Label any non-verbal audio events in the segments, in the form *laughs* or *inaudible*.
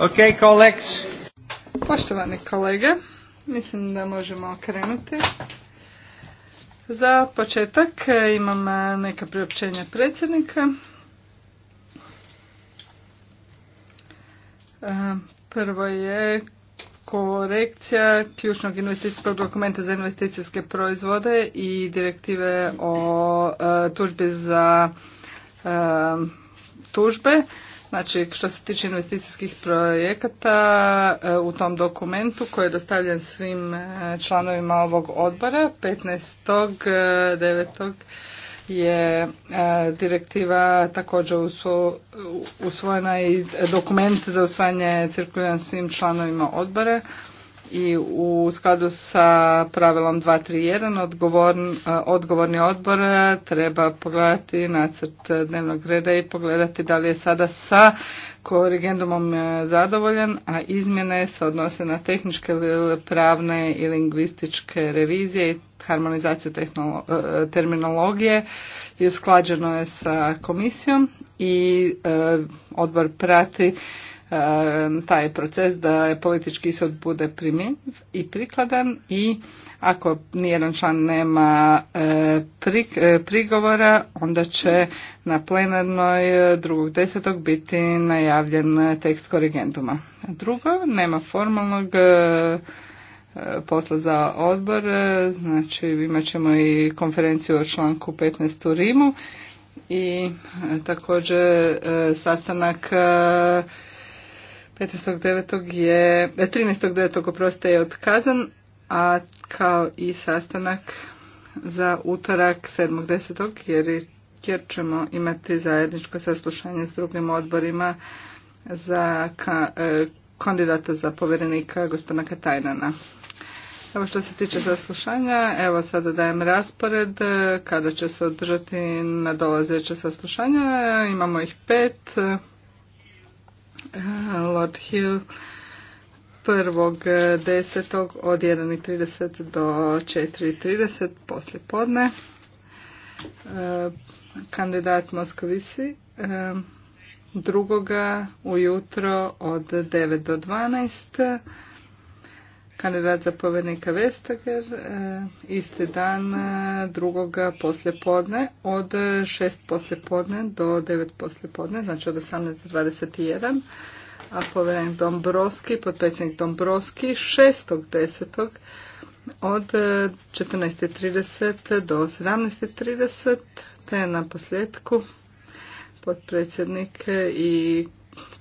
Ok, Poštovani kolege, mislim da možemo krenuti. Za početak imam neka priopćenja predsjednika. E, prvo je korekcija ključnog investicijskog dokumenta za investicijske proizvode i direktive o e, tužbi za e, tužbe Znači, što se tiče investicijskih projekata, e, u tom dokumentu koji je dostavljen svim e, članovima ovog odbora, 15.9. E, je direktiva također usvojena i dokument za usvajanje cirkuliran svim članovima odbora i u skladu sa pravilom 231 odgovorn, e, odgovorni odbor e, treba pogledati nacrt dnevnog reda i pogledati da li je sada sa korigendumom e, zadovoljan, a izmjene se odnose na tehničke, pravne i lingvističke revizije i harmonizaciju terminologije i usklađeno je sa komisijom i odbor prati E, taj proces da je politički ishod bude primjenjiv i prikladan i ako nijedan član nema e, e, prigovora, onda će na plenarnoj 2.10. biti najavljen tekst korigenduma. Drugo, nema formalnog posla za odbor, znači imat ćemo i konferenciju o članku 15. u Rimu i također sastanak 15.9. je, 13.9. E, oprostite je otkazan, a kao i sastanak za utorak 7.10. jer jer ćemo imati zajedničko saslušanje s drugim odborima za e, kandidata za povjerenika gospodina Katajnana. Evo što se tiče saslušanja, evo sada dajem raspored e, kada će se održati nadolazeće saslušanja. Imamo ih pet. Lord Hill 1.10. E, od 1.30 do 4.30 poslije podne. E, kandidat Moskovisi 2. E, ujutro od 9 do 12 kandidat za povjednika Vestager e, isti dan e, drugoga podne, od 6 podne do 9 podne, znači od 18 do 21, a povjerenik Dombrovski, potpredsjednik Dombrovski 6.10. od 14.30 do 17.30, te na posljedku podpredsjednik i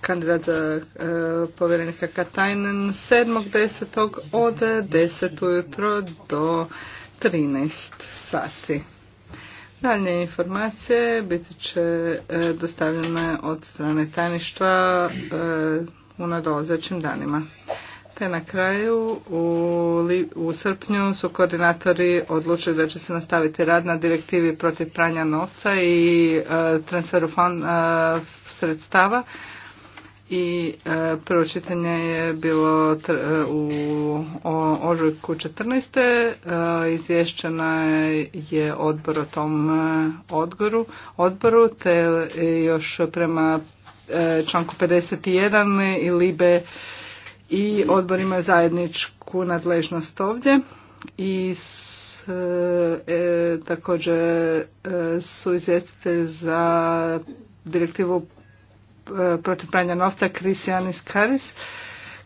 kandidat za e, povjerenika Katajnen 7.10. od 10. ujutro do 13 sati. Dalje informacije biti će e, dostavljene od strane tajništva e, u nadolazećim danima. Te na kraju u, u srpnju su koordinatori odlučili da će se nastaviti rad na direktivi protiv pranja novca i transferu sredstava i e, prvo čitanje je bilo e, u o, ožujku 14. E, izvješćena je odbor o tom e, odgoru, odboru te još prema e, članku 51 i Libe i odbor ima zajedničku nadležnost ovdje i s e, također su izvjetitelj za direktivu Eh, protiv pranja novca Christianis Karis,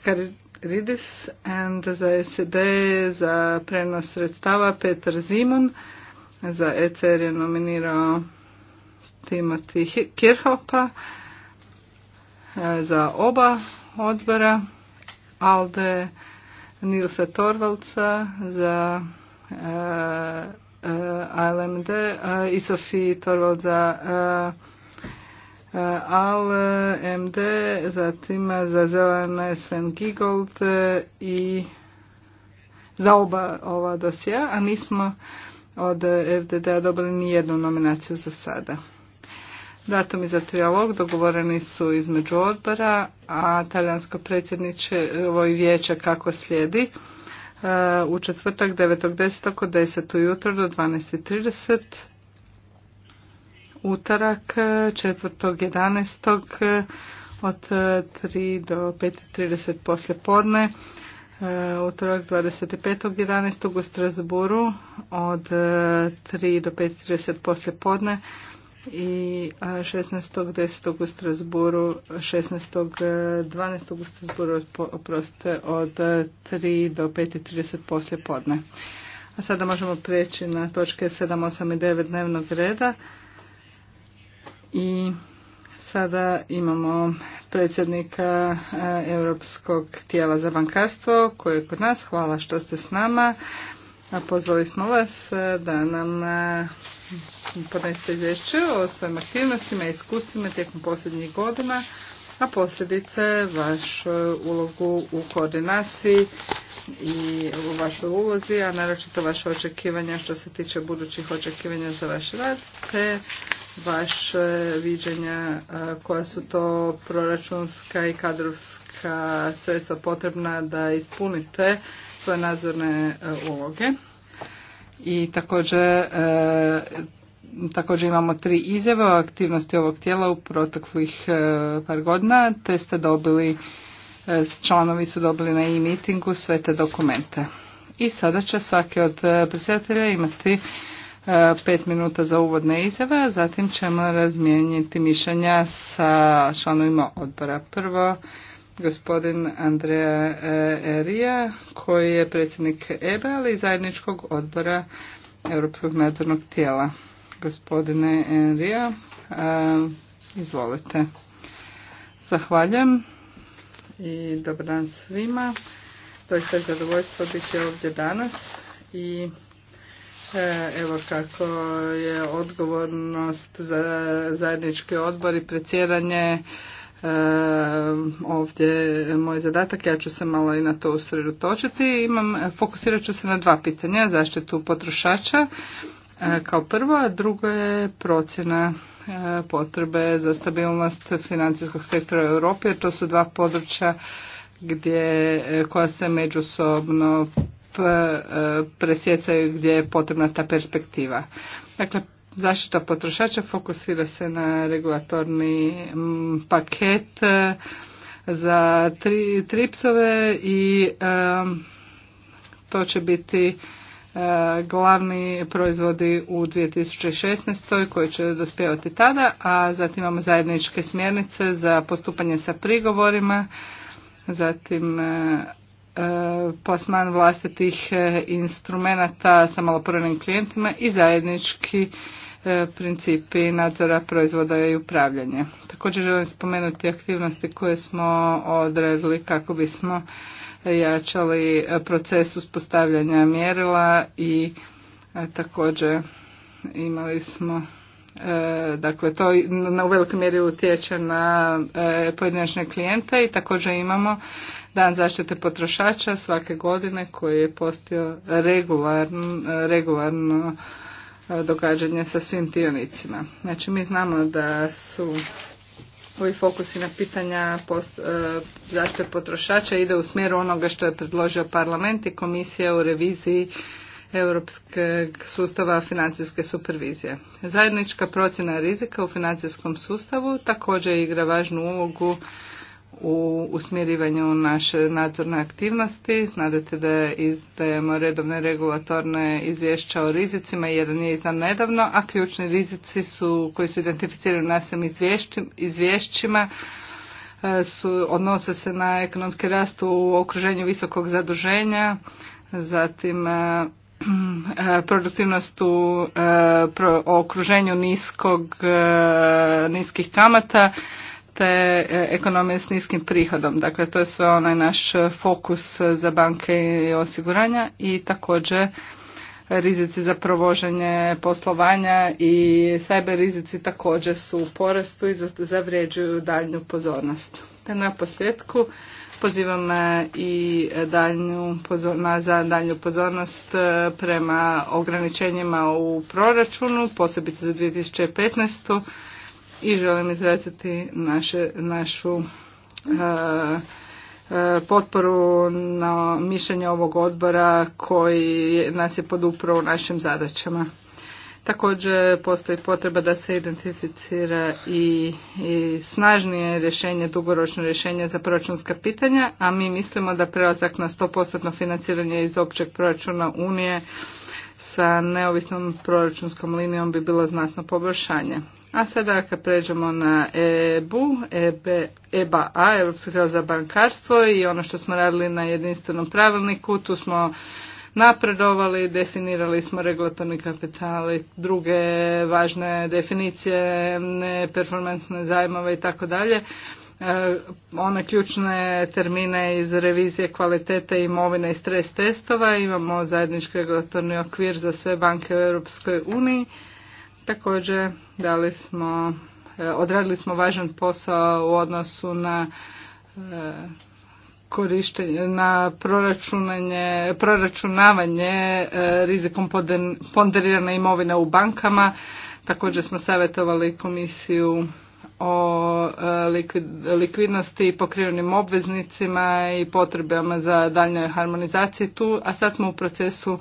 Karidis, and za SED za prenos sredstava Peter Zimon, za ECR je nominirao Timothy Kirhopa, eh, za oba odbora Alde Nilsa Torvalca, za uh, eh, ALMD i Sofie Torvald za Al eh, MD, zatim eh, za zelene Sven Gigold eh, i za oba ova dosija, a nismo od fdd dobili ni jednu nominaciju za sada. i za trijalog dogovoreni su između odbora, a talijansko predsjedniče ovoj vijeća kako slijedi. U četvrtak 9.10. oko 10. ujutro do 12.30 Utarak 4.11. od 3 do 5.30 poslje podne. Utorak 25.11. u Strasburu od 3 do 5.30 poslje podne i 16.10. u Strasburu, 16.12. u Strasburu, oprostite, od 3 do 5.30 poslje podne. A sada možemo preći na točke 7, 8 i 9 dnevnog reda. I sada imamo predsjednika eh, Europskog tijela za bankarstvo koji je kod nas. Hvala što ste s nama. Pozvali smo vas eh, da nam eh, podnesete izvješće o svojim aktivnostima i iskustvima tijekom posljednjih godina a posljedice vašu ulogu u koordinaciji i u vašoj ulozi, a naročito vaše očekivanja što se tiče budućih očekivanja za vaš rad, te vaše viđenja koja su to proračunska i kadrovska sredstva potrebna da ispunite svoje nadzorne uloge. I također Također imamo tri izjave o aktivnosti ovog tijela u proteklih e, par godina, te ste dobili, e, članovi su dobili na e-meetingu sve te dokumente. I sada će svaki od e, predsjedatelja imati pet minuta za uvodne izjave, a zatim ćemo razmijeniti mišljenja sa članovima odbora. Prvo, gospodin Andreja Erija, koji je predsjednik EBA, ali i zajedničkog odbora Europskog nadzornog tijela gospodine Enrija. E, izvolite. Zahvaljujem i dobar dan svima. To je zadovoljstvo biti ovdje danas i e, evo kako je odgovornost za zajednički odbor i predsjedanje e, ovdje moj zadatak, ja ću se malo i na to usredotočiti. Imam, fokusirat ću se na dva pitanja, zaštitu potrošača E, kao prvo, a drugo je procjena e, potrebe za stabilnost financijskog sektora u Europi, jer to su dva područja gdje, e, koja se međusobno presjecaju gdje je potrebna ta perspektiva. Dakle, zaštita potrošača fokusira se na regulatorni paket za tri tripsove i to će biti E, glavni proizvodi u 2016. koji će dospjevati tada, a zatim imamo zajedničke smjernice za postupanje sa prigovorima, zatim e, e, plasman vlastitih instrumenata sa maloprodajnim klijentima i zajednički principi nadzora proizvoda i upravljanje. Također želim spomenuti aktivnosti koje smo odredili kako bismo jačali proces uspostavljanja mjerila i e, također imali smo e, dakle to na velikoj mjeri utječe na e, pojedinačne klijente i također imamo dan zaštite potrošača svake godine koji je postio regularno događanje sa svim dionicima. Znači mi znamo da su ovi fokusi na pitanja post, e, zaštite potrošača ide u smjeru onoga što je predložio parlament i komisija u reviziji europskog sustava financijske supervizije. Zajednička procjena rizika u financijskom sustavu također igra važnu ulogu u usmjerivanju naše nadzorne aktivnosti. Znadete da izdajemo redovne regulatorne izvješća o rizicima, jedan je izdan nedavno, a ključni rizici su, koji su identificirani u našim izvješćima e, su, odnose se na ekonomski rast u okruženju visokog zaduženja, zatim e, *clears throat* produktivnost u e, okruženju niskog, niskih kamata, te e, ekonomije s niskim prihodom. Dakle, to je sve onaj naš fokus e, za banke i osiguranja i također rizici za provoženje poslovanja i cyber rizici također su u porastu i zavređuju daljnju pozornost. Te na posljedku pozivam e, i daljnju pozornost, za daljnju pozornost prema ograničenjima u proračunu, posebice za 2015 i želim izraziti naše, našu uh, uh, potporu na mišljenje ovog odbora koji nas je podupro u našim zadaćama. Također postoji potreba da se identificira i, i snažnije rješenje, dugoročno rješenje za proračunska pitanja, a mi mislimo da prelazak na 100% financiranje iz općeg proračuna Unije sa neovisnom proračunskom linijom bi bilo znatno poboljšanje. A sada kad pređemo na EBU, EBA, e Europsko tijelo za bankarstvo i ono što smo radili na jedinstvenom pravilniku, tu smo napredovali, definirali smo regulatorni kapital i druge važne definicije, performantne zajmove i tako dalje. E, one ključne termine iz revizije kvalitete imovine i stres testova imamo zajednički regulatorni okvir za sve banke u Europskoj uniji Također dali smo, e, odradili smo važan posao u odnosu na e, korištenje, na proračunanje, proračunavanje e, rizikom ponderirane imovine u bankama. Također smo savjetovali komisiju o likvidnosti i pokrivenim obveznicima i potrebama za daljnjoj harmonizacije tu, a sad smo u procesu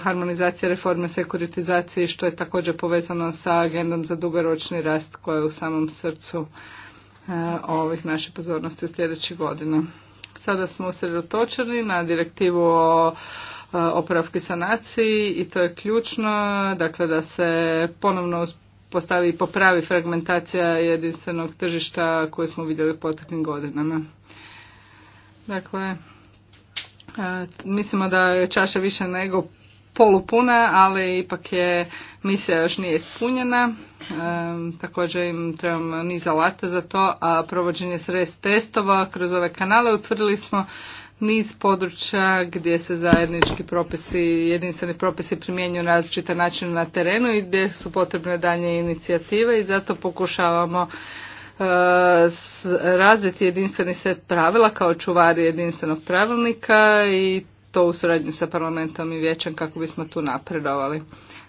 harmonizacije reforme sekuritizacije što je također povezano sa agendom za dugoročni rast koja je u samom srcu ovih naših pozornosti u sljedećih godina. Sada smo usredotočeni na direktivu o opravki sanaciji i to je ključno, dakle da se ponovno postavi i popravi fragmentacija jedinstvenog tržišta koje smo vidjeli u godinama. Dakle, Mislimo da je čaša više nego polupuna, ali ipak je misija još nije ispunjena. E, također im trebamo niz alata za to, a provođenje stres testova kroz ove kanale utvrdili smo niz područja gdje se zajednički propisi, jedinstveni propisi primjenjuju na različita načina na terenu i gdje su potrebne dalje inicijative i zato pokušavamo E, razviti jedinstveni set pravila kao čuvari jedinstvenog pravilnika i to u suradnji sa parlamentom i vijećem kako bismo tu napredovali.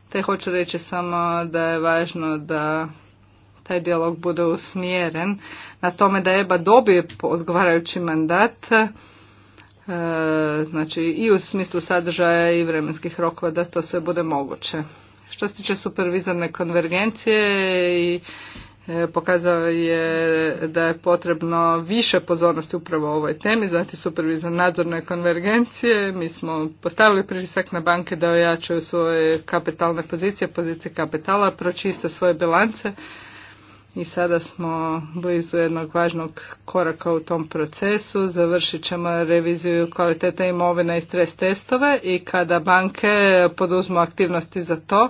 Te hoću reći samo da je važno da taj dijalog bude usmjeren na tome da EBA dobije odgovarajući mandat e, znači i u smislu sadržaja i vremenskih rokova da to sve bude moguće. Što se tiče supervizorne konvergencije i E, pokazao je da je potrebno više pozornosti upravo ovoj temi, znači supervizor nadzorne konvergencije. Mi smo postavili pritisak na banke da ojačaju svoje kapitalne pozicije, pozicije kapitala, pročiste svoje bilance i sada smo blizu jednog važnog koraka u tom procesu. Završit ćemo reviziju kvalitete imovine i stres testove i kada banke poduzmu aktivnosti za to,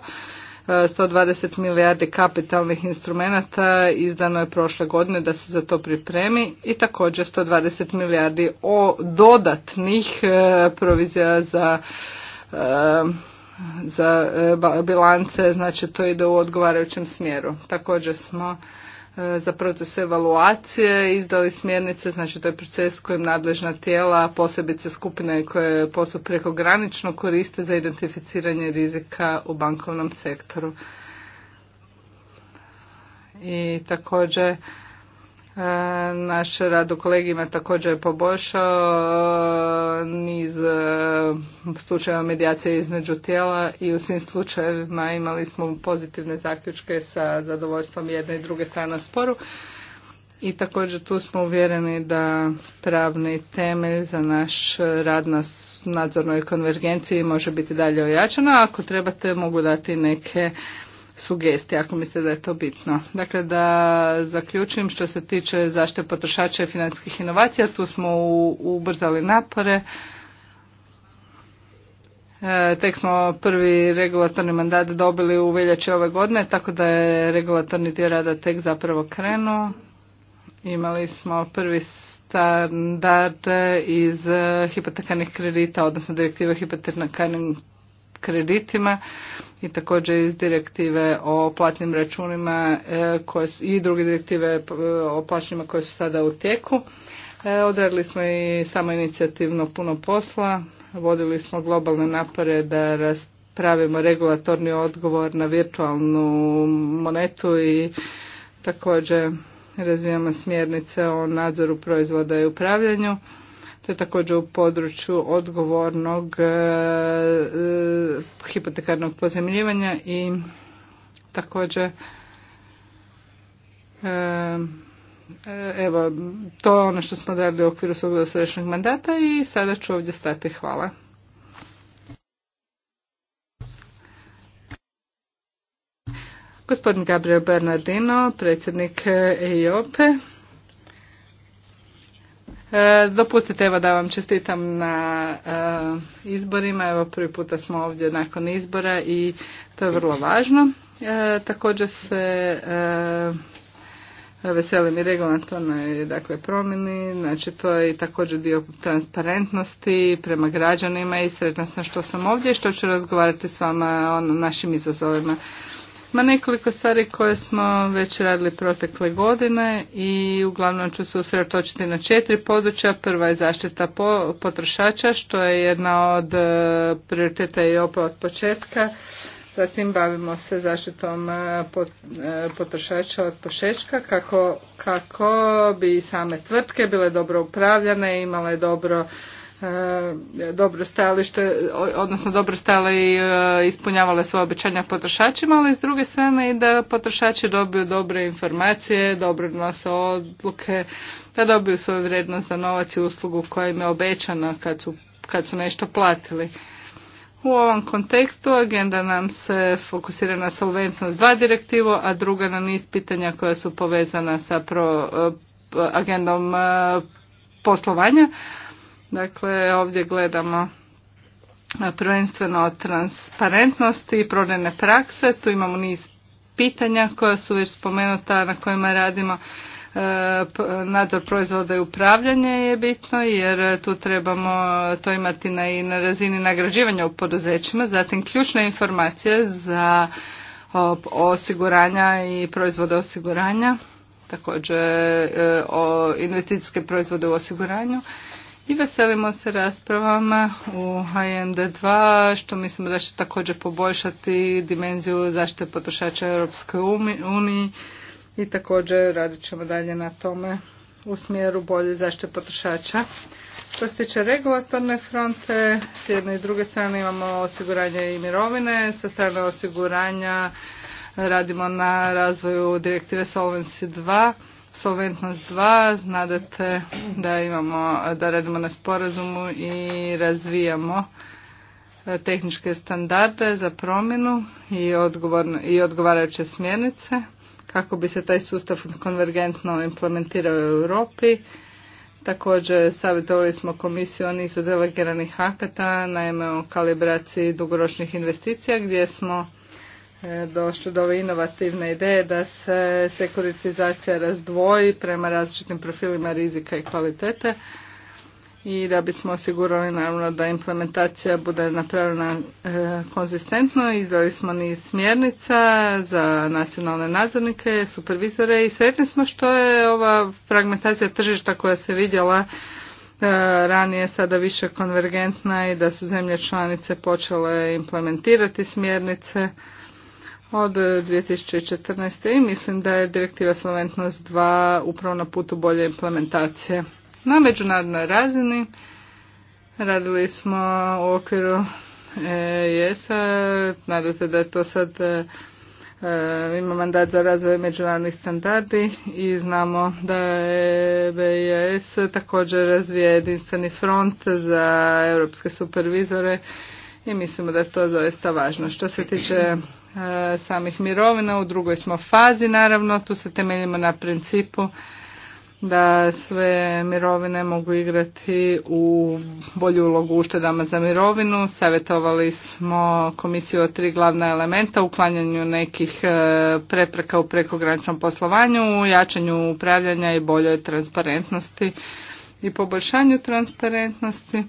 120 milijardi kapitalnih instrumenata izdano je prošle godine da se za to pripremi i također 120 milijardi o dodatnih e, provizija za e, za e, bilance, znači to ide u odgovarajućem smjeru. Također smo E, za proces evaluacije, izdali smjernice, znači to je proces kojim nadležna tijela, posebice skupine koje postup prekogranično koriste za identificiranje rizika u bankovnom sektoru. I također E, naš rad u kolegijima također je poboljšao e, niz e, slučajeva medijacije između tijela i u svim slučajevima imali smo pozitivne zaključke sa zadovoljstvom jedne i druge strane sporu. I također tu smo uvjereni da pravni temelj za naš rad na nadzornoj konvergenciji može biti dalje ojačana. Ako trebate mogu dati neke sugestije ako mislite da je to bitno. Dakle, da zaključim što se tiče zaštite potrošača i financijskih inovacija, tu smo ubrzali napore. E, tek smo prvi regulatorni mandat dobili u veljači ove godine, tako da je regulatorni dio rada tek zapravo krenuo. Imali smo prvi standard iz hipotekarnih kredita, odnosno direktiva hipotekarnih kreditima i također iz direktive o platnim računima e, koje i druge direktive e, o plaćanjima koje su sada u tijeku. E, odradili smo i samo inicijativno puno posla, vodili smo globalne napore da raspravimo regulatorni odgovor na virtualnu monetu i također razvijamo smjernice o nadzoru proizvoda i upravljanju. To je također u području odgovornog e, e, hipotekarnog pozemljivanja i također e, evo, to je ono što smo radili u okviru svog dosadašnjeg mandata i sada ću ovdje stati. Hvala. Gospodin Gabriel Bernardino, predsjednik EIOPE. E, dopustite evo da vam čestitam na e, izborima. Evo prvi puta smo ovdje nakon izbora i to je vrlo važno. E, također se veselim i regulatornoj dakle, promjeni, znači to je također dio transparentnosti prema građanima i sretna sam što sam ovdje i što ću razgovarati s vama o našim izazovima. Ma nekoliko stvari koje smo već radili protekle godine i uglavnom ću se usredotočiti na četiri područja. Prva je zaštita potrošača što je jedna od e, prioriteta i opa od početka. Zatim bavimo se zaštitom e, e, potrošača od pošečka kako, kako bi same tvrtke bile dobro upravljane, imale dobro E, dobro stajalište, odnosno dobro stale i e, ispunjavale svoje obećanja potrošačima, ali s druge strane i da potrošači dobiju dobre informacije, dobro nose odluke, da dobiju svoju vrijednost za novac i uslugu koja im je obećana kad su, kad su nešto platili. U ovom kontekstu agenda nam se fokusira na solventnost dva direktivo, a druga na niz pitanja koja su povezana sa pro, e, agendom poslovanja, Dakle, ovdje gledamo e, prvenstveno transparentnosti i prodajne prakse. Tu imamo niz pitanja koja su već spomenuta na kojima radimo. E, nadzor proizvoda i upravljanje je bitno jer tu trebamo to imati na, i na razini nagrađivanja u poduzećima. Zatim ključne informacije za osiguranja i proizvode osiguranja, također e, o investicijske proizvode u osiguranju i veselimo se raspravama u HND2 što mislimo da će također poboljšati dimenziju zaštite potrošača Europskoj uniji i također radit ćemo dalje na tome u smjeru bolje zaštite potrošača. Što se tiče regulatorne fronte, s jedne i druge strane imamo osiguranje i mirovine, sa strane osiguranja radimo na razvoju direktive Solvency 2 Solventnost 2, znadete da imamo, da radimo na sporazumu i razvijamo e, tehničke standarde za promjenu i, i odgovarajuće smjernice kako bi se taj sustav konvergentno implementirao u Europi. Također savjetovali smo komisiju o nizu delegiranih hakata, naime o kalibraciji dugoročnih investicija gdje smo E, došlo do ove inovativne ideje da se sekuritizacija razdvoji prema različitim profilima rizika i kvalitete i da bismo osigurali naravno da implementacija bude napravljena e, konzistentno. Izdali smo niz smjernica za nacionalne nadzornike, supervizore i sretni smo što je ova fragmentacija tržišta koja se vidjela e, ranije sada više konvergentna i da su zemlje članice počele implementirati smjernice od 2014. i mislim da je direktiva Solventnost 2 upravo na putu bolje implementacije. Na međunarodnoj razini radili smo u okviru e, ESA, se da je to sad e, e, ima mandat za razvoj međunarodnih standardi i znamo da je BIS također razvija jedinstveni front za europske supervizore i mislimo da je to zaista važno. Što se tiče E, samih mirovina. U drugoj smo fazi, naravno, tu se temeljimo na principu da sve mirovine mogu igrati u bolju ulogu uštedama za mirovinu. Savjetovali smo komisiju o tri glavna elementa, uklanjanju nekih e, prepreka u prekograničnom poslovanju, jačanju upravljanja i boljoj transparentnosti i poboljšanju transparentnosti.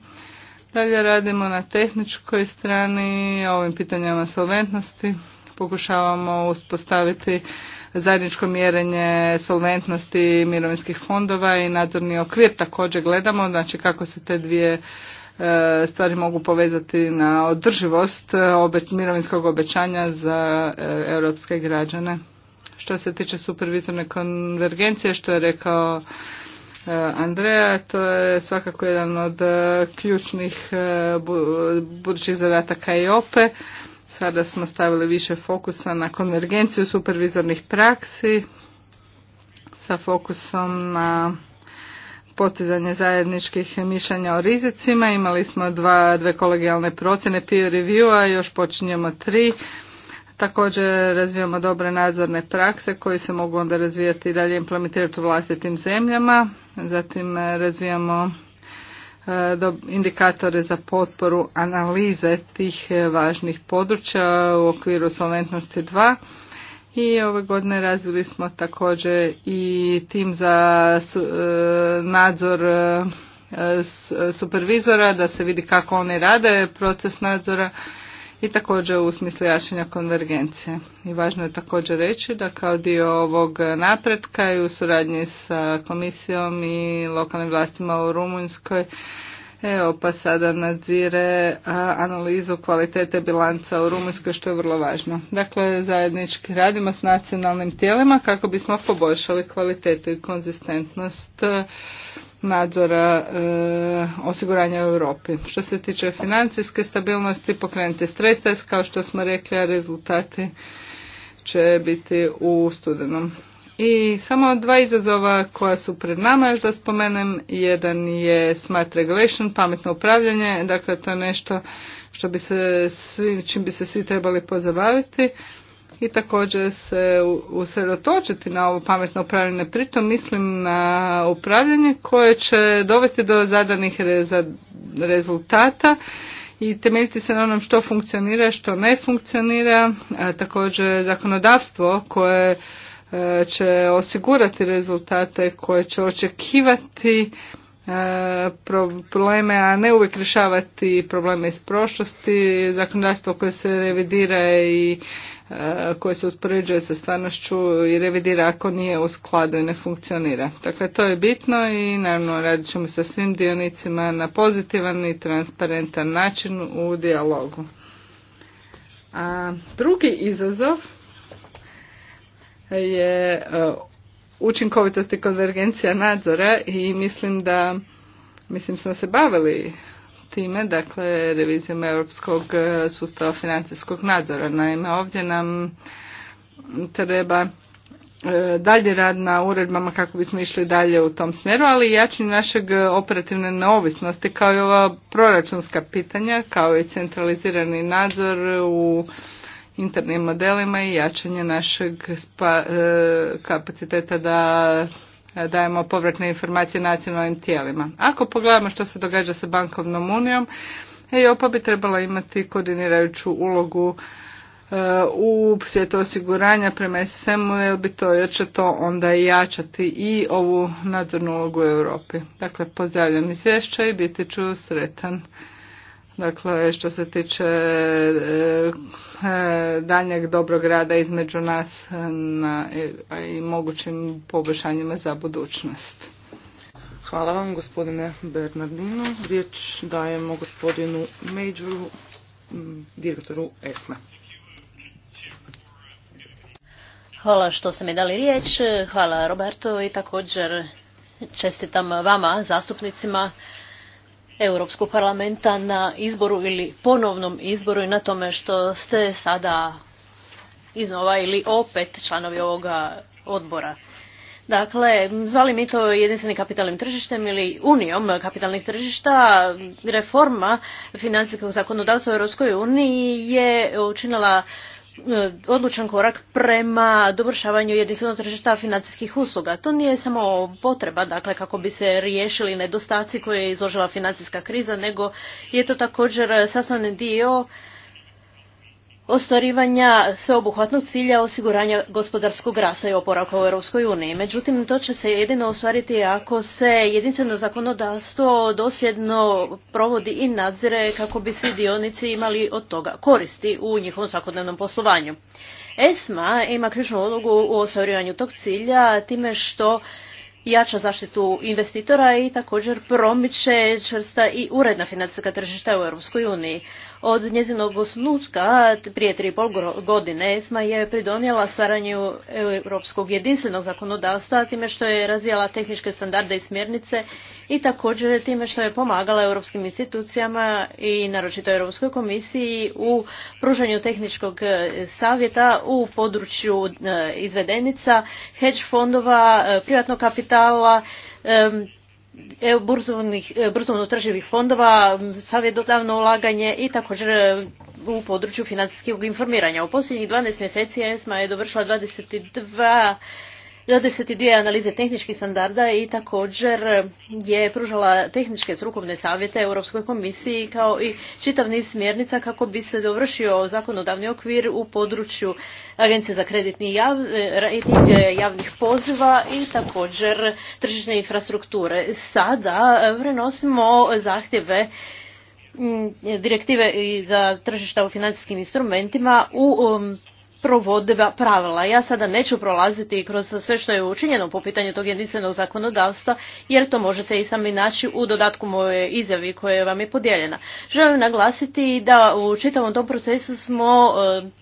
Dalje radimo na tehničkoj strani, ovim pitanjama solventnosti. Pokušavamo uspostaviti zajedničko mjerenje solventnosti mirovinskih fondova i nadzorni okvir također gledamo, znači kako se te dvije e, stvari mogu povezati na održivost e, mirovinskog obećanja za e, europske građane. Što se tiče supervizorne konvergencije, što je rekao E, Andreja. To je svakako jedan od e, ključnih e, budućih zadataka i ope. Sada smo stavili više fokusa na konvergenciju supervizornih praksi sa fokusom na postizanje zajedničkih mišljenja o rizicima. Imali smo dva, dve kolegijalne procjene peer review-a, još počinjemo tri Također razvijamo dobre nadzorne prakse koje se mogu onda razvijati i dalje implementirati u vlastitim zemljama. Zatim e, razvijamo e, indikatore za potporu analize tih e, važnih područja u okviru solventnosti 2 i ove godine razvili smo također i tim za nadzor supervizora da se vidi kako oni rade proces nadzora i također u smislu jačanja konvergencije. I važno je također reći da kao dio ovog napretka i u suradnji sa komisijom i lokalnim vlastima u Rumunjskoj Evo pa sada nadzire analizu kvalitete bilanca u Rumunjskoj što je vrlo važno. Dakle, zajednički radimo s nacionalnim tijelima kako bismo poboljšali kvalitetu i konzistentnost nadzora e, osiguranja u Europi. Što se tiče financijske stabilnosti, pokrenuti stres test, kao što smo rekli, a rezultati će biti u studenom. I samo dva izazova koja su pred nama, još da spomenem, jedan je smart regulation, pametno upravljanje, dakle to je nešto što bi se svi, čim bi se svi trebali pozabaviti i također se usredotočiti na ovo pametno upravljanje. Pritom mislim na upravljanje koje će dovesti do zadanih rezultata i temeljiti se na onom što funkcionira, što ne funkcionira, a također zakonodavstvo koje e, će osigurati rezultate koje će očekivati E, probleme, a ne uvijek rješavati probleme iz prošlosti. Zakonodavstvo koje se revidira i e, koje se uspoređuje sa stvarnošću i revidira ako nije u skladu i ne funkcionira. Dakle, to je bitno i naravno radit ćemo sa svim dionicima na pozitivan i transparentan način u dijalogu. A drugi izazov je e, učinkovitosti konvergencija nadzora i mislim da mislim smo se bavili time, dakle revizijom europskog e, sustava financijskog nadzora. Naime, ovdje nam treba e, dalje rad na uredbama kako bismo išli dalje u tom smjeru, ali i jačanje našeg operativne neovisnosti kao i ova proračunska pitanja, kao i centralizirani nadzor u internim modelima i jačanje našeg e, kapaciteta da dajemo povratne informacije nacionalnim tijelima. Ako pogledamo što se događa sa bankovnom unijom, EIOPA bi trebala imati koordinirajuću ulogu e, u svijetu osiguranja prema SSM-u jer bi to, jer će to onda jačati i ovu nadzornu ulogu u Europi. Dakle, pozdravljam izvješća i biti ću sretan Dakle, što se tiče e, e, daljnjeg dobrog rada između nas na, e, i mogućim poboljšanjima za budućnost. Hvala vam gospodine Bernardino. Riječ dajemo gospodinu Majoru, direktoru ESMA. Hvala što ste mi dali riječ. Hvala Roberto i također čestitam vama, zastupnicima, Europskog parlamenta na izboru ili ponovnom izboru i na tome što ste sada iznova ili opet članovi ovoga odbora. Dakle, zvali mi to jedinstvenim kapitalnim tržištem ili unijom kapitalnih tržišta, reforma financijskog zakonodavstva u Europskoj uniji je učinila E, odlučan korak prema dovršavanju jedinstvenog tržišta financijskih usluga. To nije samo potreba, dakle, kako bi se riješili nedostaci koje je izložila financijska kriza, nego je to također sastavni dio ostvarivanja sveobuhvatnog cilja osiguranja gospodarskog rasta i oporavka u Europskoj uniji. Međutim, to će se jedino ostvariti ako se jedinstveno zakonodavstvo dosljedno provodi i nadzire kako bi svi dionici imali od toga koristi u njihovom svakodnevnom poslovanju. ESMA ima ključnu ulogu u ostvarivanju tog cilja time što jača zaštitu investitora i također promiče čvrsta i uredna financijska tržišta u Europskoj uniji. Od njezinog osnutka prije tri pol godine ESMA je pridonijela stvaranju europskog jedinstvenog zakonodavstva time što je razvijala tehničke standarde i smjernice i također time što je pomagala europskim institucijama i naročito Europskoj komisiji u pružanju tehničkog e, savjeta u području e, izvedenica, hedge fondova, e, privatnog kapitala, E, e, burzovno trživih fondova, savjetodavno ulaganje i također e, u području financijskog informiranja. U posljednjih 12 mjeseci ESMA je dovršila 22 22 analize tehničkih standarda i također je pružala tehničke strukovne savjete Europskoj komisiji kao i čitav niz smjernica kako bi se dovršio zakonodavni okvir u području Agencije za kreditni javnih poziva i također tržišne infrastrukture. Sada prenosimo zahtjeve mm, direktive za tržišta u financijskim instrumentima u um, provodiva pravila. Ja sada neću prolaziti kroz sve što je učinjeno po pitanju tog jedinstvenog zakonodavstva, jer to možete i sami naći u dodatku moje izjavi koja vam je podijeljena. Želim naglasiti da u čitavom tom procesu smo e,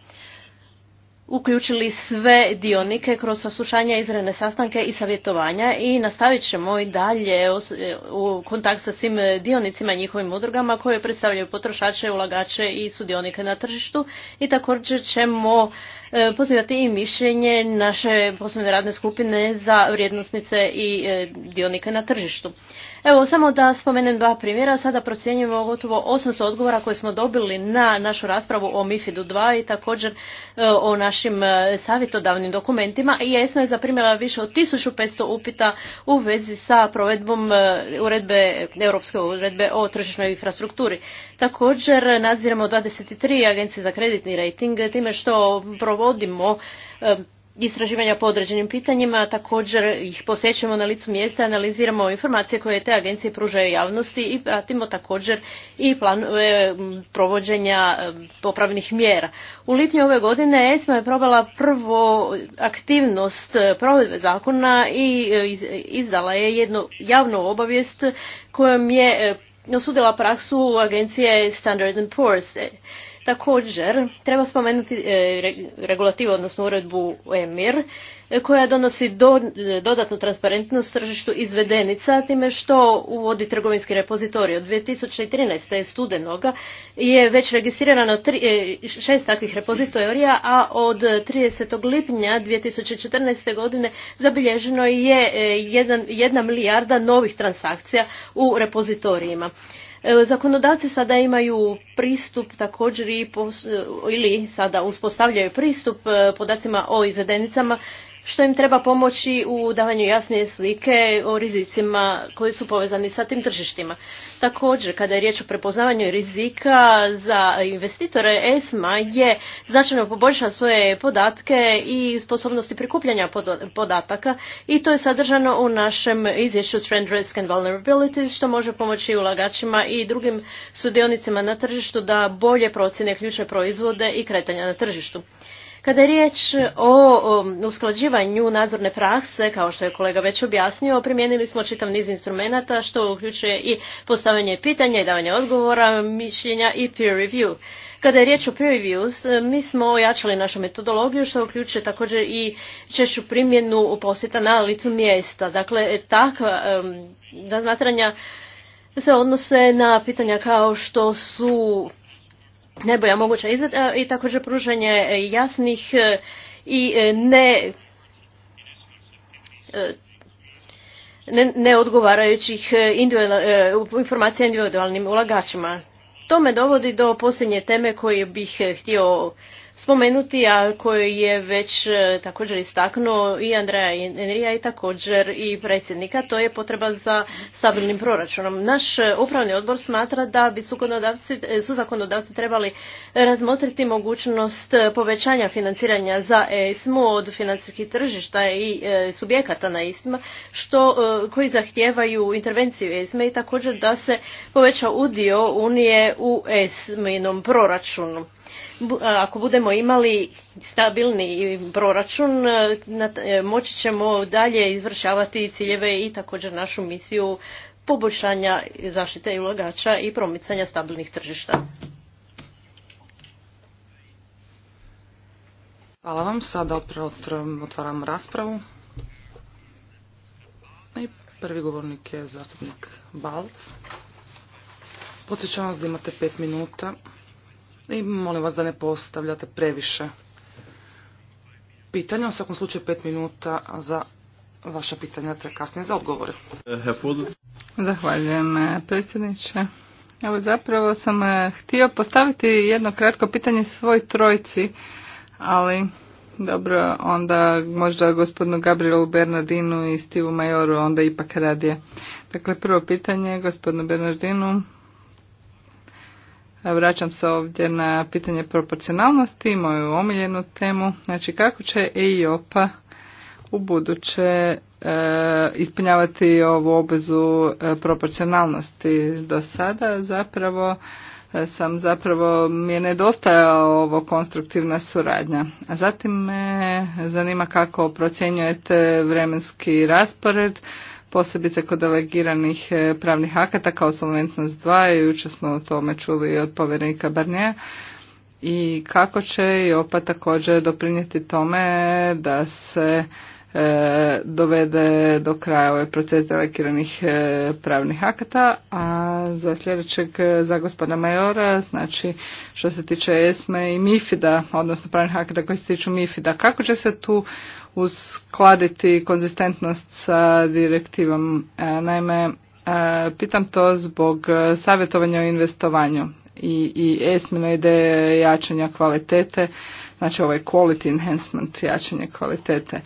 uključili sve dionike kroz saslušanja, izrene sastanke i savjetovanja i nastavit ćemo i dalje u kontakt sa svim dionicima i njihovim udrugama koje predstavljaju potrošače, ulagače i sudionike na tržištu i također ćemo e, pozivati i mišljenje naše posebne radne skupine za vrijednosnice i e, dionike na tržištu. Evo, samo da spomenem dva primjera. Sada procjenjujemo gotovo 800 odgovora koje smo dobili na našu raspravu o MIFID-u 2 i također e, o našim e, savjetodavnim dokumentima. I jesmo je zaprimila više od 1500 upita u vezi sa provedbom e, uredbe, Europske uredbe o tržišnoj infrastrukturi. Također nadziramo 23 agencije za kreditni rating time što provodimo istraživanja po određenim pitanjima, također ih posjećujemo na licu mjesta, analiziramo informacije koje te agencije pružaju javnosti i pratimo također i plan provođenja popravnih mjera. U lipnju ove godine ESMA je probala prvo aktivnost e, provedbe zakona i e, izdala je jednu javnu obavijest kojom je e, osudila praksu agencije Standard Poor's. Također, treba spomenuti e, regulativu, odnosno uredbu EMIR, e, koja donosi e, dodatnu transparentnost tržištu izvedenica, time što uvodi trgovinski repozitorij. Od 2013. studenoga je već registrirano šest takvih repozitorija, a od 30. lipnja 2014. godine zabilježeno je jedan, jedna milijarda novih transakcija u repozitorijima. E, zakonodavci sada imaju pristup također e, ili sada uspostavljaju pristup e, podacima o izvedenicama što im treba pomoći u davanju jasnije slike o rizicima koji su povezani sa tim tržištima. Također, kada je riječ o prepoznavanju rizika za investitore, ESMA je značajno poboljšala svoje podatke i sposobnosti prikupljanja podataka i to je sadržano u našem izvješću Trend Risk and Vulnerabilities što može pomoći ulagačima i drugim sudionicima na tržištu da bolje procjene ključne proizvode i kretanja na tržištu. Kada je riječ o usklađivanju nadzorne prakse, kao što je kolega već objasnio, primijenili smo čitav niz instrumenata što uključuje i postavljanje pitanja i davanje odgovora, mišljenja i peer review. Kada je riječ o peer reviews, mi smo ojačali našu metodologiju što uključuje također i češću primjenu posjeta na licu mjesta. Dakle, takva razmatranja se odnose na pitanja kao što su najbolja moguća izrada e, i također pružanje e, jasnih e, i ne neodgovarajućih informacija individualnim ulagačima. To me dovodi do posljednje teme koju bih htio spomenuti, a koji je već e, također istaknuo i Andreja Enrija i također i predsjednika, to je potreba za stabilnim proračunom. Naš e, upravni odbor smatra da bi e, su zakonodavci trebali razmotriti mogućnost povećanja financiranja za ESMU od financijskih tržišta i subjekata na istima, što, koji zahtijevaju intervenciju ESME i također da se poveća udio Unije u ESMInom proračunu ako budemo imali stabilni proračun, e, moći ćemo dalje izvršavati ciljeve i također našu misiju poboljšanja zaštite i ulagača i promicanja stabilnih tržišta. Hvala vam. Sada otvaram raspravu. prvi govornik je zastupnik Balc. Podsjećam vas da imate pet minuta i molim vas da ne postavljate previše pitanja. U svakom slučaju pet minuta za vaša pitanja te kasnije za odgovore. Zahvaljujem eh, predsjedniče. Evo zapravo sam eh, htio postaviti jedno kratko pitanje svoj trojci, ali dobro, onda možda gospodinu Gabrielu Bernardinu i Stivu Majoru onda ipak radije. Dakle, prvo pitanje gospodinu Bernardinu E, vraćam se ovdje na pitanje proporcionalnosti, moju omiljenu temu. Znači kako će EIOPA u buduće e, ispunjavati ovu obvezu e, proporcionalnosti do sada zapravo sam zapravo mi je nedostajala ovo konstruktivna suradnja. A zatim me zanima kako procjenjujete vremenski raspored posebice kod delegiranih e, pravnih akata kao solventnost 2 i jučer smo o tome čuli od povjerenika Barnea i kako će i opa također doprinijeti tome da se e, dovede do kraja ovaj proces delegiranih e, pravnih akata, a za sljedećeg za gospoda Majora, znači što se tiče ESME i MIFIDA, odnosno pravnih akata koji se tiču MIFIDA, kako će se tu uskladiti konzistentnost sa direktivom. E, naime, e, pitam to zbog savjetovanja o investovanju i, i esmina ideje jačanja kvalitete, znači ovaj quality enhancement, jačanje kvalitete.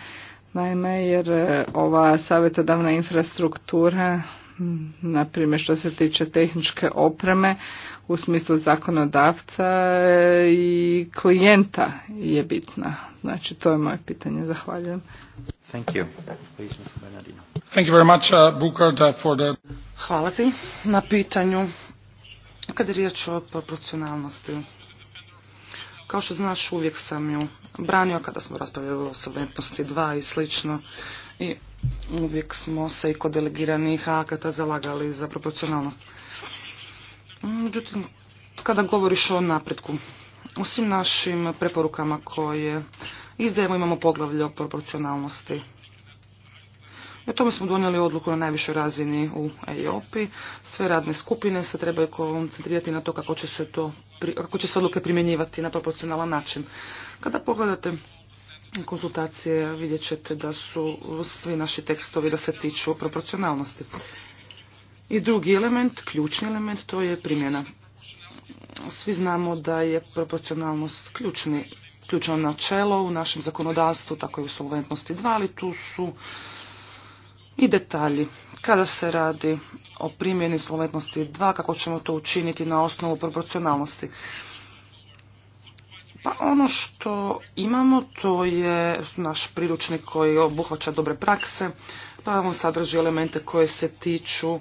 Naime, jer e, ova savjetodavna infrastruktura, na primjer što se tiče tehničke opreme, u smislu zakonodavca e, i klijenta je bitna. Znači, to je moje pitanje. Zahvaljujem. Thank you. Thank you very much, uh, uh, for the... Hvala ti na pitanju. Kad je riječ o proporcionalnosti, kao što znaš, uvijek sam ju branio kada smo raspravljali o solventnosti 2 i slično. I uvijek smo se i kod delegiranih akata zalagali za proporcionalnost. Međutim, kada govoriš o napretku, u svim našim preporukama koje izdajemo imamo poglavlje o proporcionalnosti. I o tome smo donijeli odluku na najvišoj razini u EIOP-i. Sve radne skupine se trebaju koncentrirati na to kako će se, to, kako će se odluke primjenjivati na proporcionalan način. Kada pogledate konzultacije vidjet ćete da su svi naši tekstovi da se tiču proporcionalnosti. I drugi element, ključni element, to je primjena. Svi znamo da je proporcionalnost ključni, ključno načelo u našem zakonodavstvu, tako i u solventnosti 2, ali tu su i detalji. Kada se radi o primjeni solventnosti 2, kako ćemo to učiniti na osnovu proporcionalnosti? Pa ono što imamo to je naš priručnik koji obuhvaća dobre prakse, pa on sadrži elemente koje se tiču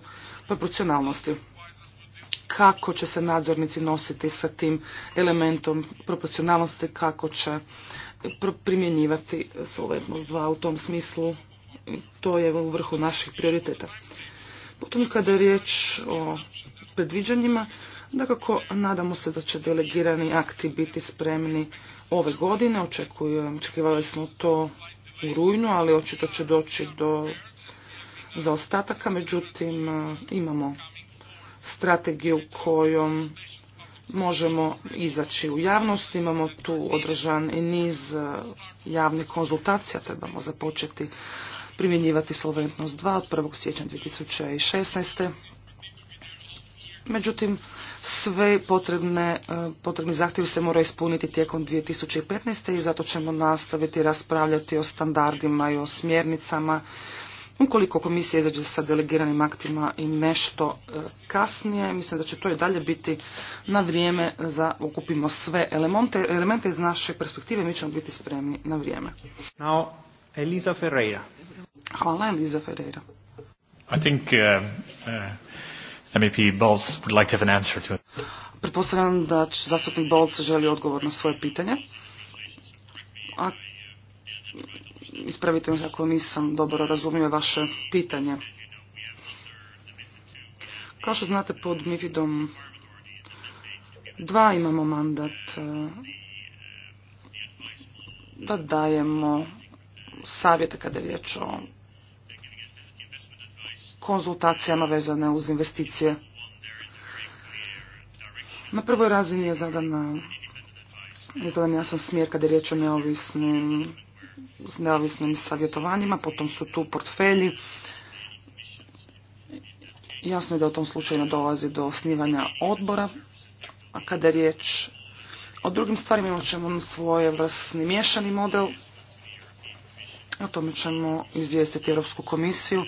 proporcionalnosti. Kako će se nadzornici nositi sa tim elementom proporcionalnosti, kako će primjenjivati solventnost 2 u tom smislu, to je u vrhu naših prioriteta. Potom kada je riječ o predviđanjima, dakako nadamo se da će delegirani akti biti spremni ove godine, Očekuju, očekivali smo to u rujnu, ali očito će doći do zaostataka, međutim e, imamo strategiju kojom možemo izaći u javnost. Imamo tu održan i niz e, javnih konzultacija. Trebamo započeti primjenjivati Solventnost 2 od 1. siječnja 2016. Međutim, sve potrebne, e, potrebni zahtjevi se moraju ispuniti tijekom 2015. i zato ćemo nastaviti raspravljati o standardima i o smjernicama Ukoliko komisija izađe sa delegiranim aktima i nešto e, kasnije, mislim da će to i dalje biti na vrijeme za okupimo sve elemente, elemente iz naše perspektive, mi ćemo biti spremni na vrijeme. Now, Elisa Ferreira. Hvala, Elisa Ferreira. I think uh, uh MEP would like to have an answer to it. Pretpostavljam da zastupnik Bolz želi odgovor na svoje pitanje. A ispravite se ako nisam dobro razumio vaše pitanje. Kao što znate pod MIFIDom dva imamo mandat e, da dajemo savjete kada je riječ o konzultacijama vezane uz investicije. Na prvoj razini je zadana je zadan jasan smjer kada je riječ o neovisnim s neovisnim savjetovanjima, potom su tu portfelji. Jasno je da u tom slučaju dolazi do osnivanja odbora, a kada je riječ o drugim stvarima imat ćemo svoje miješani model, o tome ćemo izvijestiti Europsku komisiju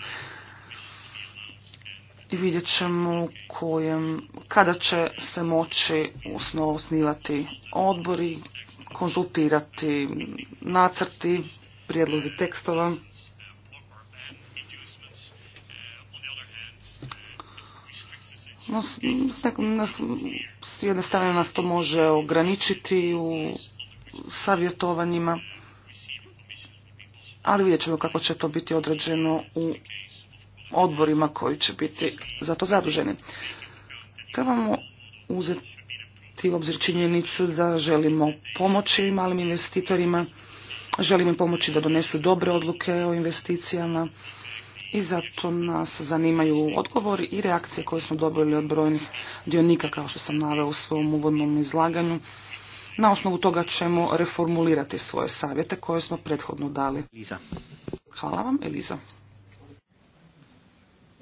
i vidjet ćemo kojem, kada će se moći osnivati odbori, konzultirati nacrti, prijedlozi tekstova. No, s, jedne strane nas to može ograničiti u savjetovanjima, ali vidjet ćemo kako će to biti određeno u odborima koji će biti za to zaduženi. Trebamo uzeti uzeti u obzir činjenicu da želimo pomoći malim investitorima, želimo pomoći da donesu dobre odluke o investicijama i zato nas zanimaju odgovori i reakcije koje smo dobili od brojnih dionika, kao što sam naveo u svom uvodnom izlaganju. Na osnovu toga ćemo reformulirati svoje savjete koje smo prethodno dali. Hvala vam, Eliza.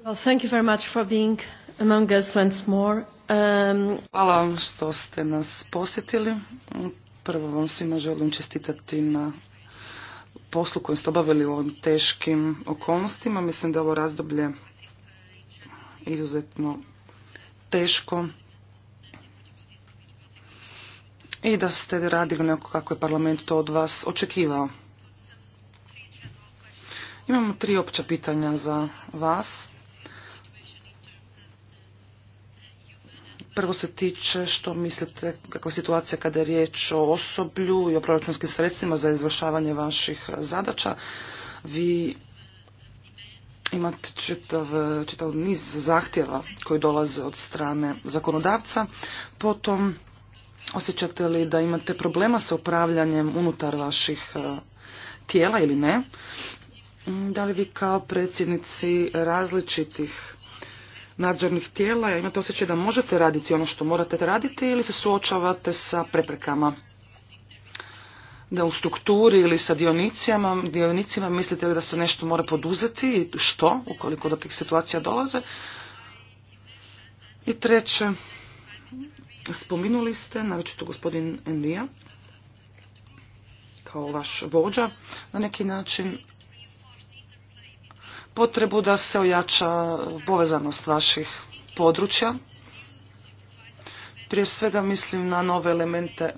Well, thank you very much for being among us once more. Um, Hvala vam što ste nas posjetili. Prvo vam svima želim čestitati na poslu koju ste obavili u ovim teškim okolnostima. Mislim da je ovo razdoblje izuzetno teško i da ste radili onako kako je parlament to od vas očekivao. Imamo tri opća pitanja za vas. Prvo se tiče što mislite kakva je situacija kada je riječ o osoblju i o proračunskim sredstvima za izvršavanje vaših zadaća. Vi imate čitav niz zahtjeva koji dolaze od strane zakonodavca. Potom osjećate li da imate problema sa upravljanjem unutar vaših e, tijela ili ne? Da li vi kao predsjednici različitih nadzornih tijela, imate osjećaj da možete raditi ono što morate raditi ili se suočavate sa preprekama? Da u strukturi ili sa dionicima, mislite li da se nešto mora poduzeti i što, ukoliko do tih situacija dolaze? I treće, spominuli ste, naročito gospodin Enrija, kao vaš vođa, na neki način potrebu da se ojača povezanost vaših područja. Prije svega mislim na nove elemente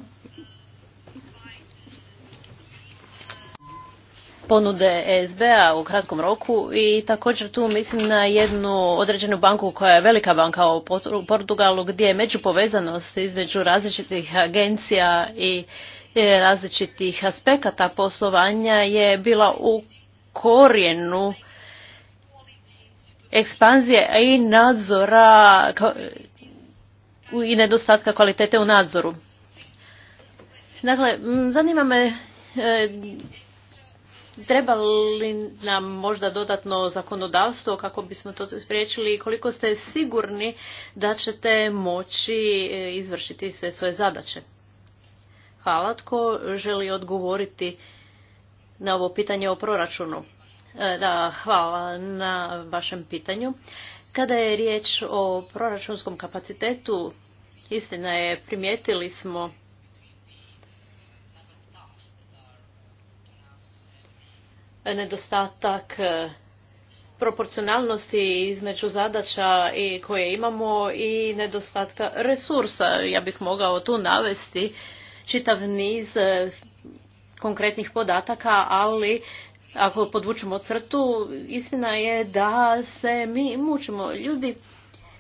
ponude ESB-a u kratkom roku i također tu mislim na jednu određenu banku koja je velika banka u Portugalu gdje je međupovezanost između različitih agencija i e, različitih aspekata poslovanja je bila u korijenu ekspanzije i nadzora i nedostatka kvalitete u nadzoru. Dakle, zanima me e, treba li nam možda dodatno zakonodavstvo kako bismo to spriječili i koliko ste sigurni da ćete moći e, izvršiti sve svoje zadaće? Hvala. Tko želi odgovoriti na ovo pitanje o proračunu? E, da, hvala na vašem pitanju. Kada je riječ o proračunskom kapacitetu, istina je, primijetili smo nedostatak e, proporcionalnosti između zadaća i koje imamo i nedostatka resursa. Ja bih mogao tu navesti čitav niz e, konkretnih podataka, ali ako podvučemo crtu, istina je da se mi mučimo. Ljudi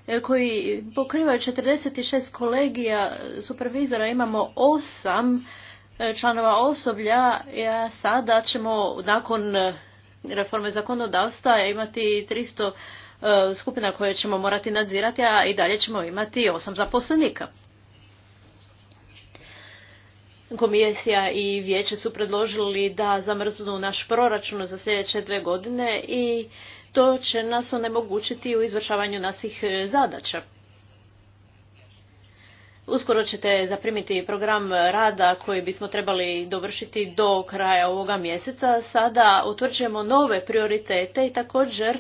eh, koji pokrivaju 46 kolegija supervizora, imamo 8 eh, članova osoblja, ja sada ćemo nakon eh, reforme zakonodavstva imati 300 skupina koje ćemo morati nadzirati, a i dalje ćemo imati 8 zaposlenika komisija i vijeće su predložili da zamrznu naš proračun za sljedeće dve godine i to će nas onemogućiti u izvršavanju naših e, zadaća. Uskoro ćete zaprimiti program rada koji bismo trebali dovršiti do kraja ovoga mjeseca. Sada utvrđujemo nove prioritete i također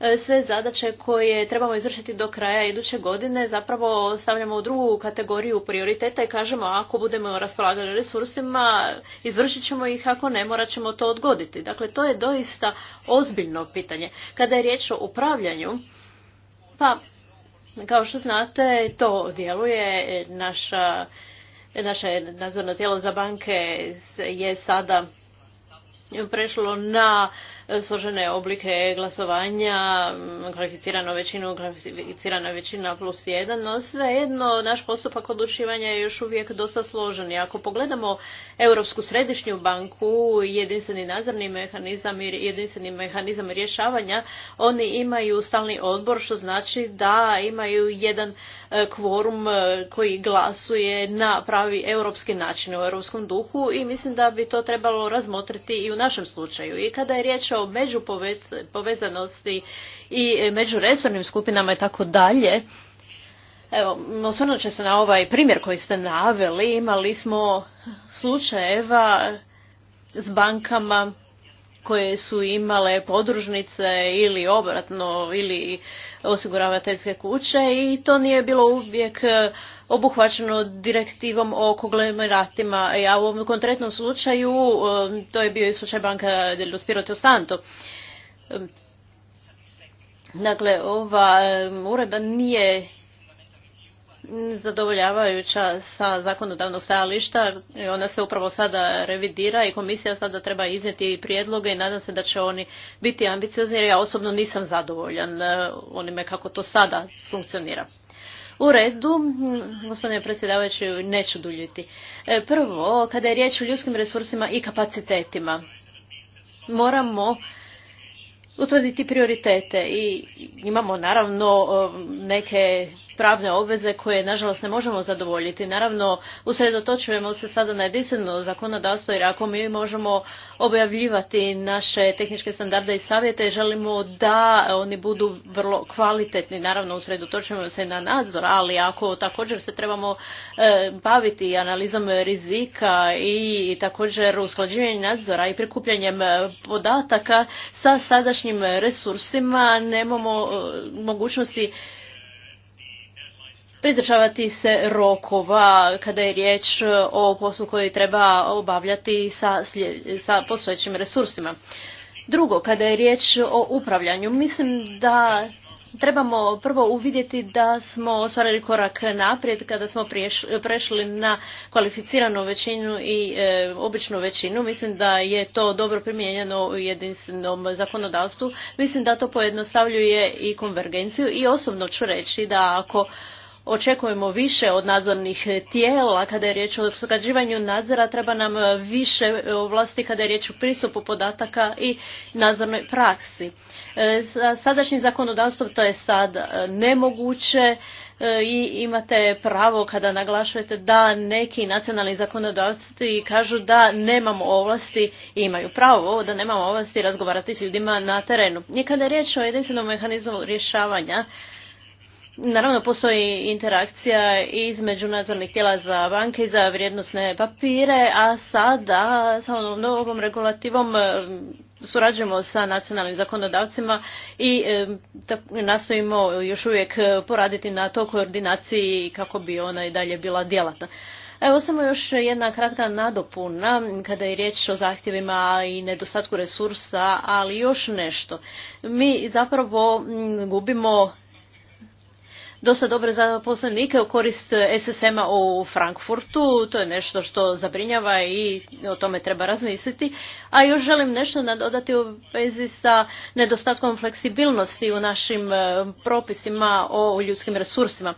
E, sve zadaće koje trebamo izvršiti do kraja iduće godine zapravo stavljamo u drugu kategoriju prioriteta i kažemo ako budemo raspolagali resursima izvršit ćemo ih, ako ne morat ćemo to odgoditi. Dakle, to je doista ozbiljno pitanje. Kada je riječ o upravljanju, pa kao što znate to djeluje naša naše nadzorno tijelo za banke je sada prešlo na E, složene oblike glasovanja, kvalificiranu većinu, kvalificirana većina plus jedan, no svejedno naš postupak odlučivanja je još uvijek dosta složen. I ako pogledamo Europsku središnju banku, jedinstveni nadzorni mehanizam i jedinstveni mehanizam rješavanja, oni imaju stalni odbor, što znači da imaju jedan e, kvorum e, koji glasuje na pravi europski način u europskom duhu i mislim da bi to trebalo razmotriti i u našem slučaju. I kada je riječ priča o međupovezanosti i međuresornim skupinama i tako dalje. Evo, osvrnut se na ovaj primjer koji ste naveli. Imali smo slučajeva s bankama koje su imale podružnice ili obratno ili osiguravateljske kuće i to nije bilo uvijek obuhvaćeno direktivom o konglomeratima. A u ovom konkretnom slučaju, um, to je bio i slučaj banka dello Spirito Santo. Um, dakle, ova um, uredba nije zadovoljavajuća sa zakonodavnog stajališta. Ona se upravo sada revidira i komisija sada treba iznijeti prijedloge i nadam se da će oni biti ambiciozni jer ja osobno nisam zadovoljan uh, onime kako to sada funkcionira. U redu, gospodine predsjedavajući, neću duljiti. E, prvo, kada je riječ o ljudskim resursima i kapacitetima, moramo utvrditi prioritete i imamo naravno neke pravne obveze koje nažalost ne možemo zadovoljiti. Naravno, usredotočujemo se sada na jedinstveno zakonodavstvo jer ako mi možemo objavljivati naše tehničke standarde i savjete, želimo da oni budu vrlo kvalitetni. Naravno, usredotočujemo se na nadzor, ali ako također se trebamo e, baviti analizom rizika i također usklađivanjem nadzora i prikupljanjem podataka sa sadašnjim resursima, nemamo e, mogućnosti pridržavati se rokova kada je riječ e, o poslu koji treba obavljati sa, sa postojećim resursima. Drugo, kada je riječ o upravljanju, mislim da trebamo prvo uvidjeti da smo ostvarili korak naprijed kada smo prešli na kvalificiranu većinu i e, običnu većinu. Mislim da je to dobro primijenjeno u jedinstvenom zakonodavstvu. Mislim da to pojednostavljuje i konvergenciju i osobno ću reći da ako očekujemo više od nadzornih tijela kada je riječ o usklađivanju nadzora treba nam više ovlasti kada je riječ o pristupu podataka i nadzornoj praksi e, sa sadašnjim zakonodavstvom to je sad e, nemoguće e, i imate pravo kada naglašujete da neki nacionalni zakonodavci kažu da nemamo ovlasti i imaju pravo da nemamo ovlasti razgovarati s ljudima na terenu. I kada je riječ o jedinstvenom mehanizmu rješavanja, Naravno, postoji interakcija između nadzornih tijela za banke i za vrijednostne papire, a sada sa onom novom regulativom e, surađujemo sa nacionalnim zakonodavcima i e, nastojimo još uvijek poraditi na to koordinaciji kako bi ona i dalje bila djelatna. Evo samo još jedna kratka nadopuna kada je riječ o zahtjevima i nedostatku resursa, ali još nešto. Mi zapravo gubimo dosta dobre zaposlenike u korist SSM-a u Frankfurtu. To je nešto što zabrinjava i o tome treba razmisliti. A još želim nešto nadodati u vezi sa nedostatkom fleksibilnosti u našim e, propisima o ljudskim resursima.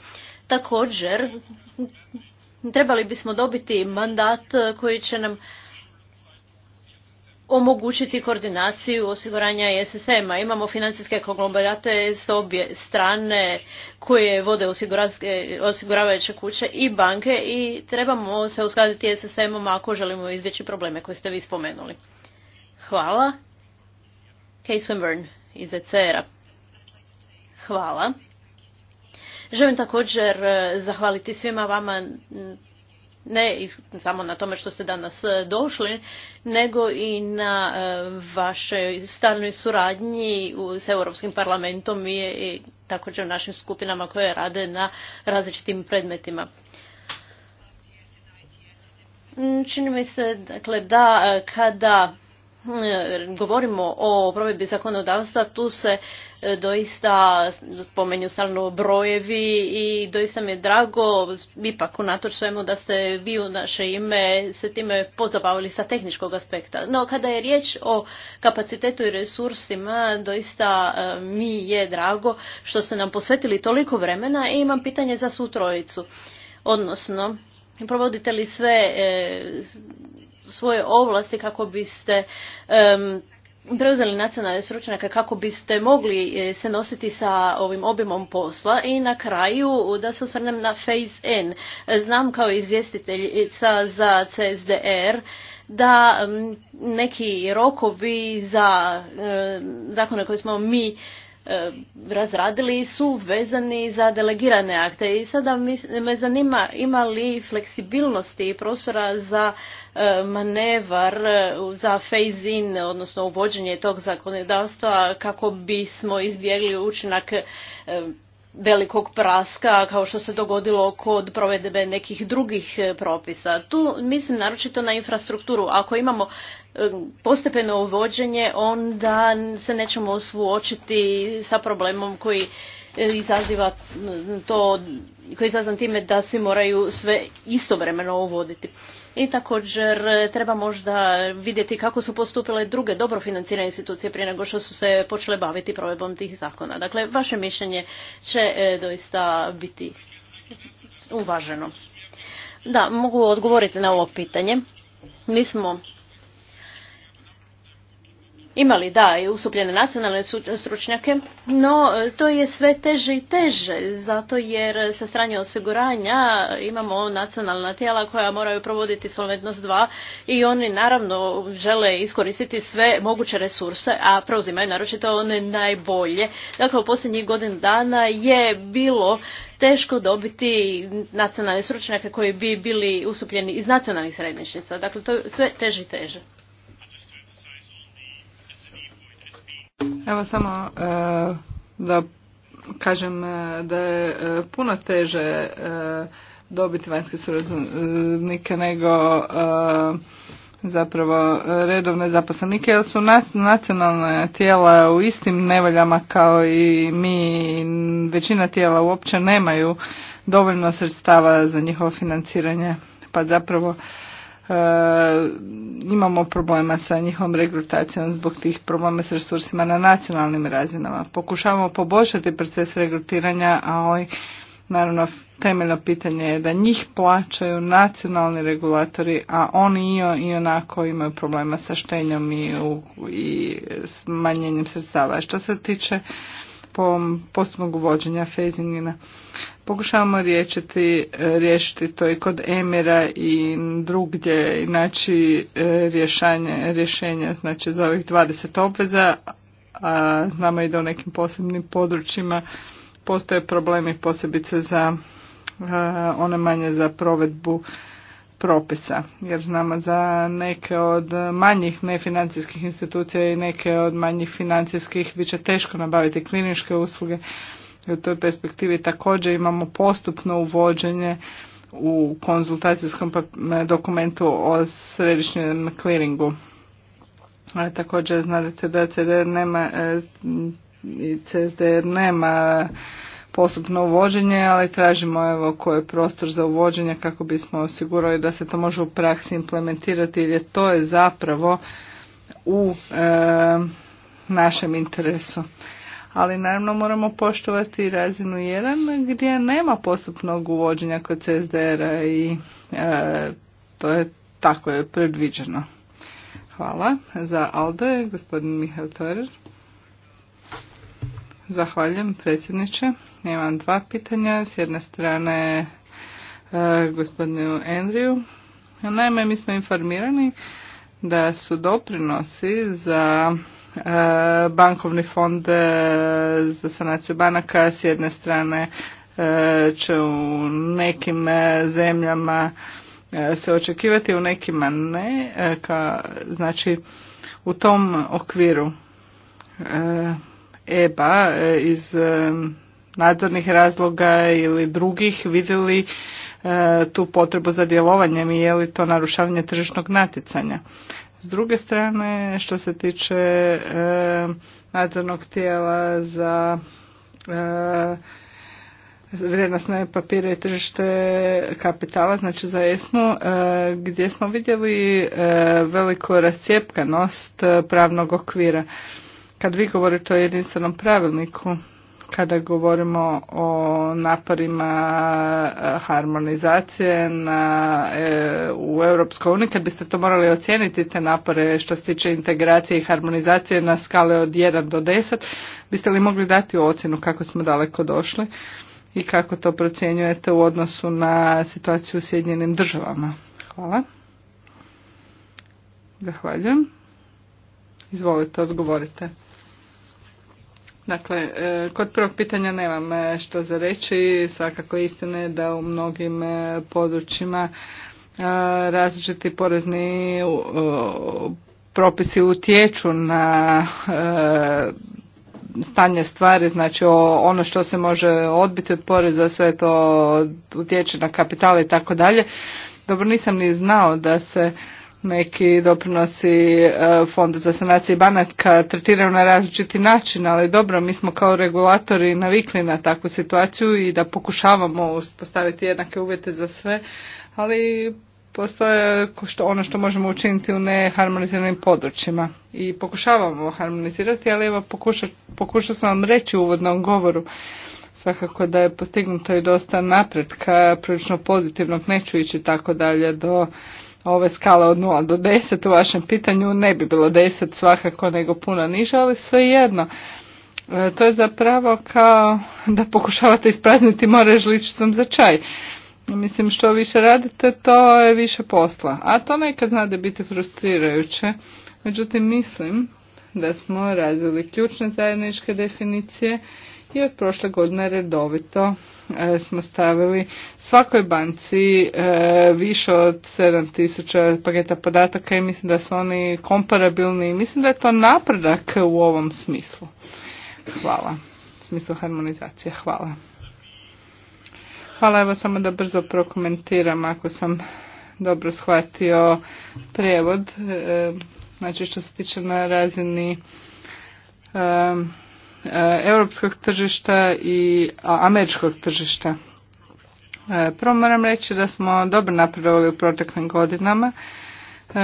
Također, trebali bismo dobiti mandat koji će nam omogućiti koordinaciju osiguranja SSM-a. Imamo financijske konglomerate s obje strane koje vode osiguravajuće kuće i banke i trebamo se uskladiti SSM-om ako želimo izbjeći probleme koje ste vi spomenuli. Hvala. Kay Swinburne iz ECR-a. Hvala. Želim također eh, zahvaliti svima vama ne samo na tome što ste danas e, došli, nego i na e, vašoj stalnoj suradnji s Europskim parlamentom i također našim skupinama koje rade na različitim predmetima. Čini mi se dakle, da e, kada Mm, govorimo o provedbi zakonodavstva, tu se e, doista spomenju stalno brojevi i doista mi je drago, ipak unatoč svemu da ste vi u naše ime se time pozabavili sa tehničkog aspekta. No, kada je riječ o kapacitetu i resursima, doista e, mi je drago što ste nam posvetili toliko vremena i imam pitanje za sutrojicu Odnosno, provodite li sve e, svoje ovlasti kako biste um, preuzeli nacionalne stručnjake kako biste mogli e, se nositi sa ovim objemom posla i na kraju da se osvrnem na Phase N. Znam kao izvjestiteljica za CSDR da neki rokovi za zakone koje smo mi E, razradili su vezani za delegirane akte i sada me zanima ima li fleksibilnosti i prostora za e, manevar e, za phase in odnosno uvođenje tog zakonodavstva kako bismo izbjegli učinak velikog praska kao što se dogodilo kod provedbe nekih drugih propisa. Tu mislim naročito na infrastrukturu. Ako imamo postepeno uvođenje, onda se nećemo suočiti sa problemom koji e, izaziva e, to, koji izazvan time da se moraju sve istovremeno uvoditi. I također e, treba možda vidjeti kako su postupile druge dobro financirane institucije prije nego što su se počele baviti provedbom tih zakona. Dakle, vaše mišljenje će doista biti uvaženo. Da, mogu odgovoriti na ovo pitanje. Mi smo imali, da, i usupljene nacionalne stručnjake, no e, to je sve teže i teže, zato jer sa stranje osiguranja imamo nacionalna tijela koja moraju provoditi Solventnost 2 i oni naravno žele iskoristiti sve moguće resurse, a preuzimaju naročito one najbolje. Dakle, u posljednjih godin dana je bilo teško dobiti nacionalne stručnjake koji bi bili usupljeni iz nacionalnih središnjica. Dakle, to je sve teže i teže. Evo samo e, da kažem e, da je e, puno teže dobiti vanjske suradnike nego zapravo redovne zaposlenike jer su nacionalna tijela u istim nevoljama kao i mi većina tijela uopće nemaju dovoljno sredstava za njihovo financiranje pa zapravo E, imamo problema sa njihovom regrutacijom zbog tih problema s resursima na nacionalnim razinama. Pokušavamo poboljšati proces regrutiranja, a ovaj naravno temeljno pitanje je da njih plaćaju nacionalni regulatori, a oni i onako imaju problema sa štenjom i, u, i smanjenjem sredstava. Što se tiče po postupnog uvođenja phasingina. Pokušavamo riješiti, riješiti to i kod Emira i drugdje i naći e, rješenja znači za ovih 20 obveza, a znamo i da u nekim posebnim područjima postoje problemi posebice za e, one manje za provedbu propisa, jer znamo za neke od manjih nefinancijskih institucija i neke od manjih financijskih biće teško nabaviti kliničke usluge i u toj perspektivi također imamo postupno uvođenje u konzultacijskom pa- dokumentu o središnjem kliringu. također znate da CDR nema e, i CSDR nema postupno uvođenje, ali tražimo evo koji je prostor za uvođenje kako bismo osigurali da se to može u praksi implementirati jer je to je zapravo u e, našem interesu ali naravno moramo poštovati razinu 1 gdje nema postupnog uvođenja kod CSDR-a i e, to je tako je predviđeno. Hvala. Za Alde, gospodin Mihael Torer. Zahvaljujem predsjedniče. Imam dva pitanja. S jedne strane e, gospodinu Andriju. Naime, mi smo informirani da su doprinosi za E, bankovni fond e, za sanaciju banaka s jedne strane e, će u nekim zemljama se očekivati, u nekima ne. znači u tom okviru EBA iz nadzornih razloga ili drugih vidjeli tu potrebu za djelovanjem i je li to narušavanje tržišnog natjecanja. S druge strane, što se tiče e, nadzornog tijela za e, vrijednostne papire i tržište kapitala, znači za ESMU, eh, gdje smo vidjeli veliku rascijepkanost pravnog okvira. Kad vi govorite o jedinstvenom pravilniku, kada govorimo o naporima e, harmonizacije na, e, u Europskoj uniji, kad biste to morali ocijeniti te napore što se tiče integracije i harmonizacije na skale od 1 do 10, biste li mogli dati ocjenu kako smo daleko došli i kako to procjenjujete u odnosu na situaciju u Sjedinjenim državama? Hvala. Zahvaljujem. Izvolite, odgovorite. Dakle, e, kod prvog pitanja nemam e, što za reći. Svakako istina je da u mnogim e, područjima različiti porezni propisi utječu na stanje stvari, znači ono što se može odbiti od poreza, sve to utječe na kapital i tako dalje. Dobro, nisam ni znao da se neki doprinosi e, Fonda za sanaciju banatka tretiraju na različiti način, ali dobro, mi smo kao regulatori navikli na takvu situaciju i da pokušavamo postaviti jednake uvjete za sve, ali postoje ono što možemo učiniti u neharmoniziranim područjima i pokušavamo harmonizirati, ali evo pokušao sam vam reći u uvodnom govoru svakako da je postignuto i dosta napretka, prilično pozitivnog, neću ići tako dalje do ove skale od 0 do 10 u vašem pitanju ne bi bilo 10 svakako nego puno niže, ali svejedno. E, to je zapravo kao da pokušavate isprazniti more žličicom za čaj. Mislim, što više radite, to je više posla. A to nekad zna da biti frustrirajuće. Međutim, mislim da smo razvili ključne zajedničke definicije i od prošle godine redovito E, smo stavili svakoj banci e, više od 7000 paketa podataka i mislim da su oni komparabilni i mislim da je to napredak u ovom smislu. Hvala. U smislu harmonizacije. Hvala. Hvala, evo samo da brzo prokomentiram ako sam dobro shvatio prijevod. E, znači što se tiče na razini E, europskog tržišta i američkog tržišta. E, prvo moram reći da smo dobro napredovali u proteklim godinama. E,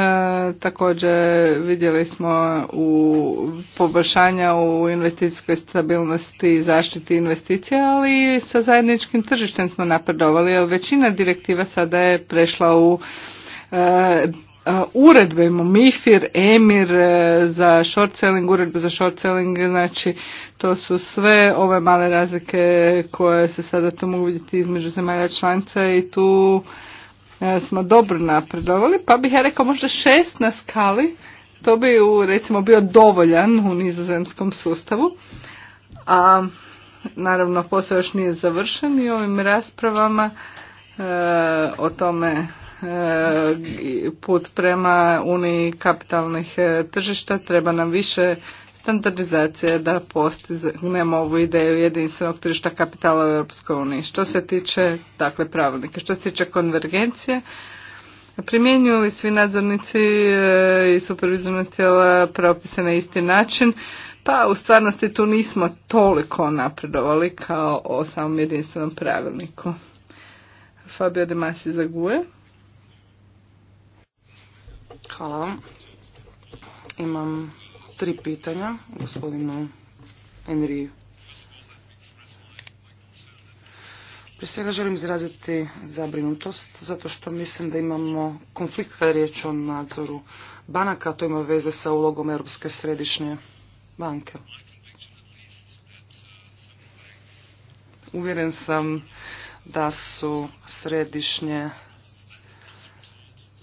također vidjeli smo u poboljšanja u investicijskoj stabilnosti i zaštiti investicija, ali i sa zajedničkim tržištem smo napredovali, jer većina direktiva sada je prešla u uredbe, imamo MIFIR, EMIR e, za short selling, uredbe za short selling, znači to su sve ove male razlike koje se sada tu mogu vidjeti između zemalja članica i tu e, smo dobro napredovali, pa bih ja rekao možda šest na skali, to bi u, recimo bio dovoljan u nizozemskom sustavu, a naravno posao još nije završen i ovim raspravama e, o tome E, put prema uniji kapitalnih e, tržišta, treba nam više standardizacije da postignemo ovu ideju jedinstvenog tržišta kapitala u Europskoj uniji. Što se tiče dakle pravilnika, što se tiče konvergencije, primjenjuju li svi nadzornici e, i supervizorna tijela propise na isti način? Pa u stvarnosti tu nismo toliko napredovali kao o samom jedinstvenom pravilniku. Fabio De Masi zaguje. Hvala vam. Imam tri pitanja gospodinu Enriju. Prije svega želim izraziti zabrinutost, zato što mislim da imamo konflikt kada je riječ o nadzoru banaka, to ima veze sa ulogom Europske središnje banke. Uvjeren sam da su središnje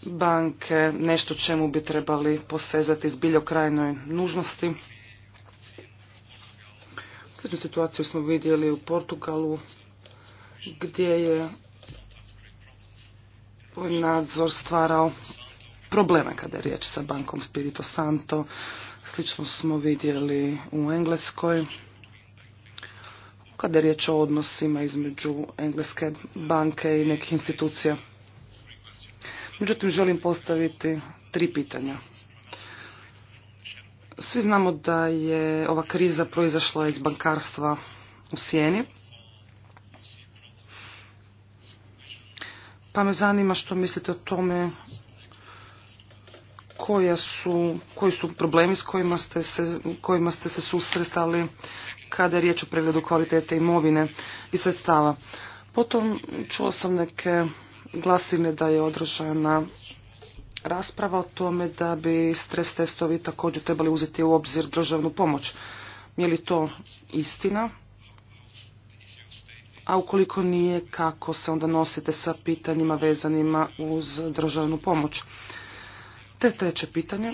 banke nešto čemu bi trebali posezati zbiljo krajnoj nužnosti. Sličnu situaciju smo vidjeli u Portugalu gdje je nadzor stvarao probleme kada je riječ sa bankom Spirito Santo. Slično smo vidjeli u Engleskoj kada je riječ o odnosima između Engleske banke i nekih institucija. Međutim, želim postaviti tri pitanja. Svi znamo da je ova kriza proizašla iz bankarstva u Sijeni. Pa me zanima što mislite o tome koja su, koji su problemi s kojima ste se, kojima ste se susretali kada je riječ o pregledu kvalitete imovine i sredstava. Potom čuo sam neke glasine da je održana rasprava o tome da bi stres testovi također trebali uzeti u obzir državnu pomoć. Je li to istina? A ukoliko nije, kako se onda nosite sa pitanjima vezanima uz državnu pomoć? Te treće pitanje.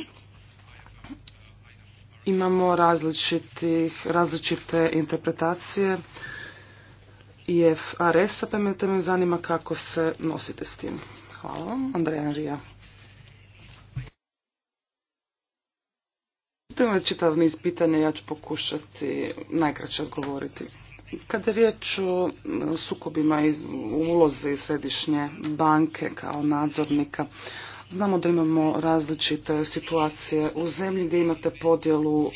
Imamo različite interpretacije IFRS-a, pa me te zanima kako se nosite s tim. Hvala vam, Andreja Tema čitav niz pitanja, ja ću pokušati najkraće odgovoriti. Kada je riječ o e, sukobima i ulozi središnje banke kao nadzornika, znamo da imamo različite situacije u zemlji gdje imate podjelu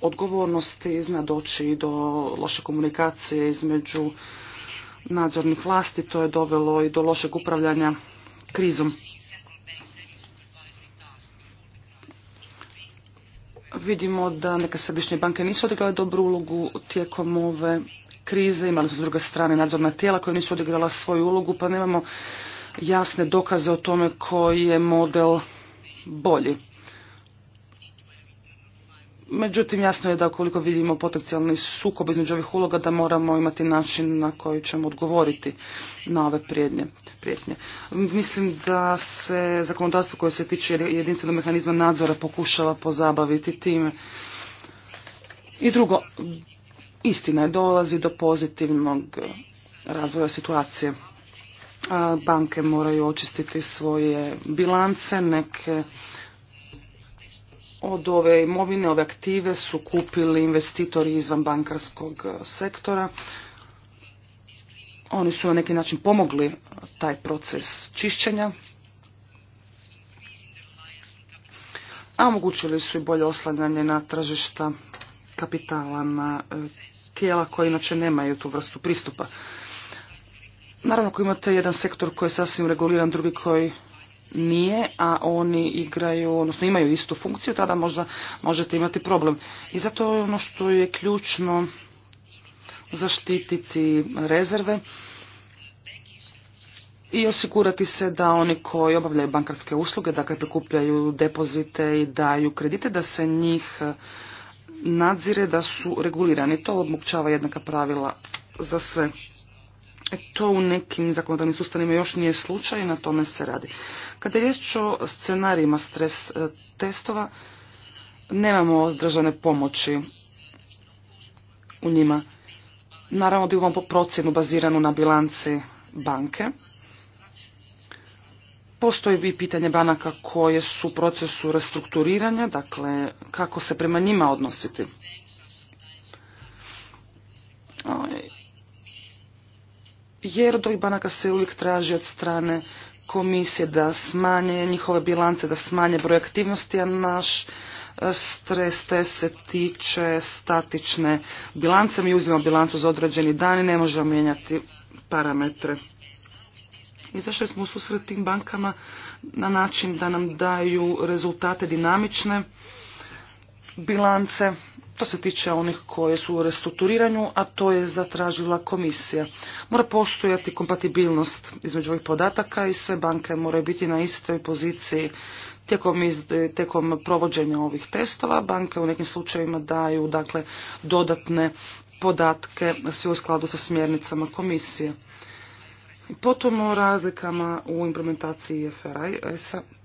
odgovornosti zna doći i do loše komunikacije između nadzornih vlasti. To je dovelo i do lošeg upravljanja krizom. Vidimo da neke središnje banke nisu odigrale dobru ulogu tijekom ove krize. Imali su s druge strane nadzorna tijela koja nisu odigrala svoju ulogu, pa nemamo jasne dokaze o tome koji je model bolji. Međutim, jasno je da ukoliko vidimo potencijalni sukob između ovih uloga, da moramo imati način na koji ćemo odgovoriti na ove prijetnje. Mislim da se zakonodavstvo koje se tiče jedinstvenog mehanizma nadzora pokušava pozabaviti time. I drugo, istina je, dolazi do pozitivnog razvoja situacije. Banke moraju očistiti svoje bilance, neke od ove imovine, ove aktive su kupili investitori izvan bankarskog e, sektora. Oni su na neki način pomogli e, taj proces čišćenja. A omogućili su i bolje oslanjanje na tržišta kapitala, na e, tijela koje inače nemaju tu vrstu pristupa. Naravno, ako imate jedan sektor koji je sasvim reguliran, drugi koji nije, a oni igraju, odnosno imaju istu funkciju, tada možda možete imati problem. I zato je ono što je ključno zaštititi rezerve i osigurati se da oni koji obavljaju bankarske usluge, dakle prikupljaju depozite i daju kredite, da se njih eh, nadzire da su regulirani. To omogućava jednaka pravila za sve. To u nekim zakonodavnim sustavima još nije slučaj i na tome se radi. Kada je riječ o scenarijima stres e, testova, nemamo održane pomoći u njima. Naravno da imamo procjenu baziranu na bilanci banke. Postoji i pitanje banaka koje su u procesu restrukturiranja, dakle kako se prema njima odnositi jer od ovih banaka se uvijek traži od strane komisije da smanje njihove bilance, da smanje broj aktivnosti, a naš e, stres test se tiče statične bilance. Mi uzimamo bilancu za određeni dan i ne možemo mijenjati parametre. I zašto smo susret tim bankama na način da nam daju rezultate dinamične, bilance. To se tiče onih koje su u restrukturiranju, a to je zatražila komisija. Mora postojati kompatibilnost između ovih podataka i sve banke moraju biti na istoj poziciji tijekom, provođenja ovih testova. Banke u nekim slučajevima daju dakle, dodatne podatke sve u skladu sa smjernicama komisije. Potom o razlikama u implementaciji IFRS-a e,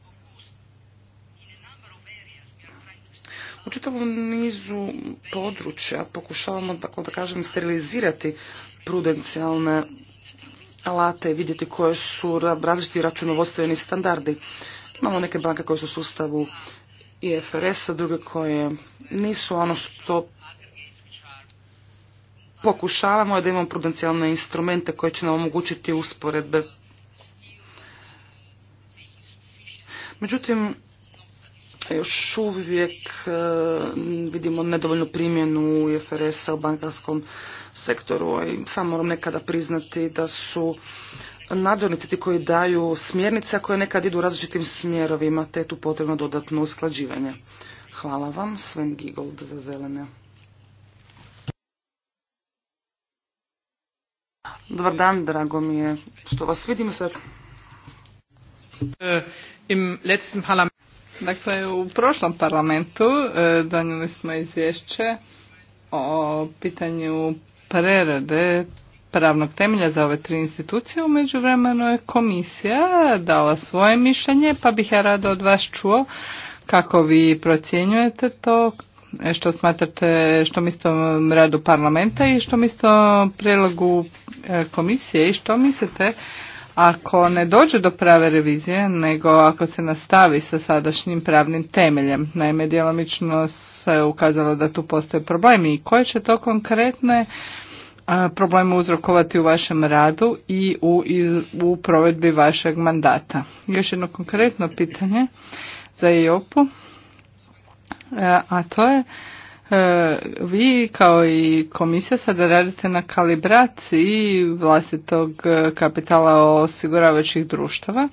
U čitavom nizu područja pokušavamo, tako da kažem, sterilizirati prudencijalne alate i vidjeti koje su različiti računovodstveni standardi. Imamo neke banke koje su u sustavu IFRS-a, druge koje nisu ono što pokušavamo je da imamo prudencijalne instrumente koje će nam omogućiti usporedbe. Međutim, još uvijek e, vidimo nedovoljnu primjenu IFRS-a u bankarskom sektoru i samo moram nekada priznati da su nadzornici ti koji daju smjernice, a koje nekad idu u različitim smjerovima, te je tu potrebno dodatno usklađivanje. Hvala vam, Sven Gigold za zelene. Dobar dan, drago mi je što vas vidim. E, im Dakle, u prošlom parlamentu e, donijeli smo izvješće o pitanju prerade pravnog temelja za ove tri institucije. U međuvremenu je komisija dala svoje mišljenje, pa bih ja rado od vas čuo kako vi procjenjujete to, e, što smatrate, što mislite o radu parlamenta i što mislite o prijedlogu e, komisije i što mislite ako ne dođe do prave revizije, nego ako se nastavi sa sadašnjim pravnim temeljem. Naime, djelomično se ukazalo da tu postoje problemi i koje će to konkretne probleme uzrokovati u vašem radu i u, u provedbi vašeg mandata. Još jedno konkretno pitanje za EOP-u, a to je E, vi kao i komisija sada radite na kalibraciji vlastitog e, kapitala osiguravajućih društava.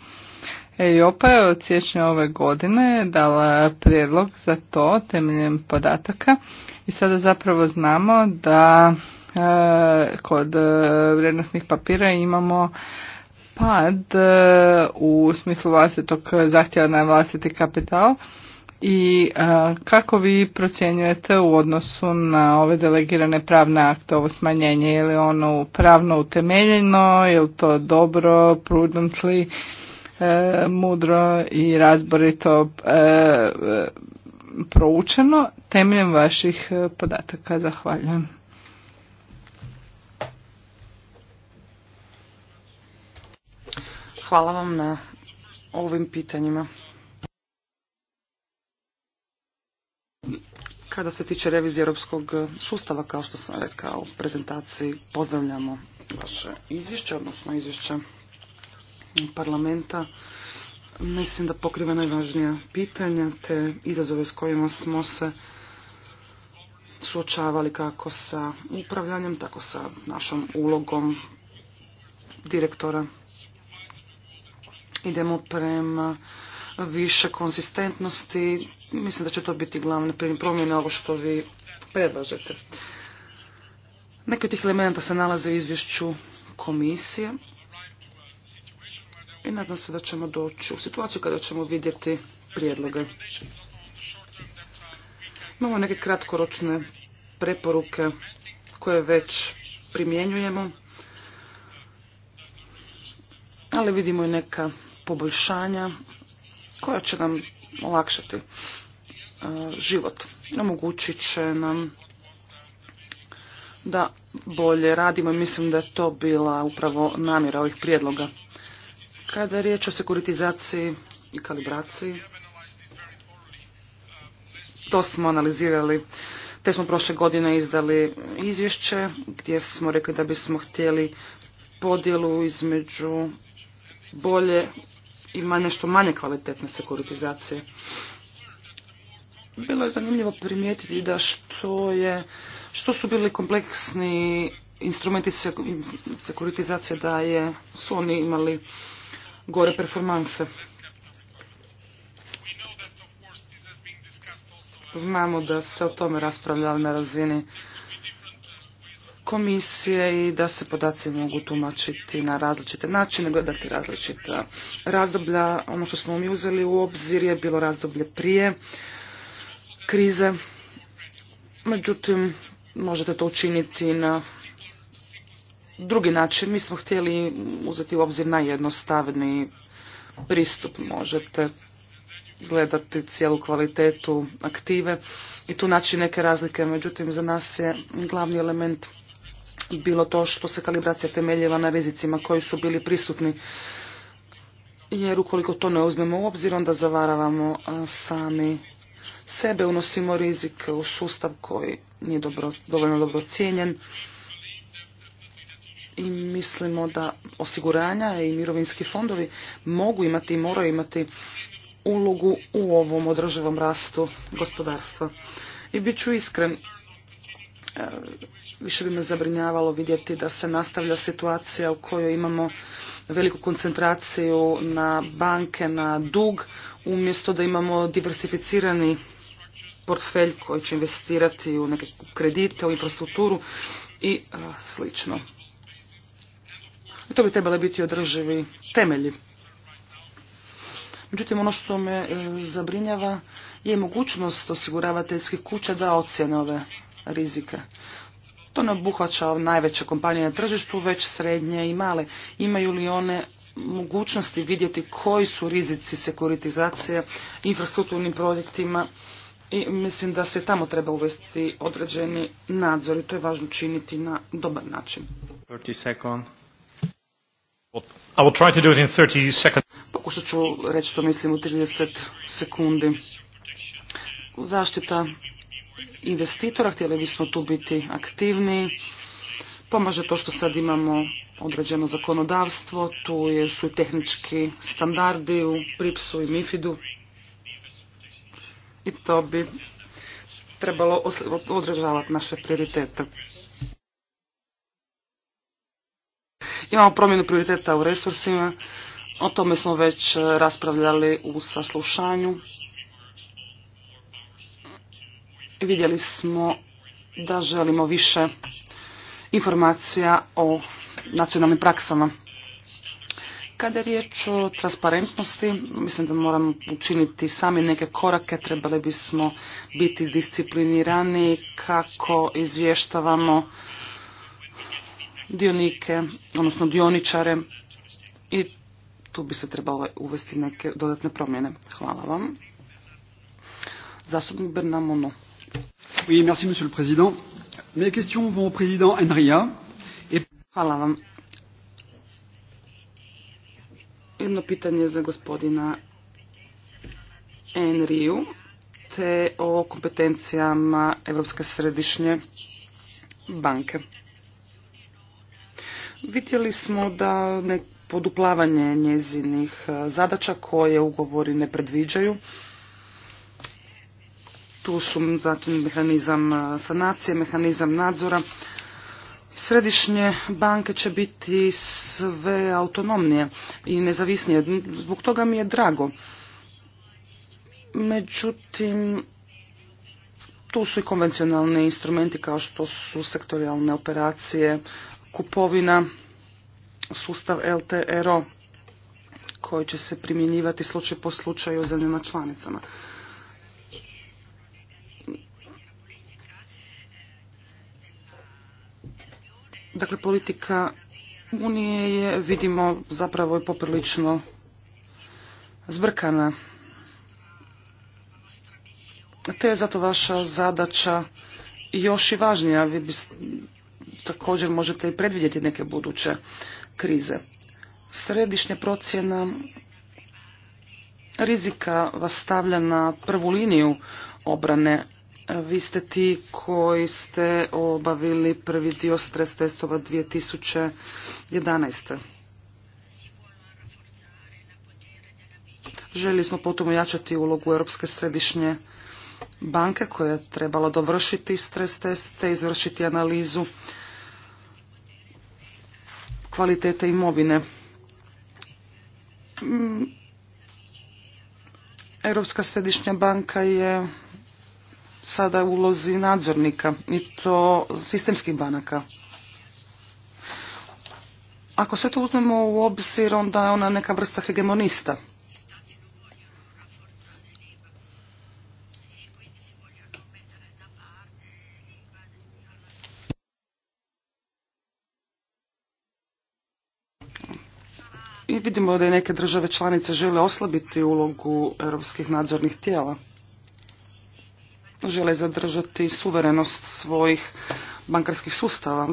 EIOPA je od siječnja ove godine dala prijedlog za to temeljem podataka i sada zapravo znamo da e, kod vrijednostnih papira imamo pad u smislu vlastitog zahtjeva na vlastiti kapital i e, kako vi procjenjujete u odnosu na ove delegirane pravne akte, ovo smanjenje, je li ono pravno utemeljeno, je li to dobro, prudently, e, mudro i razborito e, proučeno temeljem vaših podataka. Zahvaljujem. Hvala vam na ovim pitanjima. Kada se tiče revizije europskog sustava, kao što sam rekao u prezentaciji, pozdravljamo vaše izvješće, odnosno izvješće parlamenta. Mislim da pokriva najvažnija pitanja te izazove s kojima smo se suočavali kako sa upravljanjem, tako sa našom ulogom direktora. Idemo prema više konzistentnosti. Mislim da će to biti glavne promjene ovo što vi predlažete. Neki od tih elementa se nalaze u izvješću komisije i nadam se da ćemo doći u situaciju kada ćemo vidjeti prijedloge. Imamo neke kratkoročne preporuke koje već primjenjujemo, ali vidimo i neka poboljšanja koja će nam olakšati e, život. Omogućit će nam da bolje radimo i mislim da je to bila upravo namjera ovih prijedloga. Kada je riječ o sekuritizaciji i kalibraciji, to smo analizirali, te smo prošle godine izdali izvješće gdje smo rekli da bismo htjeli podjelu između bolje ima nešto manje kvalitetne sekuritizacije. Bilo je zanimljivo primijetiti da što, je, što su bili kompleksni instrumenti sekuritizacije da je, su oni imali gore performanse. Znamo da se o tome raspravljali na razini komisije i da se podaci mogu tumačiti na različite načine, gledati različita razdoblja. Ono što smo mi uzeli u obzir je bilo razdoblje prije krize. Međutim, možete to učiniti na drugi način. Mi smo htjeli uzeti u obzir najjednostavniji pristup. Možete gledati cijelu kvalitetu aktive i tu naći neke razlike. Međutim, za nas je glavni element bilo to što se kalibracija temeljila na rizicima koji su bili prisutni. Jer ukoliko to ne uzmemo u obzir, onda zavaravamo sami sebe, unosimo rizik u sustav koji nije dobro, dovoljno dobro cijenjen i mislimo da osiguranja i mirovinski fondovi mogu imati i moraju imati ulogu u ovom održivom rastu gospodarstva. I bit ću iskren, više bi me zabrinjavalo vidjeti da se nastavlja situacija u kojoj imamo veliku koncentraciju na banke, na dug, umjesto da imamo diversificirani portfelj koji će investirati u neke kredite, u infrastrukturu i slično. I to bi trebali biti održivi temelji. Međutim, ono što me e, zabrinjava je mogućnost osiguravateljskih kuća da ocjene ove rizike. To ne obuhvaća najveće kompanije na tržištu, već srednje i male. Imaju li one mogućnosti vidjeti koji su rizici sekuritizacije infrastrukturnim projektima i mislim da se tamo treba uvesti određeni nadzor i to je važno činiti na dobar način. Pokušat ću reći što mislim u 30 sekundi. Zaštita investitora, htjeli bismo tu biti aktivni. Pomaže to što sad imamo određeno zakonodavstvo, tu su i tehnički standardi u Pripsu i Mifidu. I to bi trebalo održavati naše prioritete. Imamo promjenu prioriteta u resursima, o tome smo već raspravljali u saslušanju vidjeli smo da želimo više informacija o nacionalnim praksama. Kada je riječ o transparentnosti, mislim da moramo učiniti sami neke korake, trebali bismo biti disciplinirani kako izvještavamo dionike, odnosno dioničare i tu bi se trebalo uvesti neke dodatne promjene. Hvala vam. Zastupnik Bernamono. Hvala vam. Jedno pitanje za gospodina Enriju te o kompetencijama Europske središnje banke. Vidjeli smo da ne poduplavanje njezinih eh, zadaća koje ugovori ne predviđaju tu su zatim mehanizam e, sanacije, mehanizam nadzora. Središnje banke će biti sve autonomnije i nezavisnije. Zbog toga mi je drago. Međutim, tu su i konvencionalni instrumenti kao što su sektorijalne operacije, kupovina, sustav LTRO koji će se primjenjivati slučaj po slučaju u zemljama članicama. Dakle, politika Unije je, vidimo, zapravo je poprilično zbrkana. Te je zato vaša zadaća još i važnija. Vi bi, također možete i predvidjeti neke buduće krize. Središnja procjena rizika vas stavlja na prvu liniju obrane vi ste ti koji ste obavili prvi dio stres testova 2011. Željeli smo potom ojačati ulogu Europske središnje banke koja je trebala dovršiti stres te izvršiti analizu kvalitete imovine. Mm. Europska središnja banka je sada ulozi nadzornika i to sistemskih banaka. Ako sve to uzmemo u obzir, onda je ona neka vrsta hegemonista. I vidimo da je neke države članice žele oslabiti ulogu europskih nadzornih tijela žele zadržati suverenost svojih bankarskih sustava.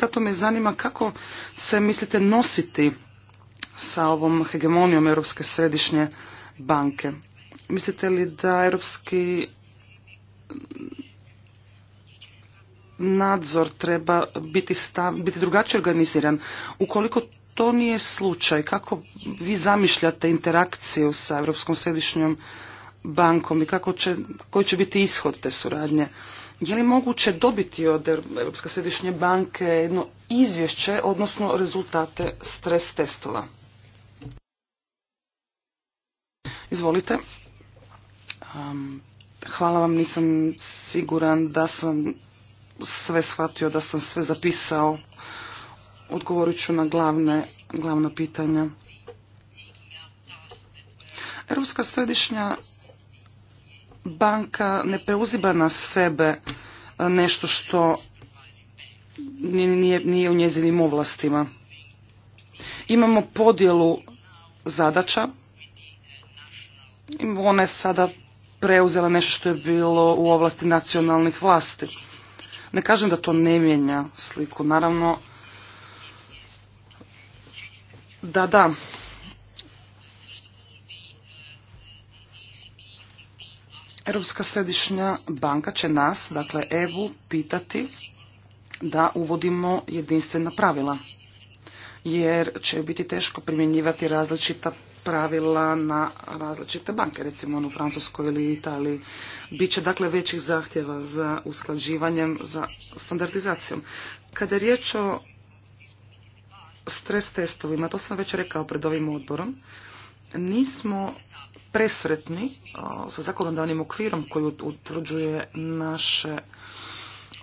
zato me zanima kako se mislite nositi sa ovom hegemonijom Europske središnje banke. Mislite li da europski nadzor treba biti, biti drugačije organiziran? Ukoliko to nije slučaj, kako vi zamišljate interakciju sa Europskom središnjom bankom i kako će, koji će biti ishod te suradnje. Je li moguće dobiti od Europske središnje banke jedno izvješće, odnosno rezultate stres testova? Izvolite. hvala vam, nisam siguran da sam sve shvatio, da sam sve zapisao. Odgovorit ću na glavne, glavna pitanja. Europska središnja banka ne preuzima na sebe e, nešto što nije, u njezinim ovlastima. Imamo podjelu zadaća. Ona je sada preuzela nešto što je bilo u ovlasti nacionalnih vlasti. Ne kažem da to ne mijenja sliku. Naravno, da, da, Europska središnja banka će nas, dakle EU, pitati da uvodimo jedinstvena pravila, jer će biti teško primjenjivati različita pravila na različite banke, recimo ono u Francuskoj ili Italiji. Biće dakle većih zahtjeva za usklađivanjem, za standardizacijom. Kada je riječ o stres testovima, to sam već rekao pred ovim odborom, nismo presretni e, sa zakonodavnim okvirom koji utvrđuje naše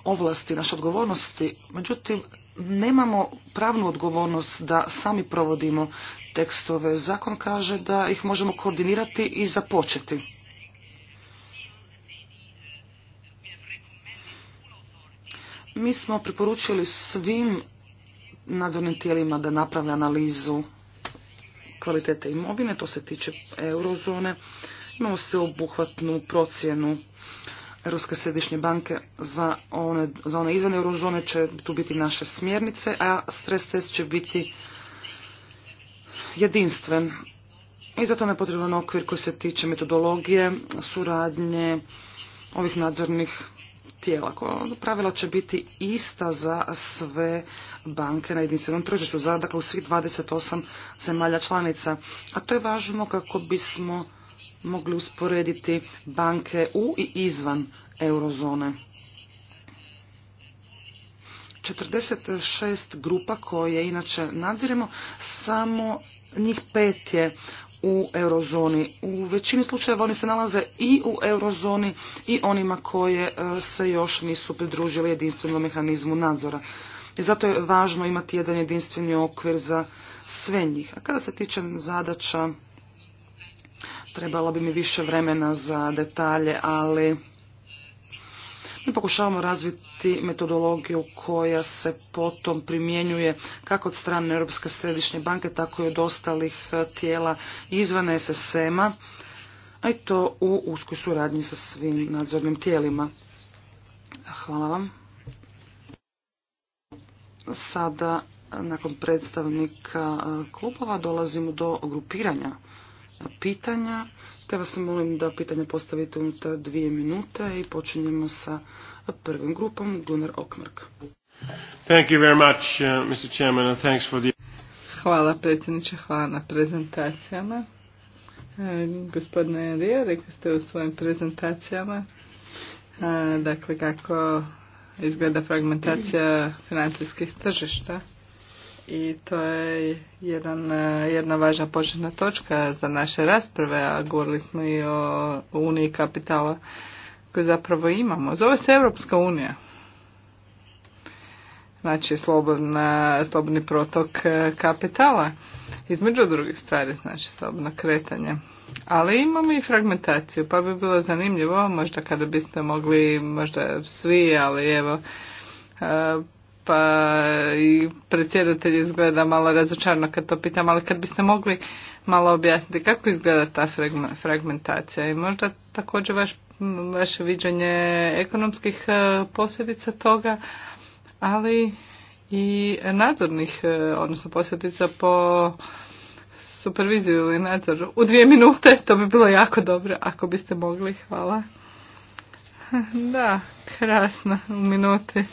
ovlasti, naše odgovornosti. Međutim, nemamo pravnu odgovornost da sami provodimo tekstove. Zakon kaže da ih možemo koordinirati i započeti. Mi smo preporučili svim nadzornim tijelima da naprave analizu kvalitete imovine, to se tiče eurozone. Imamo se obuhvatnu procjenu Ruske središnje banke za one, za izvan eurozone će tu biti naše smjernice, a stres test će biti jedinstven. I zato je potreban okvir koji se tiče metodologije, suradnje, ovih nadzornih tijela. Pravila će biti ista za sve banke na jedinstvenom tržištu, za, dakle u svih 28 zemalja članica. A to je važno kako bismo mogli usporediti banke u i izvan eurozone. 46 grupa koje inače nadziremo, samo njih pet je u eurozoni. U većini slučajeva oni se nalaze i u eurozoni i onima koje e, se još nisu pridružili jedinstvenom mehanizmu nadzora. I zato je važno imati jedan jedinstveni okvir za sve njih. A kada se tiče zadaća, trebalo bi mi više vremena za detalje, ali mi pokušavamo razviti metodologiju koja se potom primjenjuje kako od strane Europske središnje banke, tako i od ostalih e, tijela izvan SSM-a, a i to u uskoj suradnji sa svim nadzornim tijelima. Hvala vam. Sada, nakon predstavnika e, klubova, dolazimo do grupiranja pitanja, te vas molim da pitanje postavite unutar dvije minute i počinjemo sa prvim grupom Gunnar Okmark. Thank you very much, uh, Mr. Chairman, and thanks for the... Hvala predsjedniče, hvala na prezentacijama. E, gospodine Enrija, rekli ste u svojim prezentacijama e, dakle kako izgleda fragmentacija financijskih tržišta i to je jedan, jedna važna početna točka za naše rasprave, a govorili smo i o Uniji kapitala koju zapravo imamo. Zove se Europska unija. Znači, slobodna, slobodni protok e, kapitala. Između drugih stvari, znači, slobodno kretanje. Ali imamo i fragmentaciju, pa bi bilo zanimljivo, možda kada biste mogli, možda svi, ali evo, e, pa i predsjedatelj izgleda malo razočarno kad to pitam, ali kad biste mogli malo objasniti kako izgleda ta fragmentacija i možda također vaš, vaše viđenje ekonomskih e, posljedica toga, ali i nadzornih, e, odnosno posljedica po superviziju ili nadzor u dvije minute, *laughs* to bi bilo jako dobro ako biste mogli, hvala. *laughs* Da, krasno, u minuti.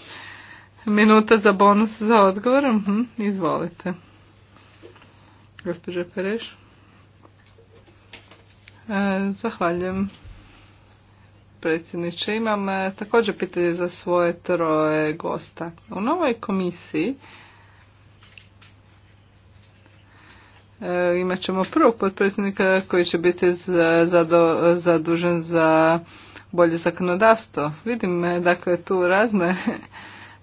Minuta za bonus za odgovor. Mhm, izvolite. Gospođa Pereš. E, zahvaljujem predsjedniče. Imam e, također pitanje za svoje troje gosta. U novoj komisiji e, imat ćemo prvog potpredsjednika koji će biti zadužen za bolje zakonodavstvo. Vidim dakle tu razne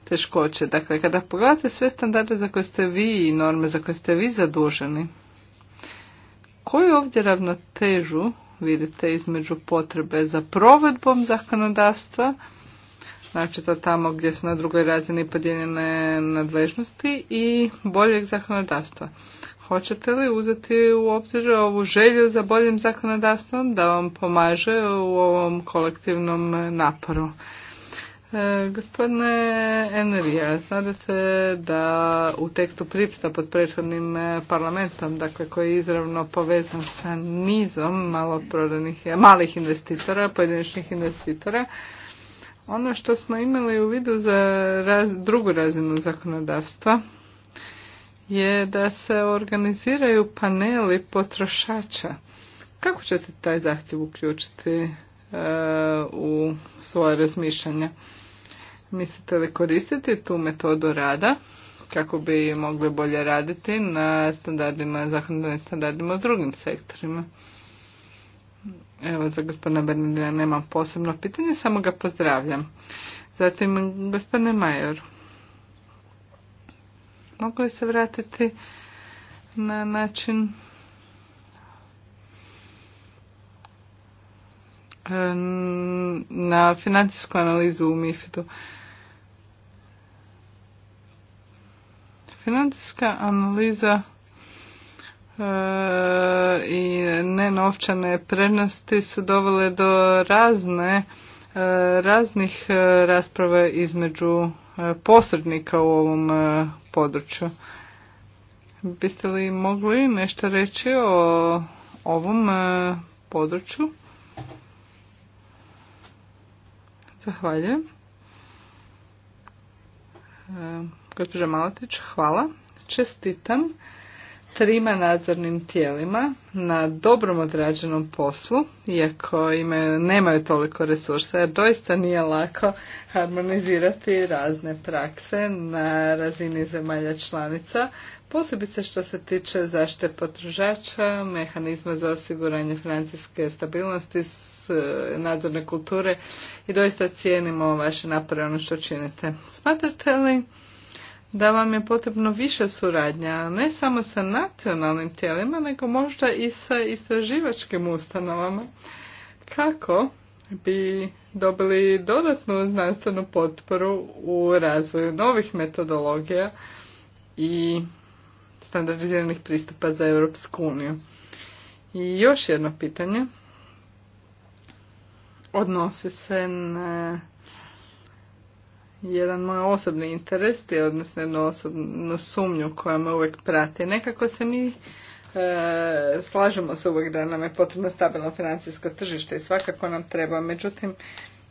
teškoće. Dakle, kada pogledate sve standarde za koje ste vi i norme za koje ste vi zaduženi, koju ovdje ravnotežu vidite između potrebe za provedbom zakonodavstva, znači to tamo gdje su na drugoj razini podijeljene nadležnosti i boljeg zakonodavstva. Hoćete li uzeti u obzir ovu želju za boljim zakonodavstvom da vam pomaže u ovom kolektivnom naporu? E, gospodine Enrija, znate da u tekstu Pripsta pod prethodnim e, parlamentom, dakle koji je izravno povezan sa nizom maloprodanih, e, malih investitora, pojedinačnih investitora, ono što smo imali u vidu za drugu razinu zakonodavstva je da se organiziraju paneli potrošača. Kako ćete taj zahtjev uključiti u svoje razmišljanja? Mislite li koristiti tu metodu rada kako bi mogli bolje raditi na standardima, zakonodavnim standardima u drugim sektorima? Evo, za gospodina Bernardina nemam posebno pitanje, samo ga pozdravljam. Zatim, gospodine Major, mogu li se vratiti na način e, na financijsku analizu u MIFID-u? Financijska analiza e, i nenovčane prednosti su dovele do razne e, raznih e, rasprave između posrednika u ovom području. Biste li mogli nešto reći o ovom području? Zahvaljujem. Gospođa Maletić, hvala. Čestitam trima nadzornim tijelima na dobrom odrađenom poslu, iako imaju, nemaju toliko resursa, jer doista nije lako harmonizirati razne prakse na razini zemalja članica, posebice što se tiče zaštite potrošača, mehanizma za osiguranje financijske stabilnosti, e, nadzorne kulture i doista cijenimo vaše napore ono što činite. Smatrate li da vam je potrebno više suradnja, ne samo sa nacionalnim tijelima, nego možda i sa istraživačkim ustanovama, kako bi dobili dodatnu znanstvenu potporu u razvoju novih metodologija i standardiziranih pristupa za Europsku uniju. I još jedno pitanje odnosi se na jedan moj osobni interes, odnosno jednu osobnu sumnju koja me uvijek prati. Nekako se mi e, slažemo se uvijek da nam je potrebno stabilno financijsko tržište i svakako nam treba. Međutim,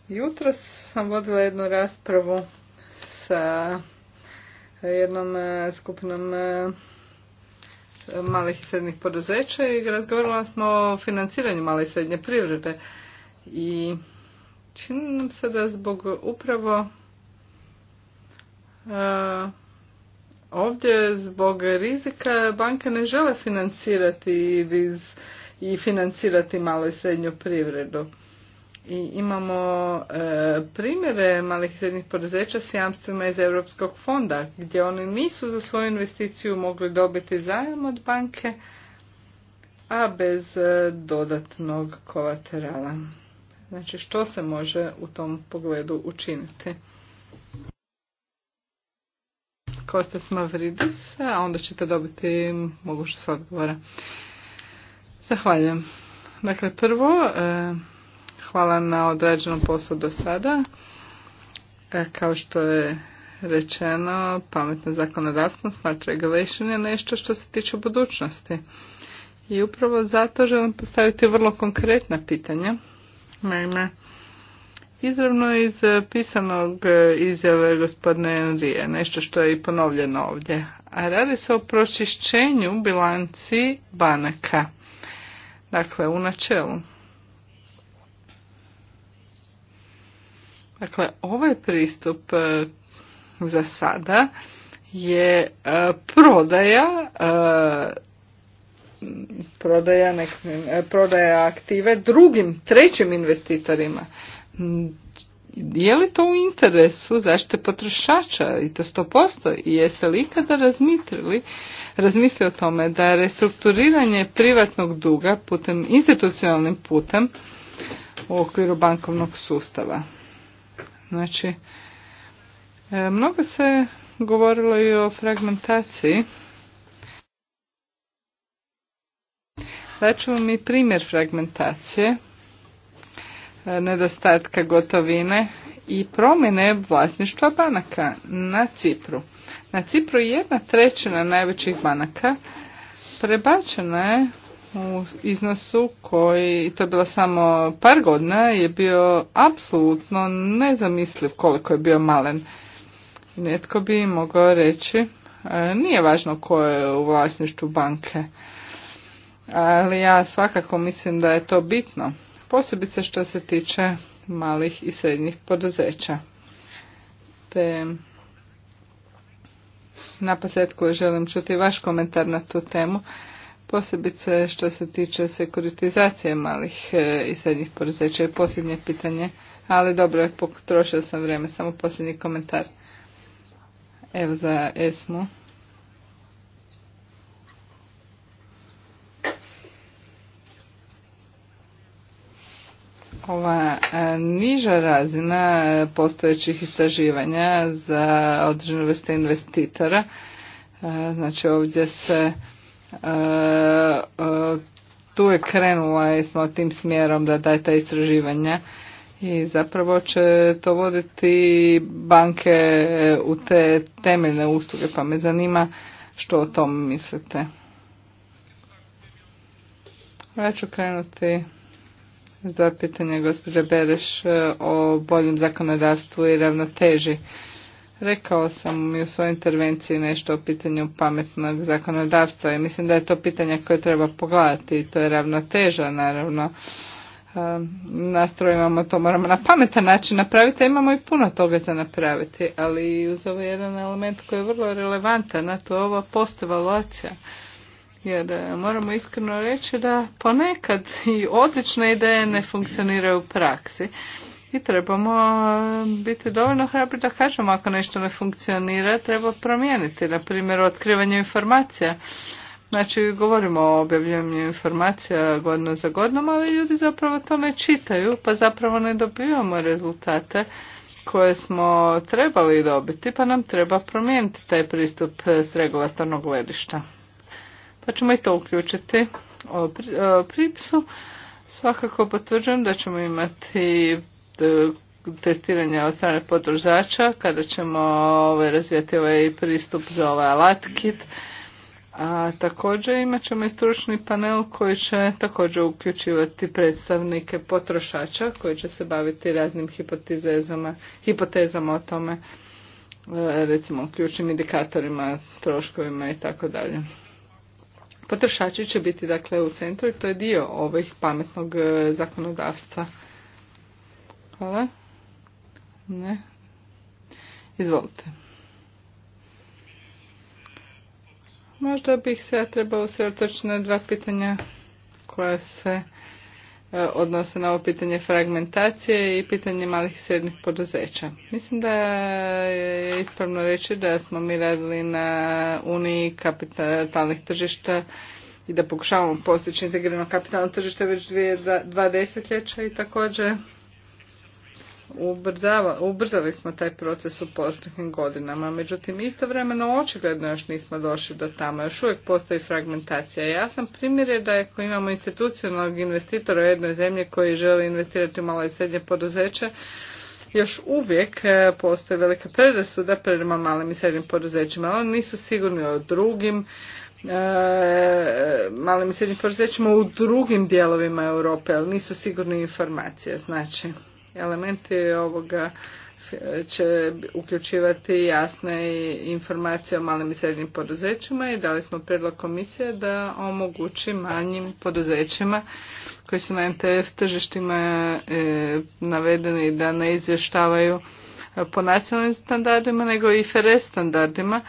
jutro sam vodila jednu raspravu sa jednom e, skupinom e, malih i srednjih poduzeća i razgovarala smo o financiranju male i srednje privrede. I čini nam se da zbog upravo E, ovdje zbog rizika banke ne žele financirati i financirati malo i srednju privredu. I imamo e, primjere malih i srednjih poduzeća s jamstvima iz Europskog fonda gdje oni nisu za svoju investiciju mogli dobiti zajam od banke, a bez e, dodatnog kolaterala. Znači što se može u tom pogledu učiniti? Kostas Mavridis, a onda ćete dobiti mogućnost odgovora. Zahvaljujem. Dakle, prvo, e, hvala na odrađenom poslu do sada. E, kao što je rečeno, pametno zakonodavstvo, smart regulation je nešto što se tiče budućnosti. I upravo zato želim postaviti vrlo konkretna pitanja. Naime, izravno iz eh, pisanog eh, izjave gospodine Enrije, nešto što je i ponovljeno ovdje. A radi se o pročišćenju bilanci banaka. Dakle, u načelu. Dakle, ovaj pristup eh, za sada je prodaja prodaja, prodaja aktive drugim, trećim investitorima. Mm, je li to u interesu zaštite potrošača i to posto I jeste li ikada razmislili, o tome da je restrukturiranje privatnog duga putem institucionalnim putem u okviru bankovnog sustava? Znači, e, mnogo se govorilo i o fragmentaciji. Daću vam i primjer fragmentacije nedostatka gotovine i promjene vlasništva banaka na Cipru. Na Cipru jedna trećina najvećih banaka prebačena je u iznosu koji, to je bilo samo par godina, je bio apsolutno nezamisliv koliko je bio malen. Netko bi mogao reći, e, nije važno ko je u vlasništvu banke, ali ja svakako mislim da je to bitno posebice što se tiče malih i srednjih poduzeća. Te na posljedku želim čuti vaš komentar na tu temu, posebice što se tiče sekuritizacije malih e, i srednjih poduzeća je posljednje pitanje, ali dobro, potrošio sam vrijeme, samo posljednji komentar. Evo za ESMU. ova e, niža razina postojećih istraživanja za određene vrste investitora. E, znači ovdje se e, tu je krenula i smo tim smjerom da daje ta istraživanja i zapravo će to voditi banke u te temeljne usluge pa me zanima što o tom mislite. Ja ću krenuti dva pitanja, gospođa Bereš e, o boljem zakonodavstvu i ravnoteži. Rekao sam i u svojoj intervenciji nešto o pitanju pametnog zakonodavstva i mislim da je to pitanje koje treba pogledati i to je ravnoteža naravno. E, Nastrojimo to, moramo na pametan način napraviti, a imamo i puno toga za napraviti, ali uz ovaj jedan element koji je vrlo relevantan, a to je ova postevaluacija. Jer e, moramo iskreno reći da ponekad i odlične ideje ne funkcioniraju u praksi. I trebamo e, biti dovoljno hrabri da kažemo ako nešto ne funkcionira, treba promijeniti. Na primjer, otkrivanje informacija. Znači, govorimo o objavljivanju informacija godno za godnom, ali ljudi zapravo to ne čitaju, pa zapravo ne dobivamo rezultate koje smo trebali dobiti, pa nam treba promijeniti taj pristup s regulatornog gledišta pa ćemo i to uključiti o e, pripsu. Svakako potvrđujem da ćemo imati e, testiranje od strane potrošača kada ćemo ovaj, razvijati ovaj pristup za ovaj alat kit. A također imat ćemo i stručni panel koji će također uključivati predstavnike potrošača koji će se baviti raznim hipotezama, hipotezama o tome e, recimo ključnim indikatorima, troškovima i tako dalje. Potrošači će biti dakle u centru i to je dio ovih pametnog e, zakonodavstva. Hvala. Ne. Izvolite. Možda bih se trebao usredotočiti na dva pitanja koja se E, odnose na ovo pitanje fragmentacije i pitanje malih i srednjih poduzeća. Mislim da je ispravno reći da smo mi radili na Uniji kapitalnih tržišta i da pokušavamo postići integrirano kapitalno tržište već dvije, dva desetljeća i također ubrzava, ubrzali smo taj proces u proteklim godinama. Međutim, istovremeno očigledno još nismo došli do tamo. Još uvijek postoji fragmentacija. Ja sam primjer je da ako imamo institucionalnog investitora u jednoj zemlji koji želi investirati u malo i srednje poduzeće, još uvijek e, postoje velika predrasuda prema malim i srednjim poduzećima. Oni nisu sigurni o drugim e, malim i srednjim poduzećima u drugim dijelovima Europe, ali nisu sigurni informacije. Znači, elementi ovoga će uključivati jasne informacije o malim i srednjim poduzećima i dali smo predlog komisije da omogući manjim poduzećima koji su na MTF tržištima e, navedeni da ne izvještavaju po nacionalnim standardima nego i FRS standardima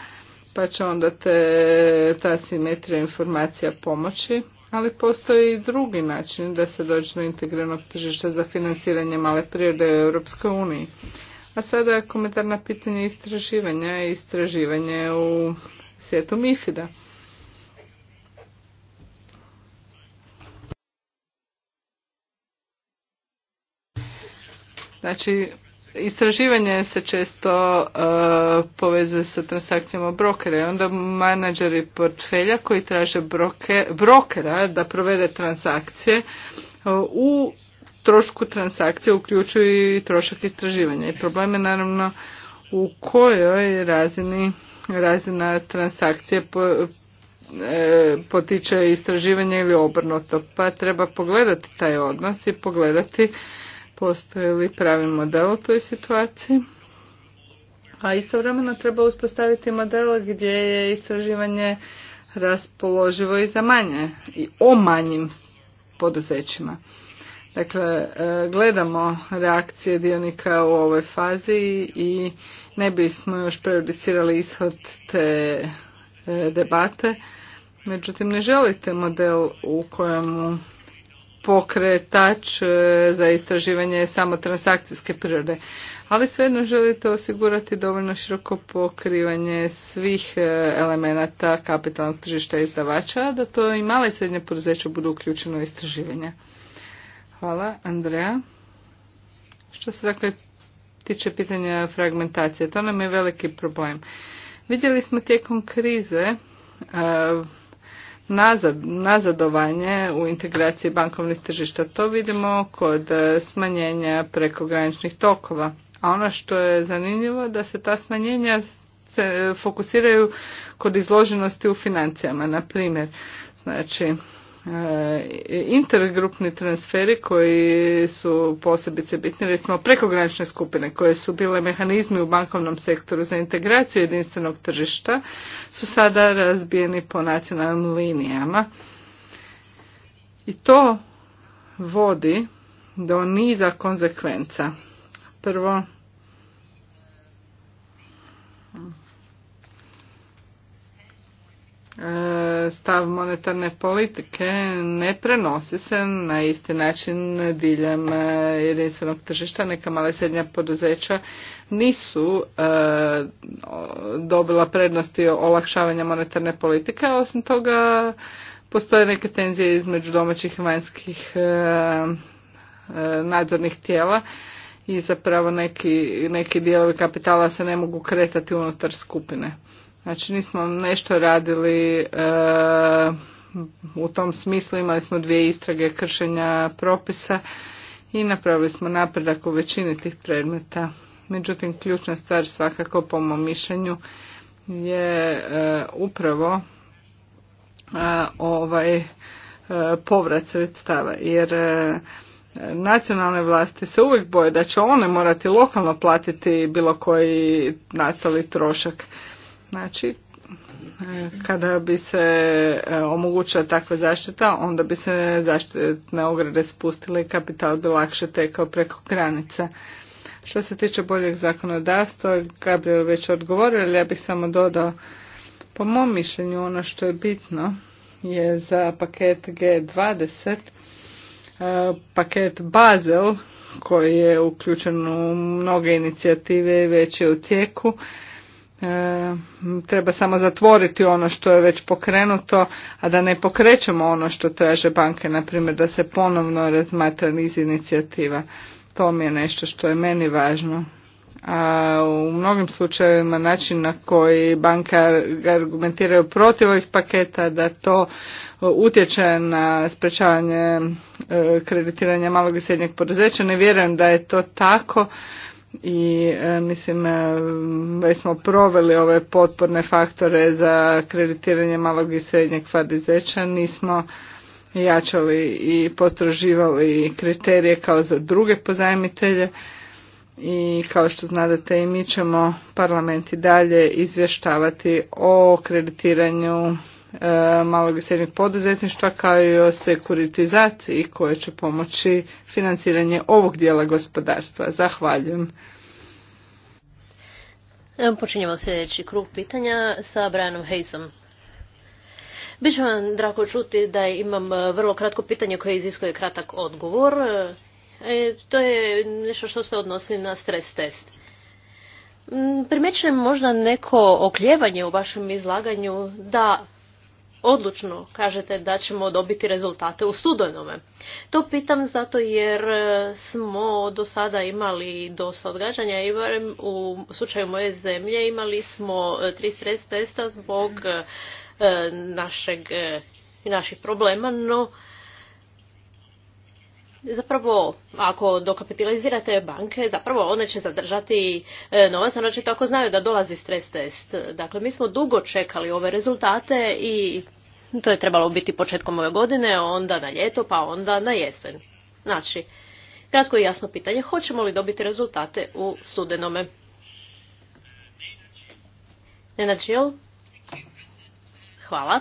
pa će onda te, ta simetrija informacija pomoći ali postoji i drugi način da se dođe do integriranog tržišta za financiranje male prirode u Europskoj uniji. A sada komentar na pitanje istraživanja i istraživanje u svijetu MIFID-a. Znači, Istraživanje se često e, povezuje sa transakcijama brokera i onda menadžeri portfelja koji traže brokera da provede transakcije e, u trošku transakcije uključuju i trošak istraživanja. I problem je naravno u kojoj razini razina transakcije po, e, potiče istraživanje ili obrnuto. Pa treba pogledati taj odnos i pogledati postoji li pravi model u toj situaciji. A istovremeno treba uspostaviti model gdje je istraživanje raspoloživo i za manje i o manjim poduzećima. Dakle, e, gledamo reakcije dionika u ovoj fazi i ne bismo još prejudicirali ishod te e, debate. Međutim, ne želite model u kojemu pokretač e, za istraživanje samo transakcijske prirode. Ali svejedno želite osigurati dovoljno široko pokrivanje svih e, elemenata kapitalnog tržišta izdavača, da to i male i srednje poduzeće budu uključeno u istraživanje. Hvala, Andreja. Što se dakle tiče pitanja fragmentacije, to nam je veliki problem. Vidjeli smo tijekom krize e, nazad, nazadovanje u integraciji bankovnih tržišta. To vidimo kod e, smanjenja prekograničnih tokova. A ono što je zanimljivo da se ta smanjenja se e, fokusiraju kod izloženosti u financijama, na primjer. Znači, E, intergrupni transferi koji su posebice bitni, recimo prekogranične skupine koje su bile mehanizmi u bankovnom sektoru za integraciju jedinstvenog tržišta su sada razbijeni po nacionalnim linijama. I to vodi do niza konzekvenca. Prvo, E, stav monetarne politike ne prenosi se na isti način diljem e, jedinstvenog tržišta. Neka mala srednja poduzeća nisu e, dobila prednosti olakšavanja monetarne politike, a osim toga postoje neke tenzije između domaćih i vanjskih nadzornih tijela i zapravo neki, neki dijelovi kapitala se ne mogu kretati unutar skupine. Znači nismo nešto radili e, u tom smislu, imali smo dvije istrage kršenja propisa i napravili smo napredak u većini tih predmeta. Međutim, ključna stvar svakako po mom mišljenju je e, upravo e, ovaj povrat sredstava jer nacionalne vlasti se uvijek boje da će one morati lokalno platiti bilo koji nastali trošak. Znači, kada bi se e, omogućila takva zaštita, onda bi se zaštitne ograde spustile i kapital bi lakše tekao preko granica. Što se tiče boljeg zakonodavstva, Gabriel već odgovorio, ali ja bih samo dodao, po mom mišljenju ono što je bitno je za paket G20, e, paket Basel koji je uključen u mnoge inicijative i već je u tijeku, E, treba samo zatvoriti ono što je već pokrenuto, a da ne pokrećemo ono što traže banke, na primjer da se ponovno razmatra niz inicijativa. To mi je nešto što je meni važno. A u mnogim slučajevima način na koji banka argumentiraju protiv ovih paketa da to utječe na sprečavanje e, kreditiranja malog i srednjeg poduzeća. Ne vjerujem da je to tako i e, mislim e, već smo proveli ove potporne faktore za kreditiranje malog i srednjeg poduzeća, nismo jačali i postroživali kriterije kao za druge pozajmitelje i kao što znate i mi ćemo parlament i dalje izvještavati o kreditiranju E, malog i srednjeg poduzetništva kao i o sekuritizaciji koje će pomoći financiranje ovog dijela gospodarstva. Zahvaljujem. Počinjemo sljedeći krug pitanja sa Brianom Hayesom. Biće vam drago čuti da imam vrlo kratko pitanje koje iziskuje kratak odgovor. E, to je nešto što se odnosi na stres test. Mm, primećujem možda neko okljevanje u vašem izlaganju da odlučno kažete da ćemo dobiti rezultate u studenome. To pitam zato jer e, smo do sada imali dosta odgađanja i u slučaju moje zemlje imali smo e, tri stres testa zbog e, našeg, naših problema, no zapravo ako dokapitalizirate banke, zapravo one će zadržati novac, znači tako znaju da dolazi stres test. Dakle, mi smo dugo čekali ove rezultate i to je trebalo biti početkom ove godine, onda na ljeto, pa onda na jesen. Znači, kratko i jasno pitanje, hoćemo li dobiti rezultate u studenome? Nenad Žil? Hvala.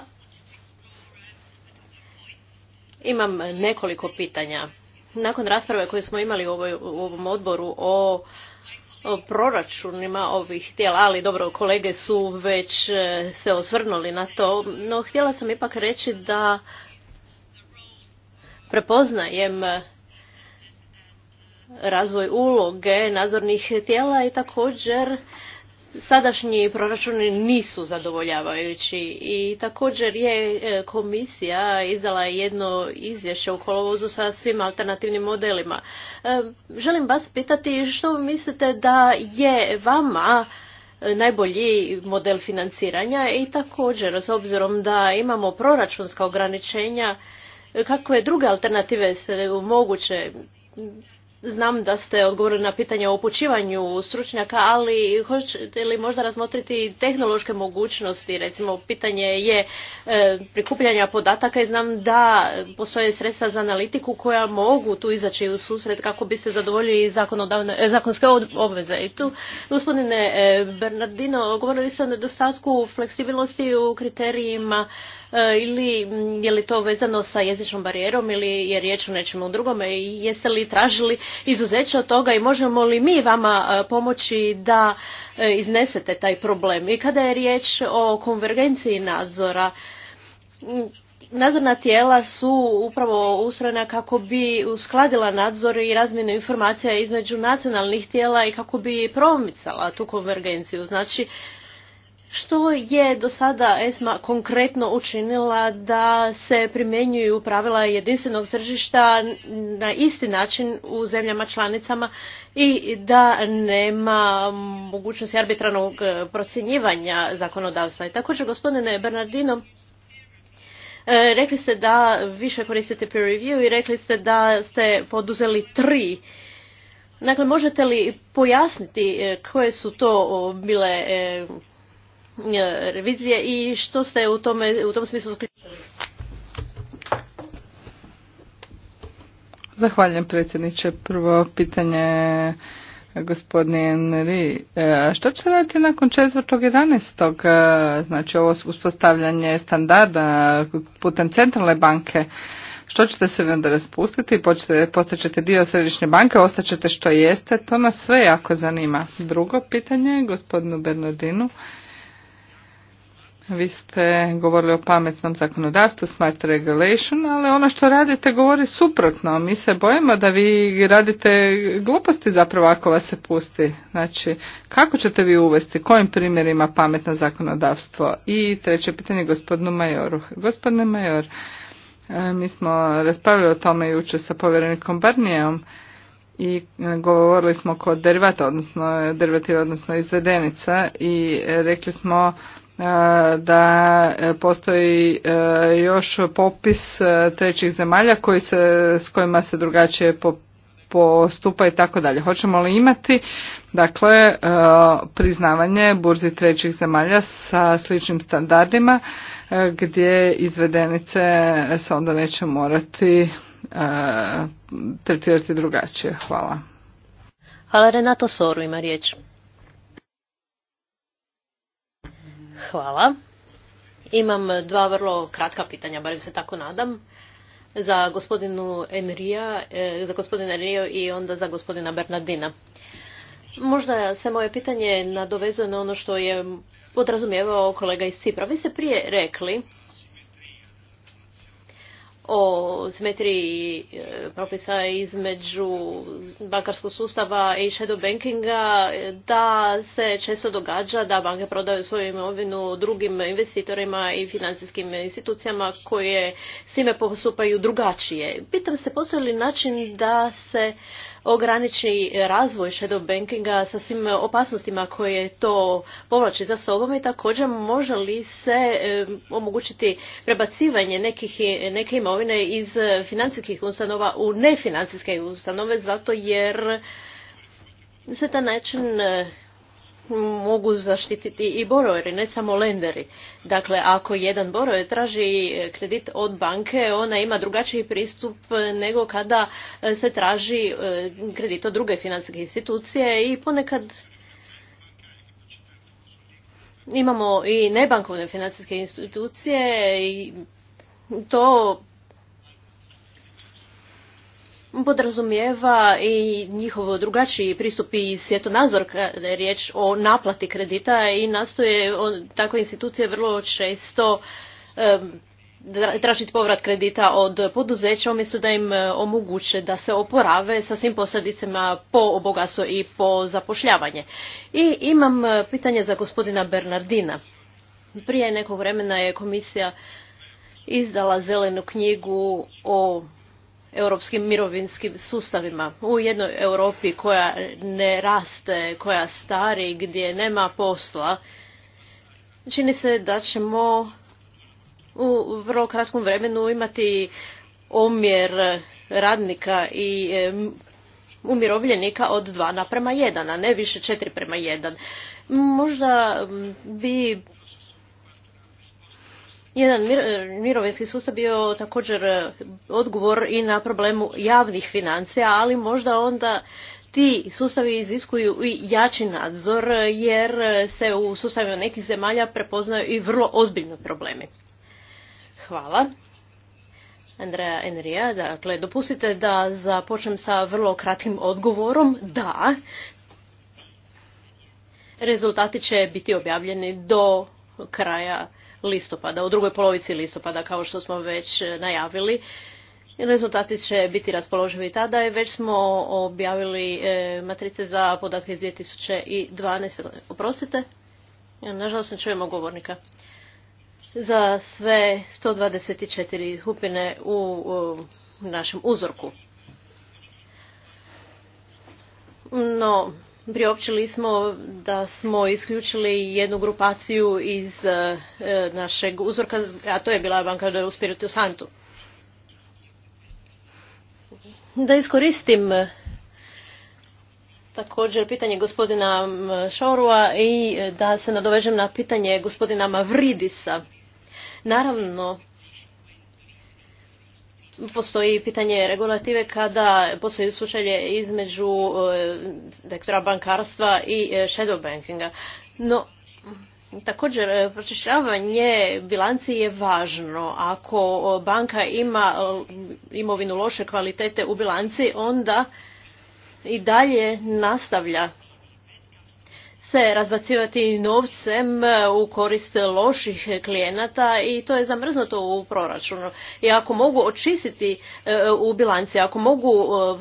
Imam nekoliko pitanja. Nakon rasprave koju smo imali u ovom odboru o proračunima ovih tijela, ali dobro, kolege su već e, se osvrnuli na to, no htjela sam ipak reći da prepoznajem e, razvoj uloge nadzornih tijela i također sadašnji proračuni nisu zadovoljavajući i također je e, komisija izdala jedno izvješće u kolovozu sa svim alternativnim modelima. E, želim vas pitati što mislite da je vama e, najbolji model financiranja i također s obzirom da imamo proračunska ograničenja kakve druge alternative se moguće Znam da ste odgovorili na pitanje o upućivanju stručnjaka, ali hoćete li možda razmotriti tehnološke mogućnosti? Recimo, pitanje je e, prikupljanja podataka i znam da postoje sredstva za analitiku koja mogu tu izaći u susret kako biste se zadovoljili e, zakonske obveze. I tu, gospodine e, Bernardino, govorili ste o nedostatku fleksibilnosti u kriterijima E, ili mm, je li to vezano sa jezičnom barijerom ili je riječ o nečemu drugome i jeste li tražili izuzeće od toga i možemo li mi vama e, pomoći da e, iznesete taj problem. I kada je riječ o konvergenciji nadzora, mm, nadzorna tijela su upravo ustrojena kako bi uskladila nadzor i razmjenu informacija između nacionalnih tijela i kako bi promicala tu konvergenciju. Znači, što je do sada ESMA konkretno učinila da se primjenjuju pravila jedinstvenog tržišta na isti način u zemljama članicama i da nema mogućnosti arbitranog e, procjenjivanja zakonodavstva? I također, gospodine Bernardino, e, rekli ste da više koristite peer review i rekli ste da ste poduzeli tri Dakle, možete li pojasniti e, koje su to bile E, revizije i što ste u, tome, u tom smislu zaključili? Zahvaljujem predsjedniče. Prvo pitanje gospodine Enri. E, što će raditi nakon 4.11. E, znači ovo uspostavljanje standarda putem centralne banke? Što ćete se onda raspustiti? Postaćete dio središnje banke, ostaćete što jeste? To nas sve jako zanima. Drugo pitanje gospodinu Bernardinu. Vi ste govorili o pametnom zakonodavstvu, smart regulation, ali ono što radite govori suprotno. Mi se bojimo da vi radite gluposti zapravo ako vas se pusti. Znači, kako ćete vi uvesti, kojim primjerima pametno zakonodavstvo? I treće pitanje gospodinu Majoru. Gospodine Major, e, mi smo raspravili o tome jučer sa povjerenikom Barnijevom i e, govorili smo kod derivata, odnosno derivativa, odnosno izvedenica i rekli smo da e, postoji e, još popis e, trećih zemalja koji s kojima se drugačije postupa i tako dalje. Hoćemo li imati dakle priznavanje burzi trećih zemalja sa sličnim standardima gdje izvedenice se onda neće morati tretirati drugačije. Hvala. Hvala Renato Soru ima riječ. Hvala. Imam dva vrlo kratka pitanja, barem se tako nadam. Za gospodinu Enrija, e, za gospodina Enrija i onda za gospodina Bernardina. Možda se moje pitanje nadovezuje na ono što je podrazumijevao kolega iz Cipra. Vi ste prije rekli o simetriji e, propisa između bankarskog sustava i shadow bankinga da se često događa da banke prodaju svoju imovinu drugim investitorima i financijskim institucijama koje s time postupaju drugačije. Pitam se postoji li način da se ograniči razvoj shadow bankinga sa svim opasnostima koje to povlači za sobom i također može li se omogućiti prebacivanje nekih, neke imovine iz financijskih ustanova u nefinancijske ustanove zato jer se ta način mogu zaštititi i borojeri, ne samo lenderi. Dakle, ako jedan borojer traži kredit od banke, ona ima drugačiji pristup nego kada e, se traži e, kredit od druge financijske institucije i ponekad imamo i nebankovne financijske institucije i to podrazumijeva i njihov drugačiji pristup i svjetonazor kada je riječ o naplati kredita i nastoje takve institucije vrlo često tražiti povrat kredita od poduzeća umjesto da im eh, omoguće da se oporave sa svim posljedicama po obogasu i po zapošljavanje. I imam eh, pitanje za gospodina Bernardina. Prije nekog vremena je komisija izdala zelenu knjigu o europskim mirovinskim sustavima. U jednoj Europi koja ne raste, koja stari, gdje nema posla, čini se da ćemo u vrlo kratkom vremenu imati omjer radnika i umirovljenika od 2 naprema 1, a ne više 4 prema 1. Možda bi jedan e, mirovinski sustav bio također e, odgovor i na problemu javnih financija, ali možda onda ti sustavi iziskuju i jači nadzor e, jer se u sustavima nekih zemalja prepoznaju i vrlo ozbiljni problemi. Hvala. Andreja Enrija, dakle, dopustite da započnem sa vrlo kratkim odgovorom. Da, rezultati će biti objavljeni do kraja listopada, u drugoj polovici listopada kao što smo već e, najavili. Rezultati će biti raspoloživi tada i već smo objavili e, matrice za podatke iz 2012. Oprostite, e, nažalost ne čujemo govornika. Za sve 124 skupine u našem uzorku. No, priopćili smo da smo isključili jednu grupaciju iz e, našeg uzorka, a to je bila banka u Spiritu Santu. Da iskoristim e, također pitanje gospodina Šorua i e, da se nadovežem na pitanje gospodina Mavridisa. Naravno, postoji pitanje regulative kada postoji slučaje između e, sektora bankarstva i e, shadow bankinga. No, također e, pročišćavanje bilanci je važno. Ako banka ima imovinu loše kvalitete u bilanci, onda i dalje nastavlja se razbacivati novcem u korist loših klijenata i to je zamrznuto u proračunu. I ako mogu očistiti e, u bilanci, ako mogu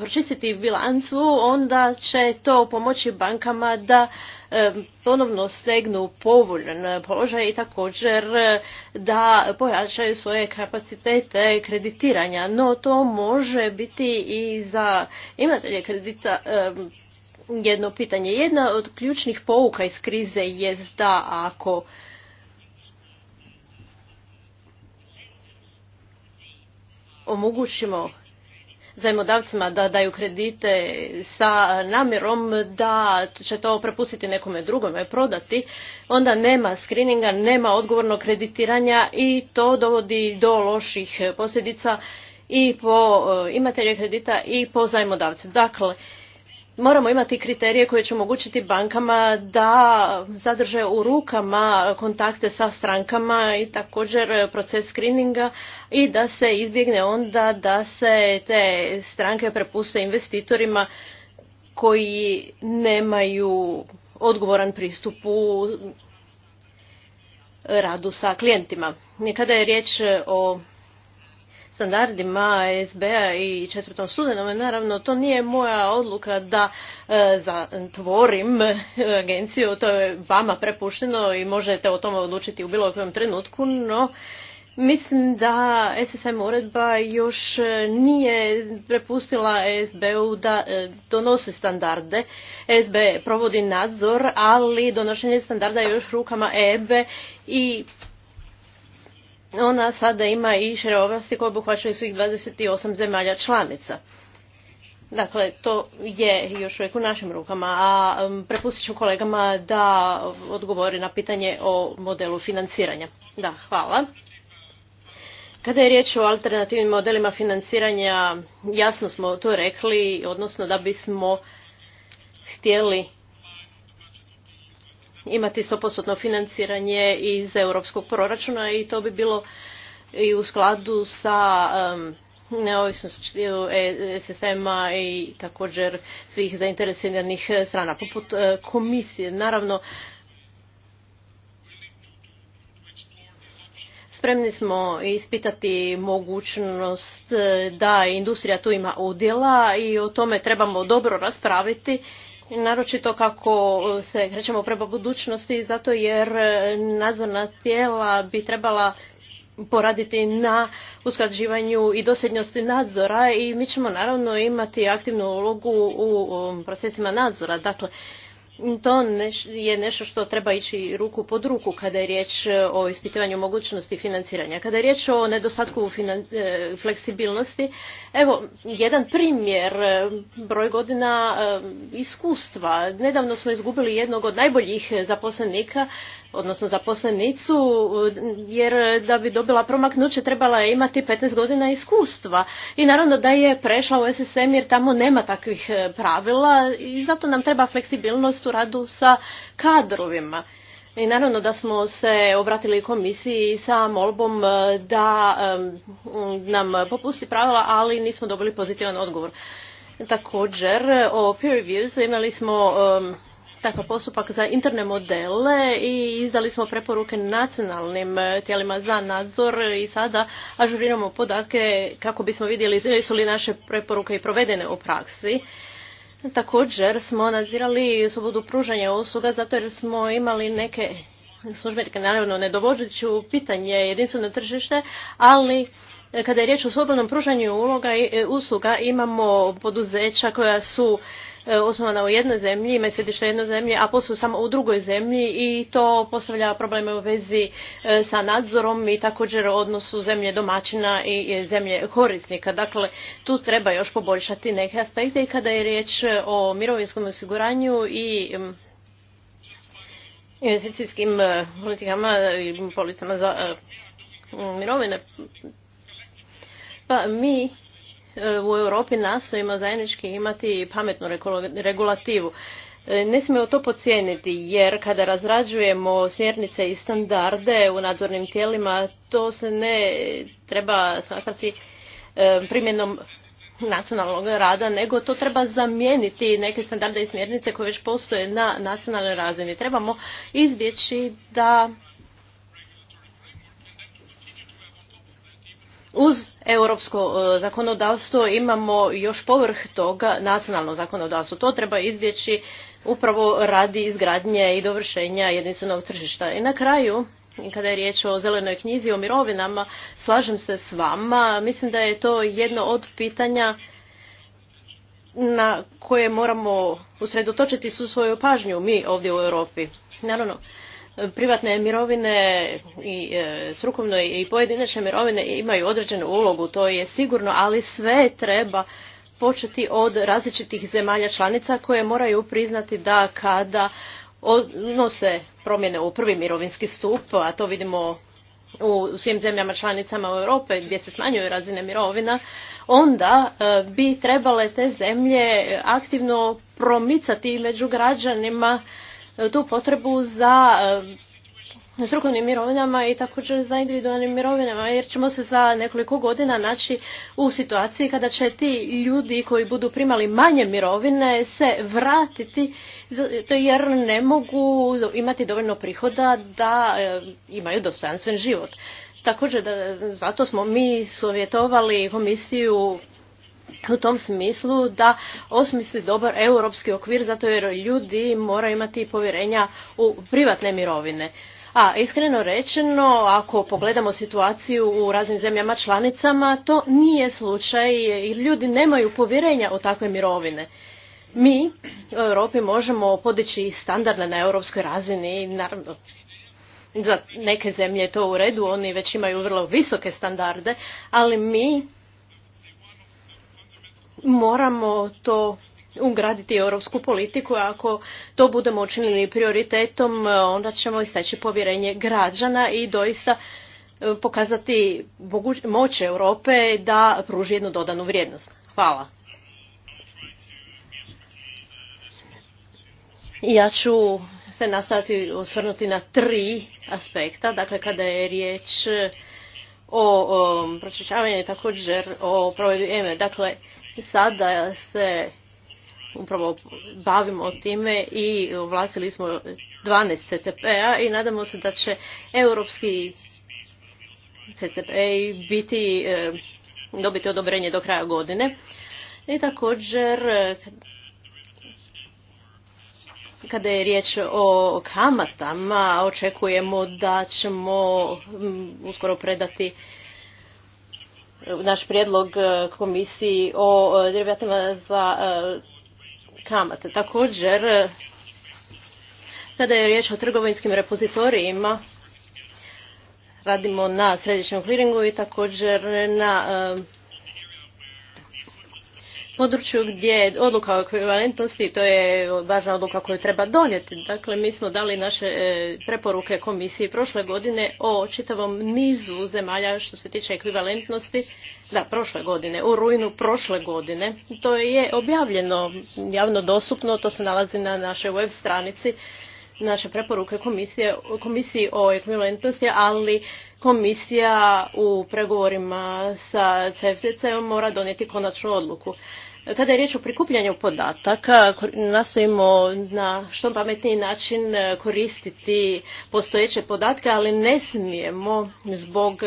e, očistiti bilancu, onda će to pomoći bankama da e, ponovno stegnu povoljan položaj i također da pojačaju svoje kapacitete kreditiranja. No to može biti i za imatelje kredita jedno pitanje. Jedna od ključnih pouka iz krize je da ako omogućimo zajmodavcima da daju kredite sa namjerom da će to prepustiti nekome drugome prodati, onda nema screeninga, nema odgovornog kreditiranja i to dovodi do loših posljedica i po e, imatelje kredita i po zajmodavce. Dakle, Moramo imati kriterije koje će omogućiti bankama da zadrže u rukama kontakte sa strankama i također proces screeninga i da se izbjegne onda da se te stranke prepuste investitorima koji nemaju odgovoran pristup u radu sa klijentima. Kada je riječ o standardima SBA i četvrtom studenom. Naravno, to nije moja odluka da e, zatvorim e, agenciju, to je vama prepušteno i možete o tome odlučiti u bilo kojem trenutku, no Mislim da SSM uredba još nije prepustila SB-u da e, donosi standarde. SB provodi nadzor, ali donošenje standarda je još rukama EBE i ona sada ima i šire ovlasti koje obuhvaćaju svih 28 zemalja članica. Dakle, to je još uvijek u našim rukama, a um, prepustit ću kolegama da odgovori na pitanje o modelu financiranja. Da, hvala. Kada je riječ o alternativnim modelima financiranja, jasno smo to rekli, odnosno da bismo htjeli imati 100% financiranje iz europskog proračuna i to bi bilo i u skladu sa neovisnosti neovisnošću e SSM-a i također svih zainteresiranih strana, poput e, komisije. Naravno, spremni smo ispitati mogućnost e, da industrija tu ima udjela i o tome trebamo dobro raspraviti naročito kako e, se krećemo prema budućnosti, zato jer e, nadzorna tijela bi trebala poraditi na usklađivanju i dosljednosti nadzora i mi ćemo naravno imati aktivnu ulogu u procesima nadzora. Dakle, to je nešto što treba ići ruku pod ruku kada je riječ e, o ispitivanju mogućnosti financiranja. Kada je riječ o nedostatku e, fleksibilnosti, evo, jedan primjer, e, broj godina iskustva. Nedavno smo izgubili jednog od najboljih zaposlenika odnosno zaposlenicu, jer da bi dobila promaknuće trebala je imati 15 godina iskustva. I naravno da je prešla u SSM jer tamo nema takvih e, pravila i zato nam treba fleksibilnost u radu sa kadrovima. I naravno da smo se obratili komisiji sa molbom e, da e, nam popusti pravila, ali nismo dobili pozitivan odgovor. Također, o peer reviews imali smo takav postupak za interne modele i izdali smo preporuke nacionalnim tijelima za nadzor i sada ažuriramo podatke kako bismo vidjeli su li naše preporuke i provedene u praksi. Također smo nadzirali slobodu pružanja usluga zato jer smo imali neke službenike, naravno ne u pitanje jedinstveno tržište, ali kada je riječ o slobodnom pružanju e, usluga imamo poduzeća koja su E, osnovana u jednoj zemlji, ima sjedište u jednoj zemlji, a poslu samo u drugoj zemlji i to postavlja probleme u vezi e, sa nadzorom i također odnosu zemlje domaćina i zemlje korisnika. Dakle, tu treba još poboljšati neke aspekte i kada je riječ o mirovinskom osiguranju i investicijskim e, politikama i policama za mirovine. Pa mi u Europi nastojimo zajednički imati pametnu regulativu. E, ne smijemo to pocijeniti jer kada razrađujemo smjernice i standarde u nadzornim tijelima to se ne treba smatrati e, primjenom nacionalnog rada, nego to treba zamijeniti neke standarde i smjernice koje već postoje na nacionalnoj razini. Trebamo izbjeći da uz europsko e, zakonodavstvo imamo još povrh toga nacionalno zakonodavstvo. To treba izbjeći upravo radi izgradnje i dovršenja jedinstvenog tržišta. I na kraju, kada je riječ o zelenoj knjizi o mirovinama, slažem se s vama. Mislim da je to jedno od pitanja na koje moramo usredotočiti svu svoju pažnju mi ovdje u Europi. Naravno, privatne mirovine i e, strukovne i pojedinačne mirovine imaju određenu ulogu, to je sigurno, ali sve treba početi od različitih zemalja članica koje moraju priznati da kada odnose promjene u prvi mirovinski stup, a to vidimo u svim zemljama članicama Europe gdje se smanjuju razine mirovina, onda e, bi trebale te zemlje aktivno promicati među građanima E, tu potrebu za e, strukovnim mirovinama i također za individualnim mirovinama jer ćemo se za nekoliko godina naći u situaciji kada će ti ljudi koji budu primali manje mirovine se vratiti jer ne mogu imati dovoljno prihoda da e, imaju dostojanstven život. Također zato smo mi sovjetovali komisiju u tom smislu da osmisli dobar europski okvir zato jer ljudi moraju imati povjerenja u privatne mirovine. A iskreno rečeno, ako pogledamo situaciju u raznim zemljama članicama, to nije slučaj jer ljudi nemaju povjerenja u takve mirovine. Mi u Europi možemo podići standarde na europskoj razini, naravno za neke zemlje je to u redu, oni već imaju vrlo visoke standarde, ali mi moramo to ugraditi europsku politiku. Ako to budemo učinili prioritetom, onda ćemo steći povjerenje građana i doista e, pokazati moć Europe da pruži jednu dodanu vrijednost. Hvala. Ja ću se nastaviti osvrnuti na tri aspekta. Dakle, kada je riječ o, pročišćavanju također o provedbi EME. E. Dakle, Sada se upravo bavimo time i ovlasili smo 12 CTP-a i nadamo se da će europski CTP biti, e, dobiti odobrenje do kraja godine. I također, kada je riječ o kamatama, očekujemo da ćemo uskoro predati naš prijedlog e, komisiji o e, derivatima za e, kamate. Također, kada je riječ o trgovinskim repozitorijima, radimo na središnjem kliringu i također na području gdje je odluka o ekvivalentnosti, to je važna odluka koju treba donijeti. Dakle, mi smo dali naše e, preporuke komisiji prošle godine o čitavom nizu zemalja što se tiče ekvivalentnosti, da, prošle godine, u rujnu prošle godine. To je objavljeno javno dostupno, to se nalazi na našoj web stranici naše preporuke komisije, komisiji o ekvivalentnosti, ali komisija u pregovorima sa cftc mora donijeti konačnu odluku. Kada je riječ o prikupljanju podataka, nastojimo na što pametniji način e, koristiti postojeće podatke, ali ne smijemo zbog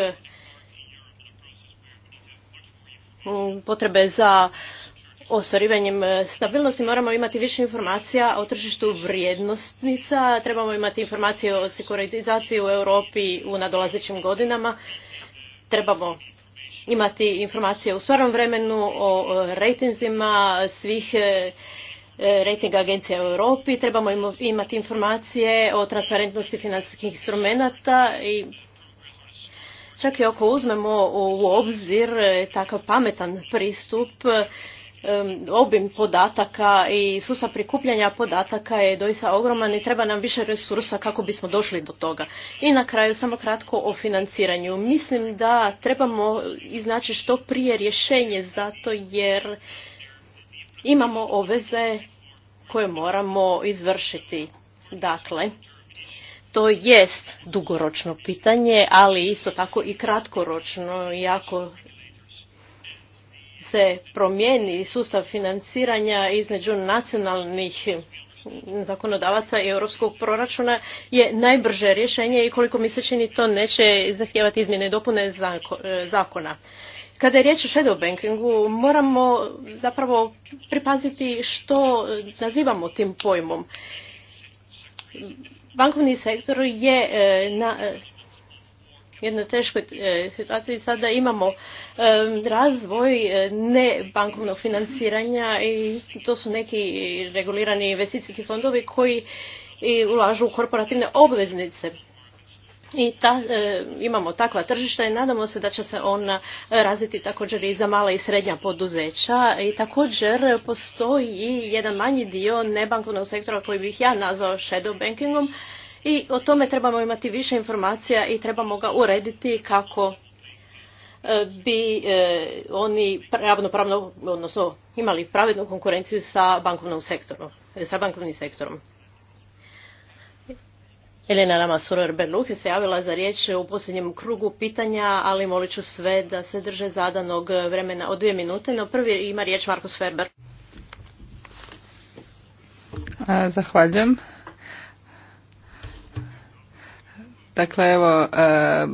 mm, potrebe za ostvarivanjem e, stabilnosti moramo imati više informacija o tržištu vrijednostnica, trebamo imati informacije o sekuritizaciji u Europi u nadolazećim godinama, trebamo imati informacije u stvarnom vremenu o e, rejtinzima svih e, rejting agencija u Europi, trebamo imati informacije o transparentnosti financijskih instrumenata i čak i ako uzmemo u obzir takav pametan pristup, obim podataka i sustav prikupljanja podataka je doista ogroman i treba nam više resursa kako bismo došli do toga. I na kraju samo kratko o financiranju. Mislim da trebamo iznaći što prije rješenje zato jer imamo obveze koje moramo izvršiti. Dakle, to jest dugoročno pitanje, ali isto tako i kratkoročno. jako se promijeni sustav financiranja između nacionalnih zakonodavaca i europskog proračuna je najbrže rješenje i koliko mi se čini to neće zahtijevati izmjene i dopune zakona. Kada je riječ o shadow bankingu, moramo zapravo pripaziti što nazivamo tim pojmom. Bankovni sektor je e, na jednoj teškoj e, situaciji sada imamo e, razvoj e, nebankovnog financiranja i to su neki regulirani investicijski fondovi koji ulažu u korporativne obveznice. I ta, imamo takva tržišta i nadamo se da će se ona razviti također i za mala i srednja poduzeća. I također postoji jedan manji dio nebankovnog sektora koji bih ja nazvao shadow bankingom, i o tome trebamo imati više informacija i trebamo ga urediti kako e, bi e, oni ravnopravno, odnosno imali pravednu konkurenciju sa bankovnom sektorom, e, sa bankovnim sektorom. Elena Lama Suror Berluh se javila za riječ u posljednjem krugu pitanja, ali molit ću sve da se drže zadanog vremena od dvije minute, no prvi ima riječ Markus Ferber. Zahvaljujem. Dakle, evo, e,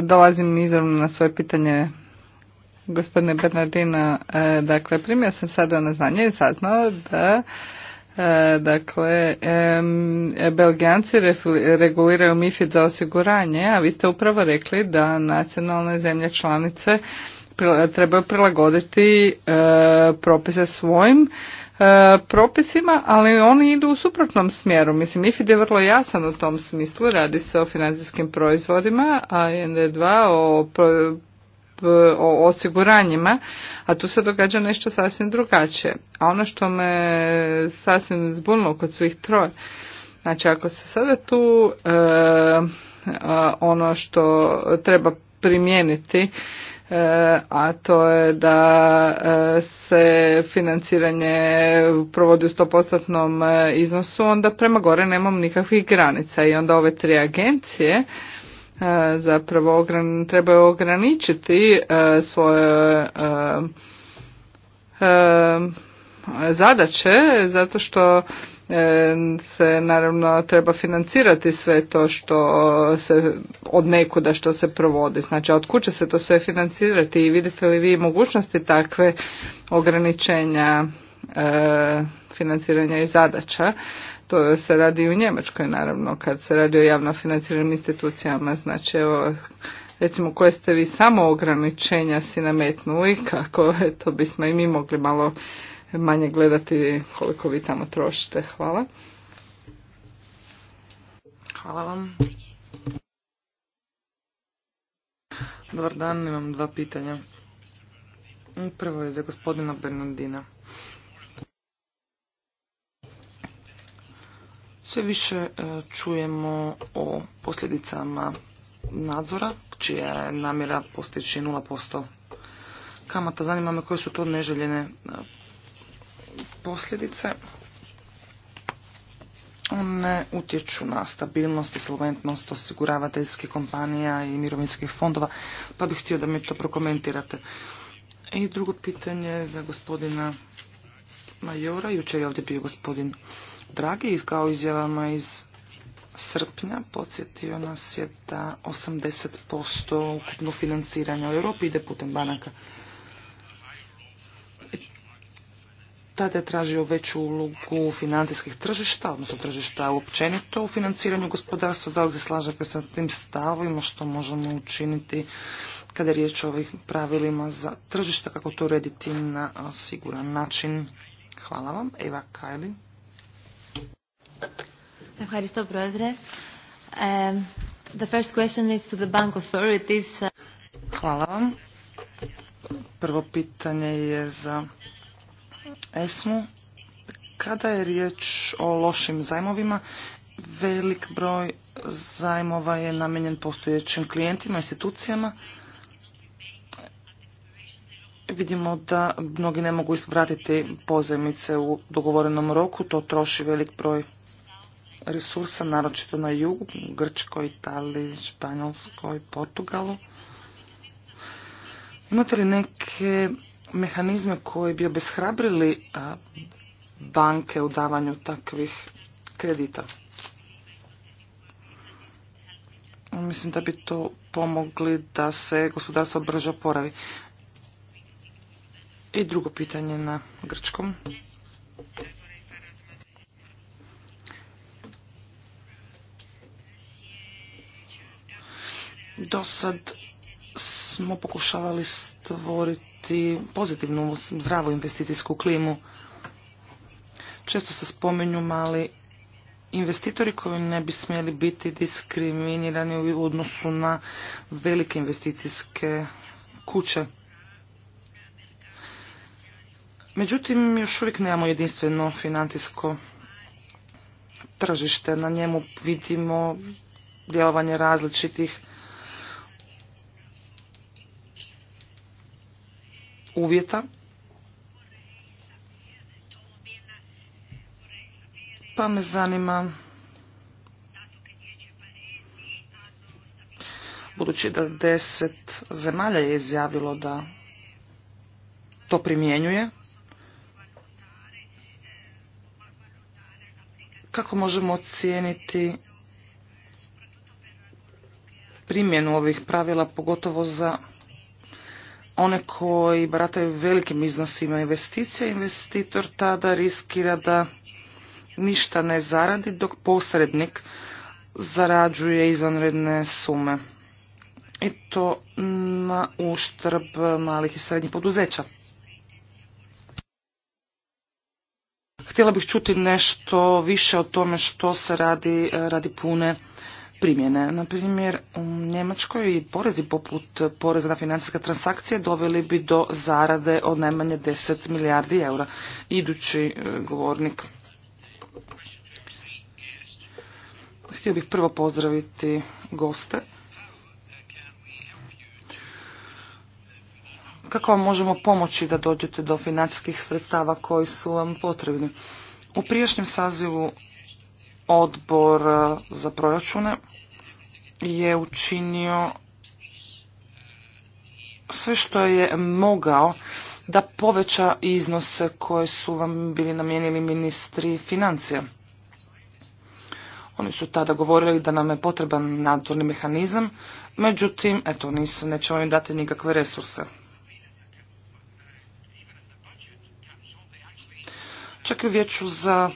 dolazim izravno na svoje pitanje gospodine Bernardina. E, dakle, primio sam sada na znanje i saznao da e, dakle, Belgijanci reguliraju MIFID za osiguranje, a vi ste upravo rekli da nacionalne zemlje članice trebaju prilagoditi propise svojim E, propisima, ali oni idu u suprotnom smjeru. Mislim, IFID je vrlo jasan u tom smislu, radi se o financijskim proizvodima, a ind 2 o, o osiguranjima, a tu se događa nešto sasvim drugačije. A ono što me sasvim zbunilo kod svih troje, znači ako se sada tu e, e, ono što treba primijeniti E, a to je da e, se financiranje provodi u 100% e, iznosu, onda prema gore nemam nikakvih granica i onda ove tri agencije zapravo trebaju ograničiti svoje zadaće zato što E, se naravno treba financirati sve to što se od nekuda što se provodi. Znači od kuće se to sve financirati i vidite li vi mogućnosti takve ograničenja e, financiranja i zadaća. To se radi i u Njemačkoj naravno kad se radi o javno financiranim institucijama. Znači evo recimo koje ste vi samo ograničenja si nametnuli kako to bismo i mi mogli malo manje gledati koliko vi tamo trošite. Hvala. Hvala vam. Dobar dan, imam dva pitanja. Prvo je za gospodina Bernardina. Sve više e, čujemo o posljedicama nadzora, čija je namjera postići 0% kamata. Zanima me koje su to neželjene e, posljedice one utječu na stabilnost i solventnost osiguravateljskih kompanija i mirovinskih fondova, pa bih htio da mi to prokomentirate. I drugo pitanje za gospodina Majora. Jučer je ovdje bio gospodin Dragi i kao izjavama iz srpnja podsjetio nas je da 80% ukupno financiranja u Europi ide putem banaka. tada je tražio veću ulogu financijskih tržišta, odnosno tržišta općenito u financiranju gospodarstva. Da li se slažete sa tim stavima što možemo učiniti kada je riječ o ovih pravilima za tržišta, kako to urediti na siguran način? Hvala vam. Eva Kajli. Hvala um, vam. Prvo pitanje je za ESMU kada je riječ o lošim zajmovima, velik broj zajmova je namenjen postojećim klijentima, institucijama. Vidimo da mnogi ne mogu isvratiti pozajmice u dogovorenom roku, to troši velik broj resursa, naročito na jugu, Grčkoj, Italiji, Španjolskoj, Portugalu. Imate li neke mehanizme koji bi obeshrabrili e, banke u davanju takvih kredita. Mislim da bi to pomogli da se gospodarstvo brže oporavi. I drugo pitanje na grčkom. Dosad smo pokušavali stvoriti i pozitivnu, zdravu investicijsku klimu. Često se spominju mali investitori koji ne bi smjeli biti diskriminirani u odnosu na velike investicijske kuće. Međutim, još uvijek nemamo jedinstveno financijsko tržište. Na njemu vidimo djelovanje različitih uvjeta. Pa me zanima budući da deset zemalja je izjavilo da to primjenjuje, kako možemo ocijeniti primjenu ovih pravila, pogotovo za one koji barataju velikim iznosima investicija, investitor tada riskira da ništa ne zaradi dok posrednik zarađuje izvanredne sume. I to na uštrb malih i srednjih poduzeća. Htjela bih čuti nešto više o tome što se radi, radi pune primjene. Na primjer, u Njemačkoj porezi poput poreza na financijske transakcije doveli bi do zarade od najmanje 10 milijardi eura. Idući e, govornik. Htio bih prvo pozdraviti goste. Kako vam možemo pomoći da dođete do financijskih sredstava koji su vam potrebni? U prijašnjem sazivu odbor e, za proračune je učinio sve što je mogao da poveća iznose koje su vam bili namijenili ministri financija. Oni su tada govorili da nam je potreban nadzorni mehanizam, međutim, eto, nisu, nećemo im dati nikakve resurse. Čak i u vijeću za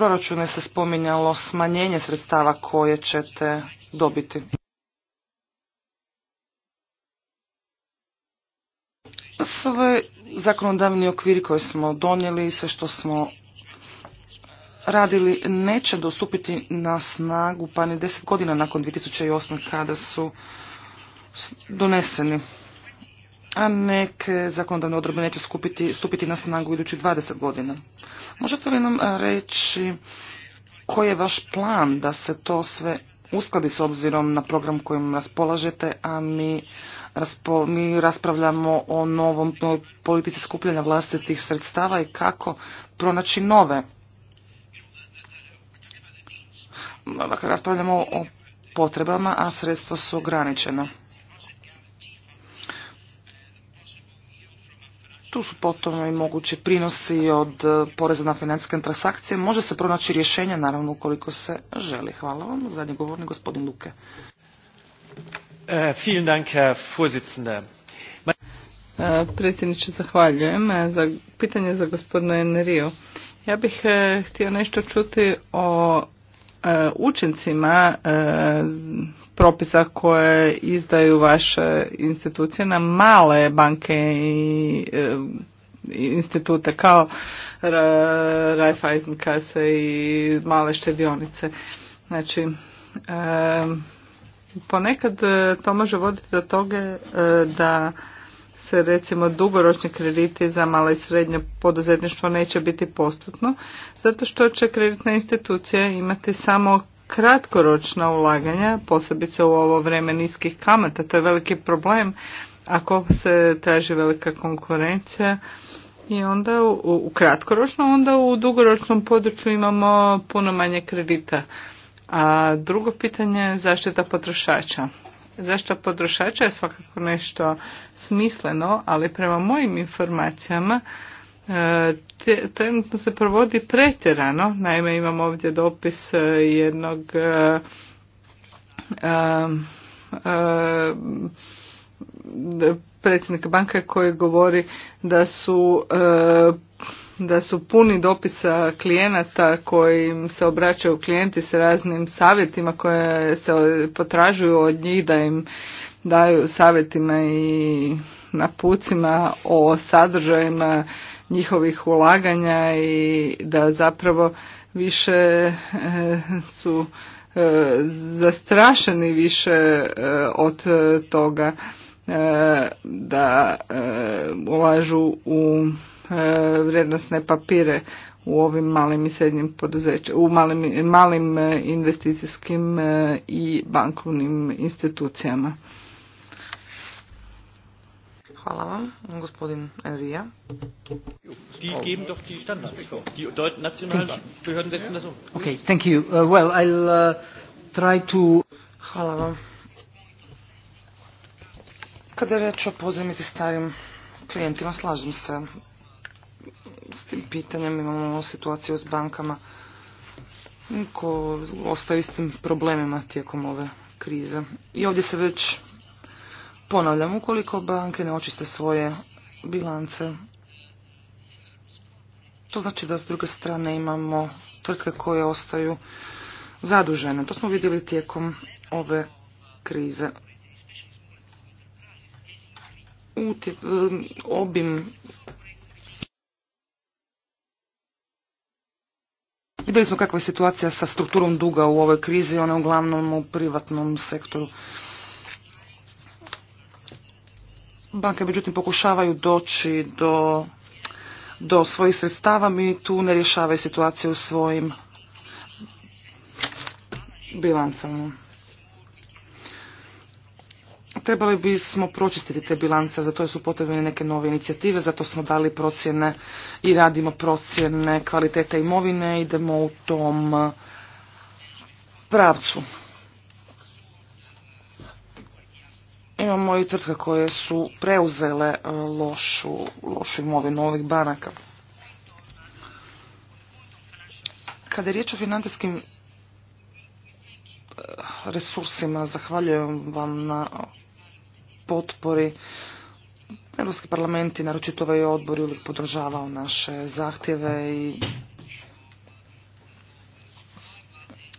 proračunu se spominjalo smanjenje sredstava koje ćete dobiti. Sve zakonodavni okviri koje smo donijeli i sve što smo radili neće dostupiti na snagu pa ni deset godina nakon 2008. kada su doneseni a neke zakonodavne odredbe neće skupiti, stupiti na snagu idućih 20 godina. Možete li nam reći koji je vaš plan da se to sve uskladi s obzirom na program kojim raspolažete, a mi, mi raspravljamo o novom novoj politici skupljanja vlastitih sredstava i kako pronaći nove. Dakle, raspravljamo o potrebama, a sredstva su ograničena. Tu su potom i mogući prinosi od e, poreza na financijske transakcije. Može se pronaći rješenja, naravno, ukoliko se želi. Hvala vam. Zadnji govornik, gospodin Luke. E, vielen Dank, Herr e, predsjedniče, zahvaljujem. za pitanje za gospodina Eneriju. Ja bih htio nešto čuti o učincima propisa koje izdaju vaše institucije na male banke i e, institute kao Raiffeisen kase i male štedionice. Znači, e, ponekad e, to može voditi do toga da se recimo dugoročni krediti za malo i srednje poduzetništvo neće biti postupno, zato što će kreditna institucija imati samo kratkoročna ulaganja, posebice u ovo vrijeme niskih kamata, to je veliki problem ako se traži velika konkurencija i onda u, kratkoročno, onda u dugoročnom području imamo puno manje kredita. A drugo pitanje je zaštita potrošača. Zaštita potrošača je svakako nešto smisleno, ali prema mojim informacijama E, trenutno se provodi pretjerano. Naime, imam ovdje dopis e, jednog e, predsjednika banka koji govori da su da su puni dopisa klijenata kojim se obraćaju klijenti s raznim savjetima koje se potražuju od njih da im daju savjetima i napucima o sadržajima njihovih ulaganja i da zapravo više e, su e, zastrašeni više e, od toga da ulažu u vrijednosne papire u ovim malim i srednjim poduzećima, u malim, malim investicijskim i bankovnim institucijama. Hvala vam, gospodin Enrija. Die geben doch die Standards vor. Die nationalen Behörden setzen das um. Okay, thank you. Uh, well, I'll uh, try to... Hvala vam. Kada je reč o pozemici starim klijentima, slažem se s tim pitanjem. Imamo situaciju s bankama ko ostaju tim problemima tijekom ove krize. I ovdje se već Ponavljam, ukoliko banke ne očiste svoje bilance, to znači da s druge strane imamo tvrtke koje ostaju zadužene. To smo vidjeli tijekom ove krize. Um, obim Vidjeli smo kakva je situacija sa strukturom duga u ovoj krizi, ona je uglavnom u privatnom sektoru. Banke međutim pokušavaju doći do, do svojih sredstava, mi tu ne rješavaju situaciju u svojim bilancama. Trebali bismo pročistiti te bilance, zato to su potrebne neke nove inicijative, zato smo dali procjene i radimo procjene kvalitete imovine, idemo u tom pravcu. Imamo i tvrtke koje su preuzele e, lošu, imovinu ovih banaka. Kada je riječ o financijskim e, resursima, zahvaljujem vam na potpori. Europski parlament i naročito ovaj odbor uvijek podržavao naše zahtjeve i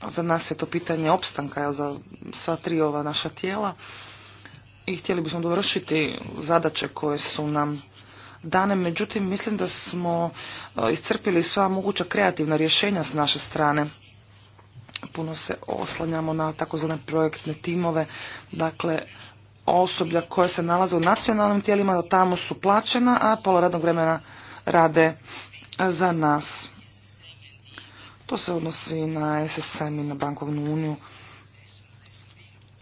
za nas je to pitanje opstanka za sva tri ova naša tijela i htjeli bismo dovršiti zadaće koje su nam dane, međutim mislim da smo e, iscrpili sva moguća kreativna rješenja s naše strane. Puno se oslanjamo na takozvane projektne timove, dakle osoblja koje se nalaze u nacionalnim tijelima, tamo su plaćena, a pola radnog vremena rade za nas. To se odnosi na SSM i na bankovnu uniju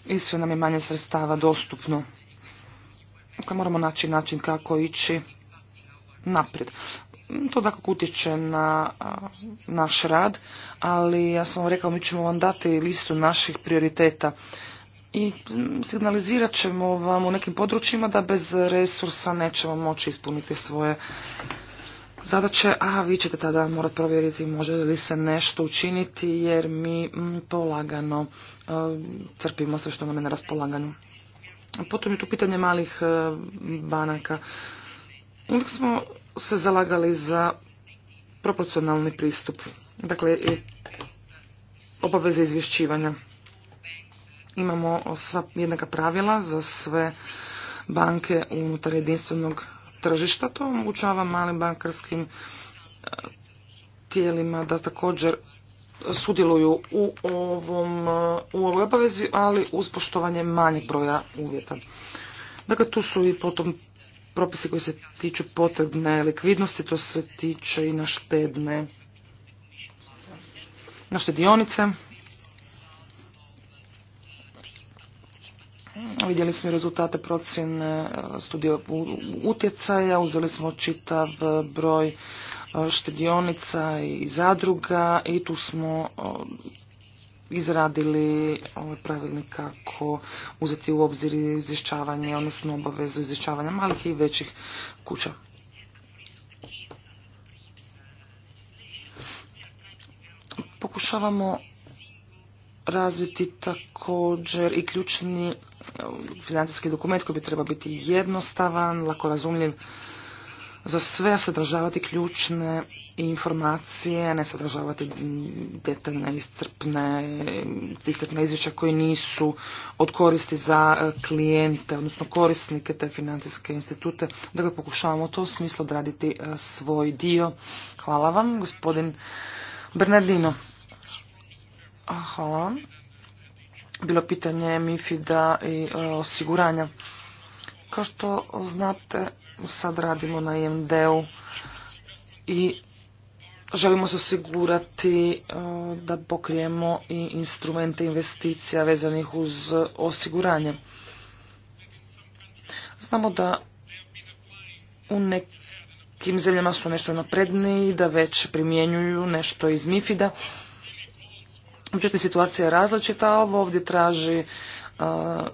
i sve nam je manje sredstava dostupno. Dakle, moramo naći način kako ići naprijed. To dakle utječe na naš rad, ali ja sam vam rekao, mi ćemo vam dati listu naših prioriteta i signalizirat ćemo vam u nekim područjima da bez resursa nećemo moći ispuniti svoje zadaće, a vi ćete tada morati provjeriti može li se nešto učiniti jer mi mm, polagano e, crpimo sve što nam je na raspolaganju. Potom je tu pitanje malih e, banaka. Uvijek smo se zalagali za proporcionalni pristup, dakle obaveze izvješćivanja. Imamo sva jednaka pravila za sve banke unutar jedinstvenog tržišta. To omogućava malim bankarskim e, tijelima da također sudjeluju u, ovom, e, u ovoj obavezi, ali uz poštovanje manjeg broja uvjeta. Dakle, tu su i potom propisi koji se tiču potrebne likvidnosti, to se tiče i na štedne na štedionice. Vidjeli smo rezultate procjene e, studija utjecaja, uzeli smo čitav e, broj e, štedionica i zadruga i tu smo izradili ovaj pravilnik kako uzeti u obzir izvješćavanje, odnosno obavezu izvješćavanja malih i većih kuća. Pokušavamo razviti također i ključni e, financijski dokument koji bi trebao biti jednostavan, lako razumljiv za sve, sadržavati ključne informacije, ne sadržavati detaljne, iscrpne, iscrpne izvješća koje nisu od koristi za e, klijente, odnosno korisnike te financijske institute. Dakle, pokušavamo to u smislu odraditi e, svoj dio. Hvala vam, gospodin Bernardino. Hvala vam. Bilo pitanje Mifida i e, osiguranja. Kao što znate, sad radimo na IMD-u i želimo se osigurati e, da pokrijemo i instrumente investicija vezanih uz osiguranje. Znamo da u nekim zemljama su nešto napredniji, da već primjenjuju nešto iz Mifida, Međutim, situacija je različita, ovo ovdje traži e,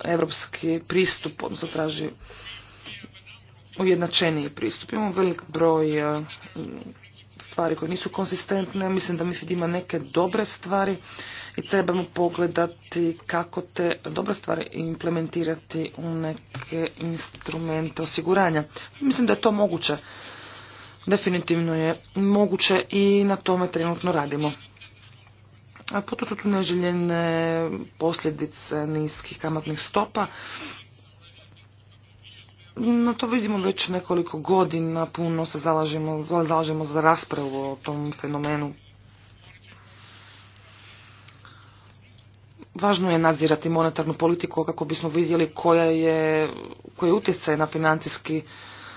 evropski pristup, odnosno traži ujednačeniji pristup. Imamo velik broj e, stvari koje nisu konsistentne. Mislim da MIFID ima neke dobre stvari i trebamo pogledati kako te dobre stvari implementirati u neke instrumente osiguranja. Mislim da je to moguće. Definitivno je moguće i na tome trenutno radimo to su tu neželjene posljedice niskih kamatnih stopa. No, to vidimo već nekoliko godina, puno se zalažemo, za raspravu o tom fenomenu. Važno je nadzirati monetarnu politiku kako bismo vidjeli koja je, koji je utjecaj na financijski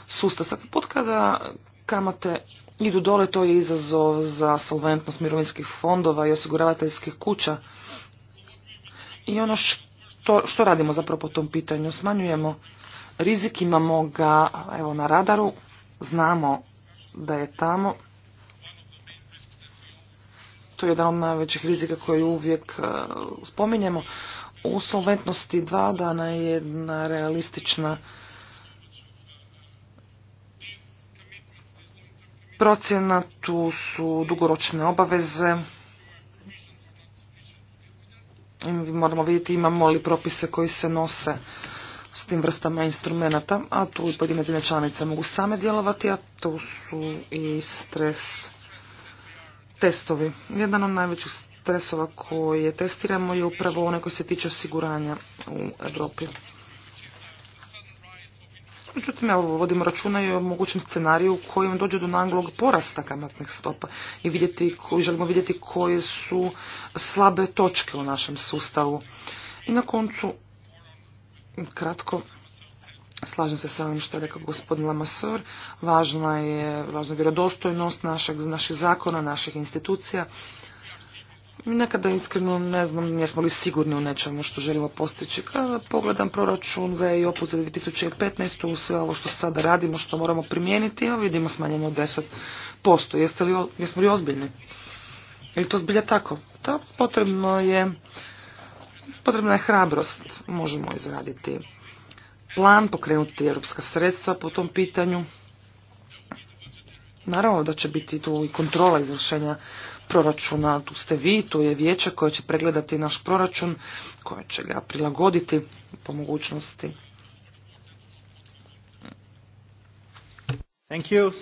sustav. Sad potkada kamate idu dole, to je izazov za solventnost mirovinskih fondova i osiguravateljskih kuća. I ono što, što radimo zapravo po tom pitanju? Smanjujemo rizik, imamo ga evo, na radaru, znamo da je tamo. To je jedan od najvećih rizika koji uvijek e, spominjemo. U solventnosti dva dana je jedna realistična procjena, tu su dugoročne obaveze. Moramo vidjeti imamo li propise koji se nose s tim vrstama instrumenta, a tu i pojedine zemlje članice mogu same djelovati, a tu su i stres testovi. Jedan od najvećih stresova koje testiramo je upravo onaj koji se tiče osiguranja u Europi. Međutim, ja vodimo računa i o mogućem scenariju u kojem dođe do naglog porasta kamatnih stopa i vidjeti, želimo vidjeti koje su slabe točke u našem sustavu. I na koncu, kratko, slažem se sa ovim što je rekao gospodin Lamasor, važna je, važna je vjerodostojnost našeg, naših zakona, naših institucija Nekada iskreno ne znam jesmo li sigurni u nečemu što želimo postići. Kada pogledam proračun za i u za 2015. u sve ovo što sada radimo, što moramo primijeniti, vidimo smanjenje od 10%. Jeste li, jesmo li ozbiljni? Je to zbilja tako? Da, potrebno je, potrebna je hrabrost. Možemo izraditi plan, pokrenuti europska sredstva po tom pitanju. Naravno da će biti tu i kontrola izvršenja proračuna. Tu ste vi, tu je vijeće koje će pregledati naš proračun, koje će ga prilagoditi po mogućnosti. Thank you,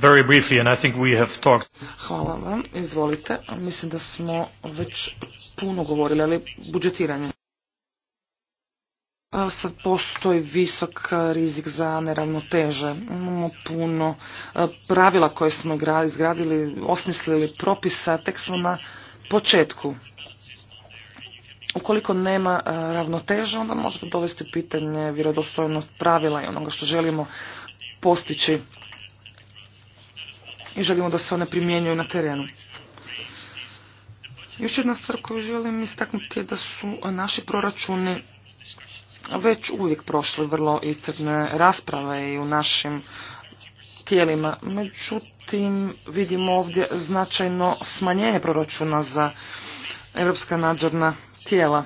Very briefly, and I think we have talked. Hvala vam. Izvolite. Mislim da smo već puno govorili, ali budžetiranje sad postoji visok rizik za neravnoteže. Imamo puno e, pravila koje smo izgradili, osmislili propisa, tek smo na početku. Ukoliko nema e, ravnoteže, onda možete dovesti pitanje vjerodostojnost pravila i onoga što želimo postići i želimo da se one primjenjuju na terenu. Još jedna stvar koju želim istaknuti je da su naši proračuni već uvijek prošli vrlo iscrne rasprave i u našim tijelima. Međutim, vidimo ovdje značajno smanjenje proračuna za europska nadzorna tijela.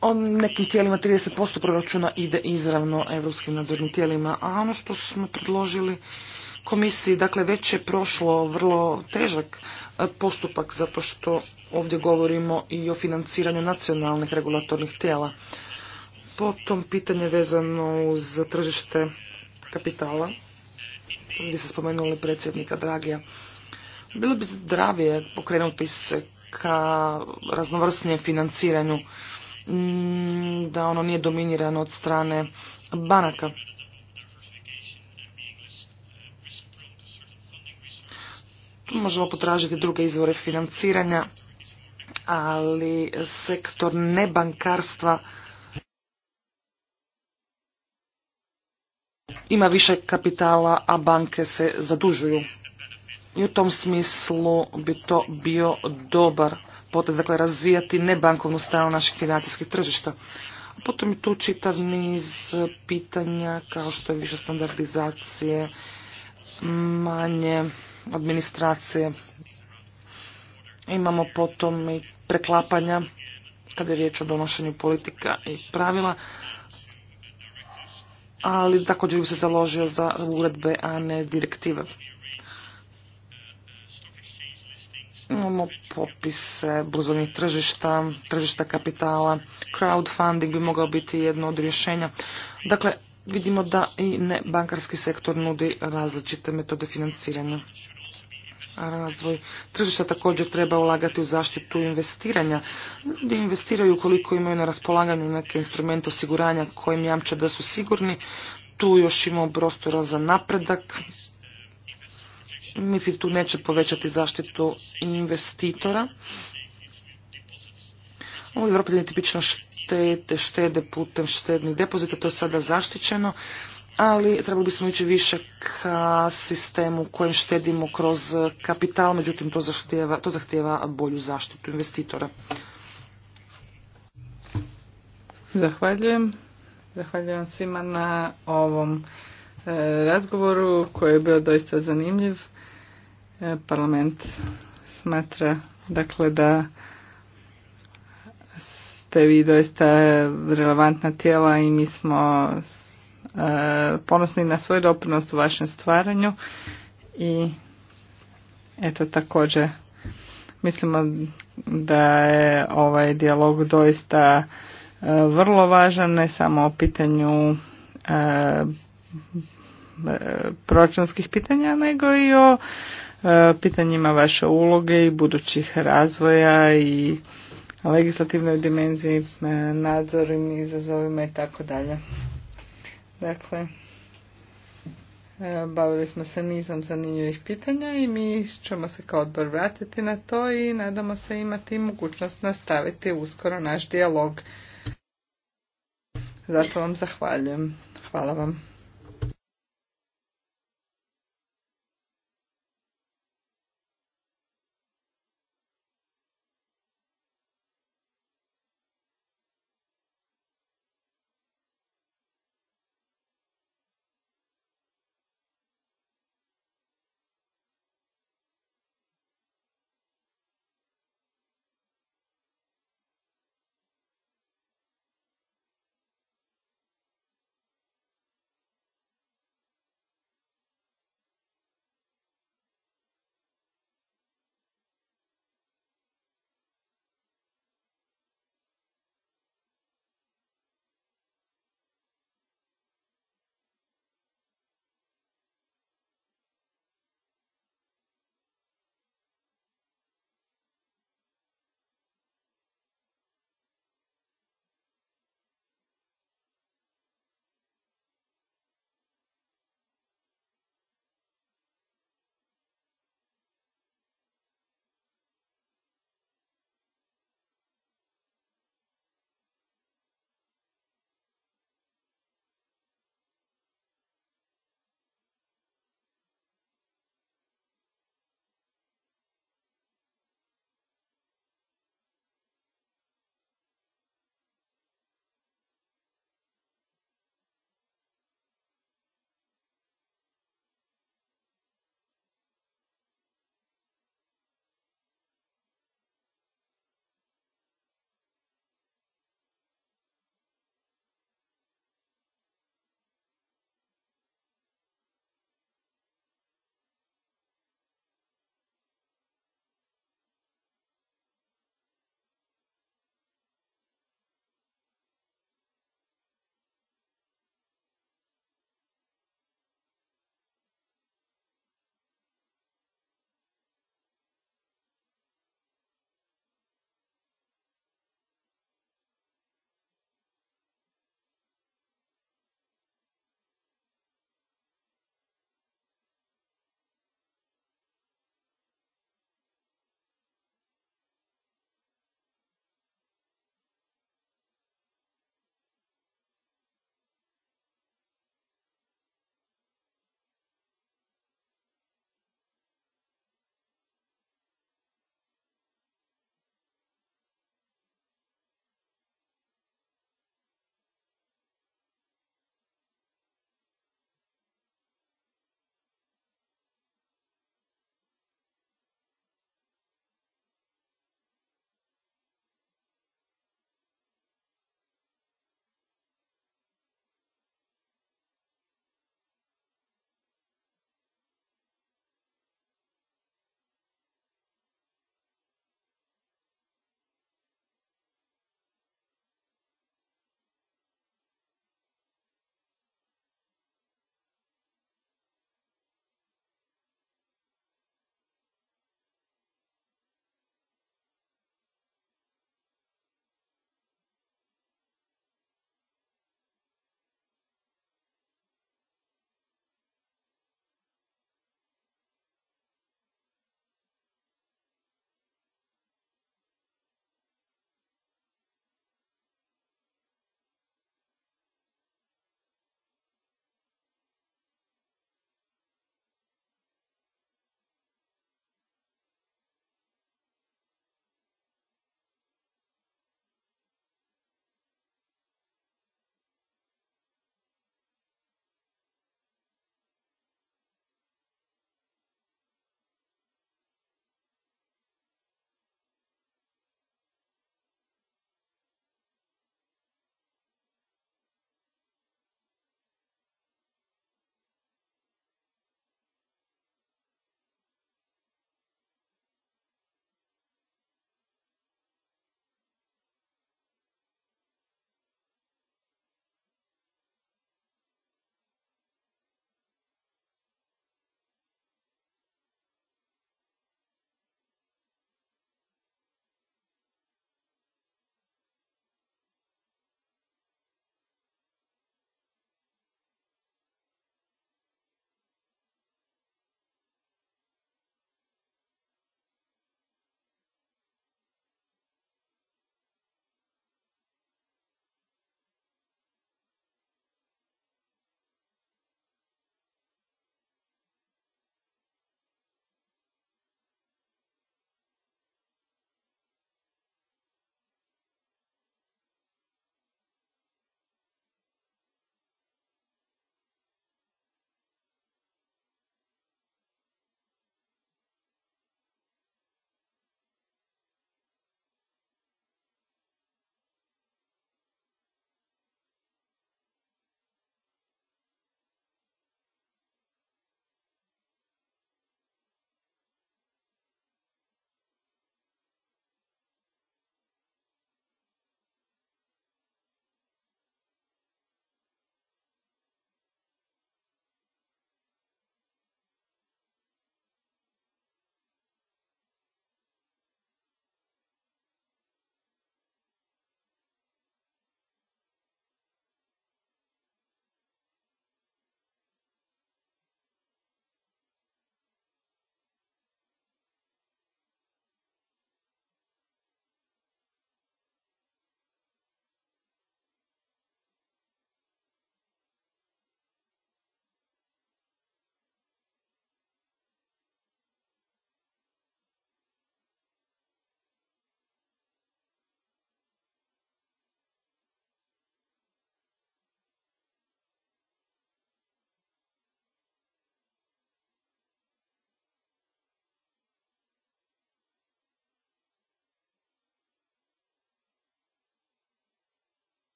O nekim tijelima 30% proračuna ide izravno europskim nadzornim tijelima, a ono što smo predložili komisiji. Dakle, već je prošlo vrlo težak e, postupak zato što ovdje govorimo i o financiranju nacionalnih regulatornih tijela. Potom pitanje vezano uz tržište kapitala. gdje se spomenuli predsjednika Dragija. Bilo bi zdravije pokrenuti se ka raznovrsnijem financiranju, mm, da ono nije dominirano od strane banaka. možemo potražiti druge izvore financiranja, ali sektor nebankarstva ima više kapitala, a banke se zadužuju. I u tom smislu bi to bio dobar potez, dakle razvijati nebankovnu stranu naših financijskih tržišta. Potom je tu čitav niz pitanja kao što je više standardizacije, manje administracije. Imamo potom i preklapanja kada je riječ o donošenju politika i pravila, ali također bi se založio za uredbe, a ne direktive. Imamo popise brzovnih tržišta, tržišta kapitala, crowdfunding bi mogao biti jedno od rješenja. Dakle, vidimo da i ne bankarski sektor nudi različite metode financiranja. razvoj tržišta također treba ulagati u zaštitu investiranja. Ljudi investiraju ukoliko imaju na raspolaganju neke instrumente osiguranja kojim jamče da su sigurni. Tu još imamo prostora za napredak. MIFID tu neće povećati zaštitu investitora. Ovo je tipično je te štede putem štednih depozita, to je sada zaštićeno, ali trebali bismo ići više ka sistemu kojem štedimo kroz kapital, međutim to zahtjeva, to zahtjeva bolju zaštitu investitora. Zahvaljujem. Zahvaljujem svima na ovom e, razgovoru koji je bio doista zanimljiv. E, parlament smatra dakle da ste vi doista relevantna tijela i mi smo e, ponosni na svoj doprinos u vašem stvaranju i eto također mislimo da je ovaj dijalog doista e, vrlo važan ne samo o pitanju e, proračunskih pitanja nego i o pitanjima vaše uloge i budućih razvoja i legislativnoj dimenziji, e, nadzorima izazovima i tako dalje. Dakle, e, bavili smo se nizom zanimljivih pitanja i mi ćemo se kao odbor vratiti na to i nadamo se imati mogućnost nastaviti uskoro naš dijalog. Zato vam zahvaljujem. Hvala vam.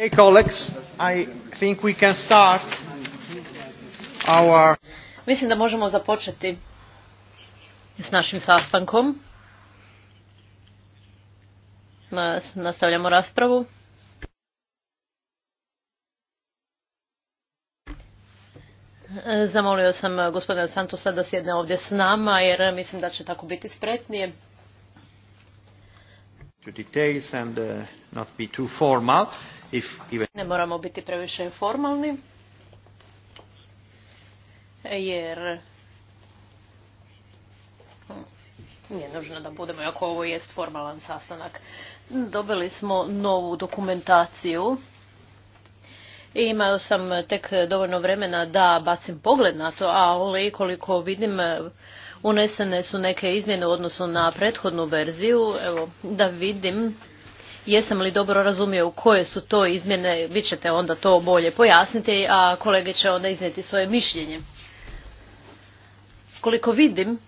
Hey colleagues, I think we can start our... Mislim da možemo započeti s našim sastankom. Nastavljamo raspravu. Zamolio sam gospodina Santosa da sjedne ovdje s nama jer mislim da će tako biti spretnije. To details and uh, not be too formal. Ne moramo biti previše formalni, jer nije nužno da budemo, ako ovo jest formalan sastanak. Dobili smo novu dokumentaciju i imao sam tek dovoljno vremena da bacim pogled na to, ali koliko vidim unesene su neke izmjene u odnosu na prethodnu verziju, evo da vidim jesam li dobro razumio koje su to izmjene, vi ćete onda to bolje pojasniti, a kolege će onda iznijeti svoje mišljenje. Koliko vidim,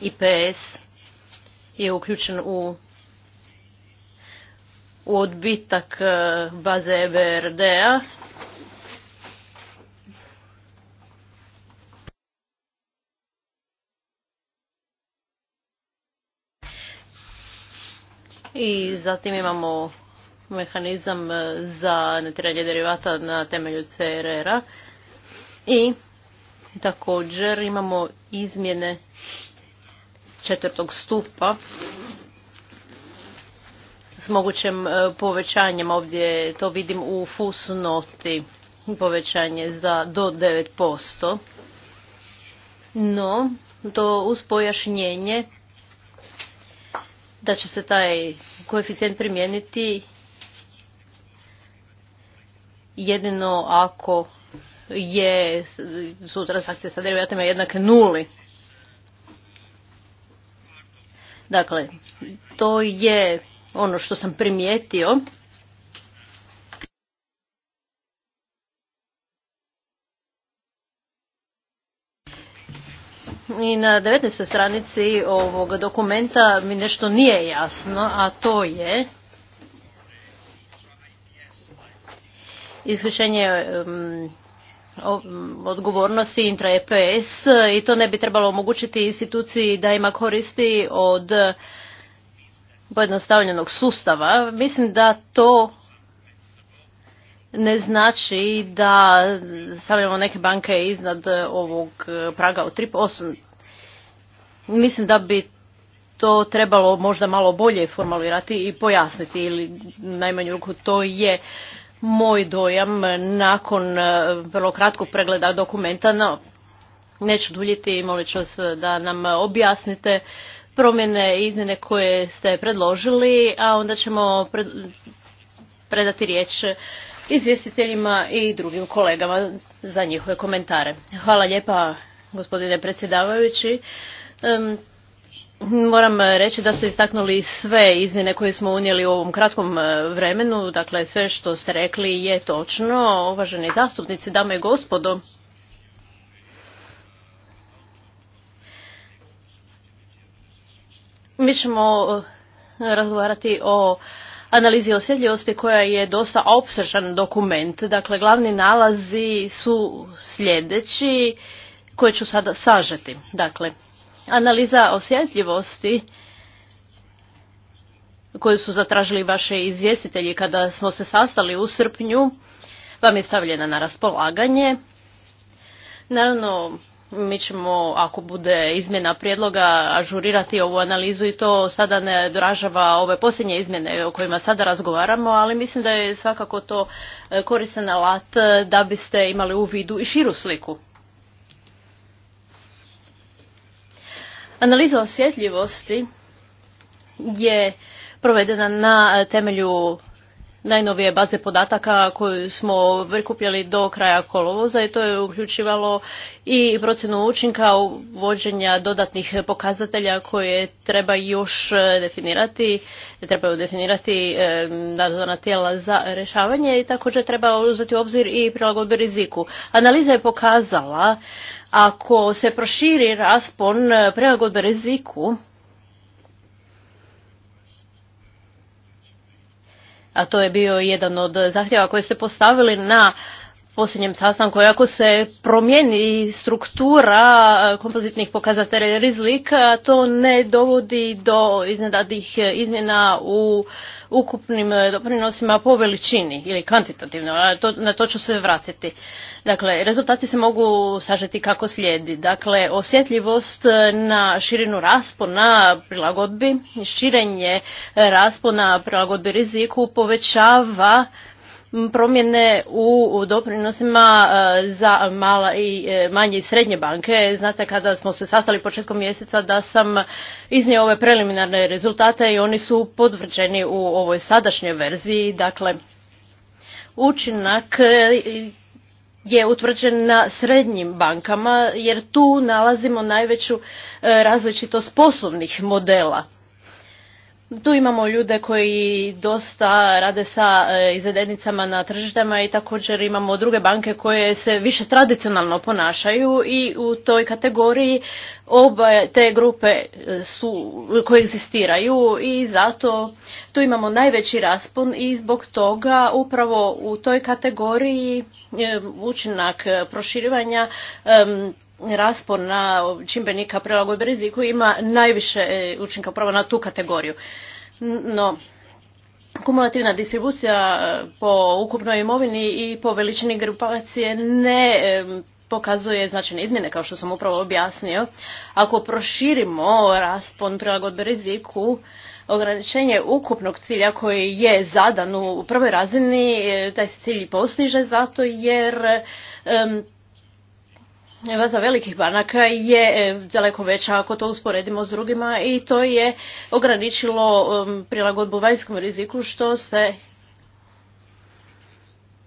IPS je uključen u u odbitak eh, baze EBRD-a I zatim imamo mehanizam e, za netiranje derivata na temelju CRR-a i također imamo izmjene četvrtog stupa s mogućim e, povećanjem. Ovdje to vidim u fusnoti povećanje za do 9%. No, to uz pojašnjenje da će se taj koeficijent primijeniti jedino ako je su transakcije sa derivatima jednake nuli. Dakle, to je ono što sam primijetio I na 19. stranici ovog dokumenta mi nešto nije jasno, a to je isključenje odgovornosti intra EPS i to ne bi trebalo omogućiti instituciji da ima koristi od pojednostavljenog sustava. Mislim da to ne znači da stavljamo neke banke iznad e, ovog e, praga od 3%. Mislim da bi to trebalo možda malo bolje formulirati i pojasniti ili najmanju ruku to je moj dojam nakon e, vrlo kratkog pregleda dokumenta. No, neću duljiti i molit ću vas da nam objasnite promjene i izmjene koje ste predložili, a onda ćemo predati riječ izvjestiteljima i drugim kolegama za njihove komentare. Hvala lijepa gospodine predsjedavajući. Moram reći da ste istaknuli sve izmjene koje smo unijeli u ovom kratkom e, vremenu, dakle sve što ste rekli je točno. Uvaženi zastupnici, dame i gospodo, mi ćemo e, razgovarati o analizi osjetljivosti koja je dosta opsežan dokument. Dakle, glavni nalazi su sljedeći koje ću sada sažeti. Dakle, analiza osjetljivosti koju su zatražili vaše izvjestitelji kada smo se sastali u srpnju vam je stavljena na raspolaganje. Naravno, mi ćemo, ako bude izmjena prijedloga, ažurirati ovu analizu i to sada ne doražava ove posljednje izmjene o kojima sada razgovaramo, ali mislim da je svakako to e, koristan alat e, da biste imali u vidu i širu sliku. Analiza osjetljivosti je provedena na temelju najnovije baze podataka koju smo prikupljali do kraja kolovoza i to je uključivalo i procjenu učinka uvođenja dodatnih pokazatelja koje treba još e, definirati, trebaju definirati e, nadzorna tijela za rješavanje i također treba uzeti u obzir i prilagodbe riziku. Analiza je pokazala ako se proširi raspon e, prilagodbe riziku a to je bio jedan od zahtjeva koji ste postavili na posljednjem sastanku. Ako se promijeni struktura e, kompozitnih pokazatelja rizika, e, to ne dovodi do iznenadnih e, izmjena u ukupnim doprinosima po veličini ili kvantitativno, na to ću se vratiti. Dakle, rezultati se mogu sažeti kako slijedi. Dakle, osjetljivost na širinu raspona prilagodbi, širenje raspona prilagodbi riziku povećava promjene u doprinosima e, za mala i e, manje i srednje banke. Znate kada smo se sastali početkom mjeseca da sam iznio ove preliminarne rezultate i oni su potvrđeni u ovoj sadašnjoj verziji. Dakle, učinak e, je utvrđen na srednjim bankama jer tu nalazimo najveću različitost poslovnih modela. Tu imamo ljude koji dosta rade sa e, izvedenicama na tržištama i također imamo druge banke koje se više tradicionalno ponašaju i u toj kategoriji oba te grupe e, su, koegzistiraju i zato tu imamo najveći raspon i zbog toga upravo u toj kategoriji e, učinak proširivanja na čimbenika prilagodbe riziku ima najviše e, učinka upravo na tu kategoriju. No, kumulativna distribucija e, po ukupnoj imovini i po veličini grupacije ne e, pokazuje značajne izmjene, kao što sam upravo objasnio. Ako proširimo raspon prilagodbe riziku, ograničenje ukupnog cilja koji je zadan u prvoj razini, taj cilj postiže zato jer Vaza velikih banaka je e, daleko veća ako to usporedimo s drugima i to je ograničilo um, prilagodbu vanjskom riziku što se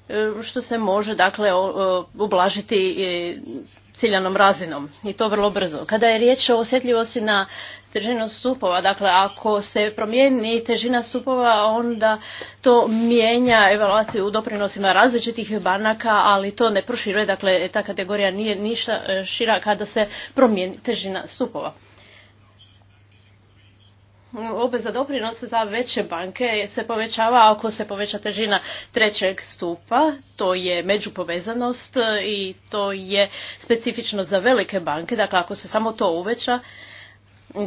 e, što se može dakle ublažiti ciljanom razinom i to vrlo brzo. Kada je riječ o osjetljivosti na težinu stupova, dakle ako se promijeni težina stupova onda to mijenja evaluaciju u doprinosima različitih banaka, ali to ne proširuje, dakle ta kategorija nije ništa e, šira kada se promijeni težina stupova obveza doprinosa za veće banke se povećava ako se poveća težina trećeg stupa, to je međupovezanost i to je specifično za velike banke, dakle ako se samo to uveća,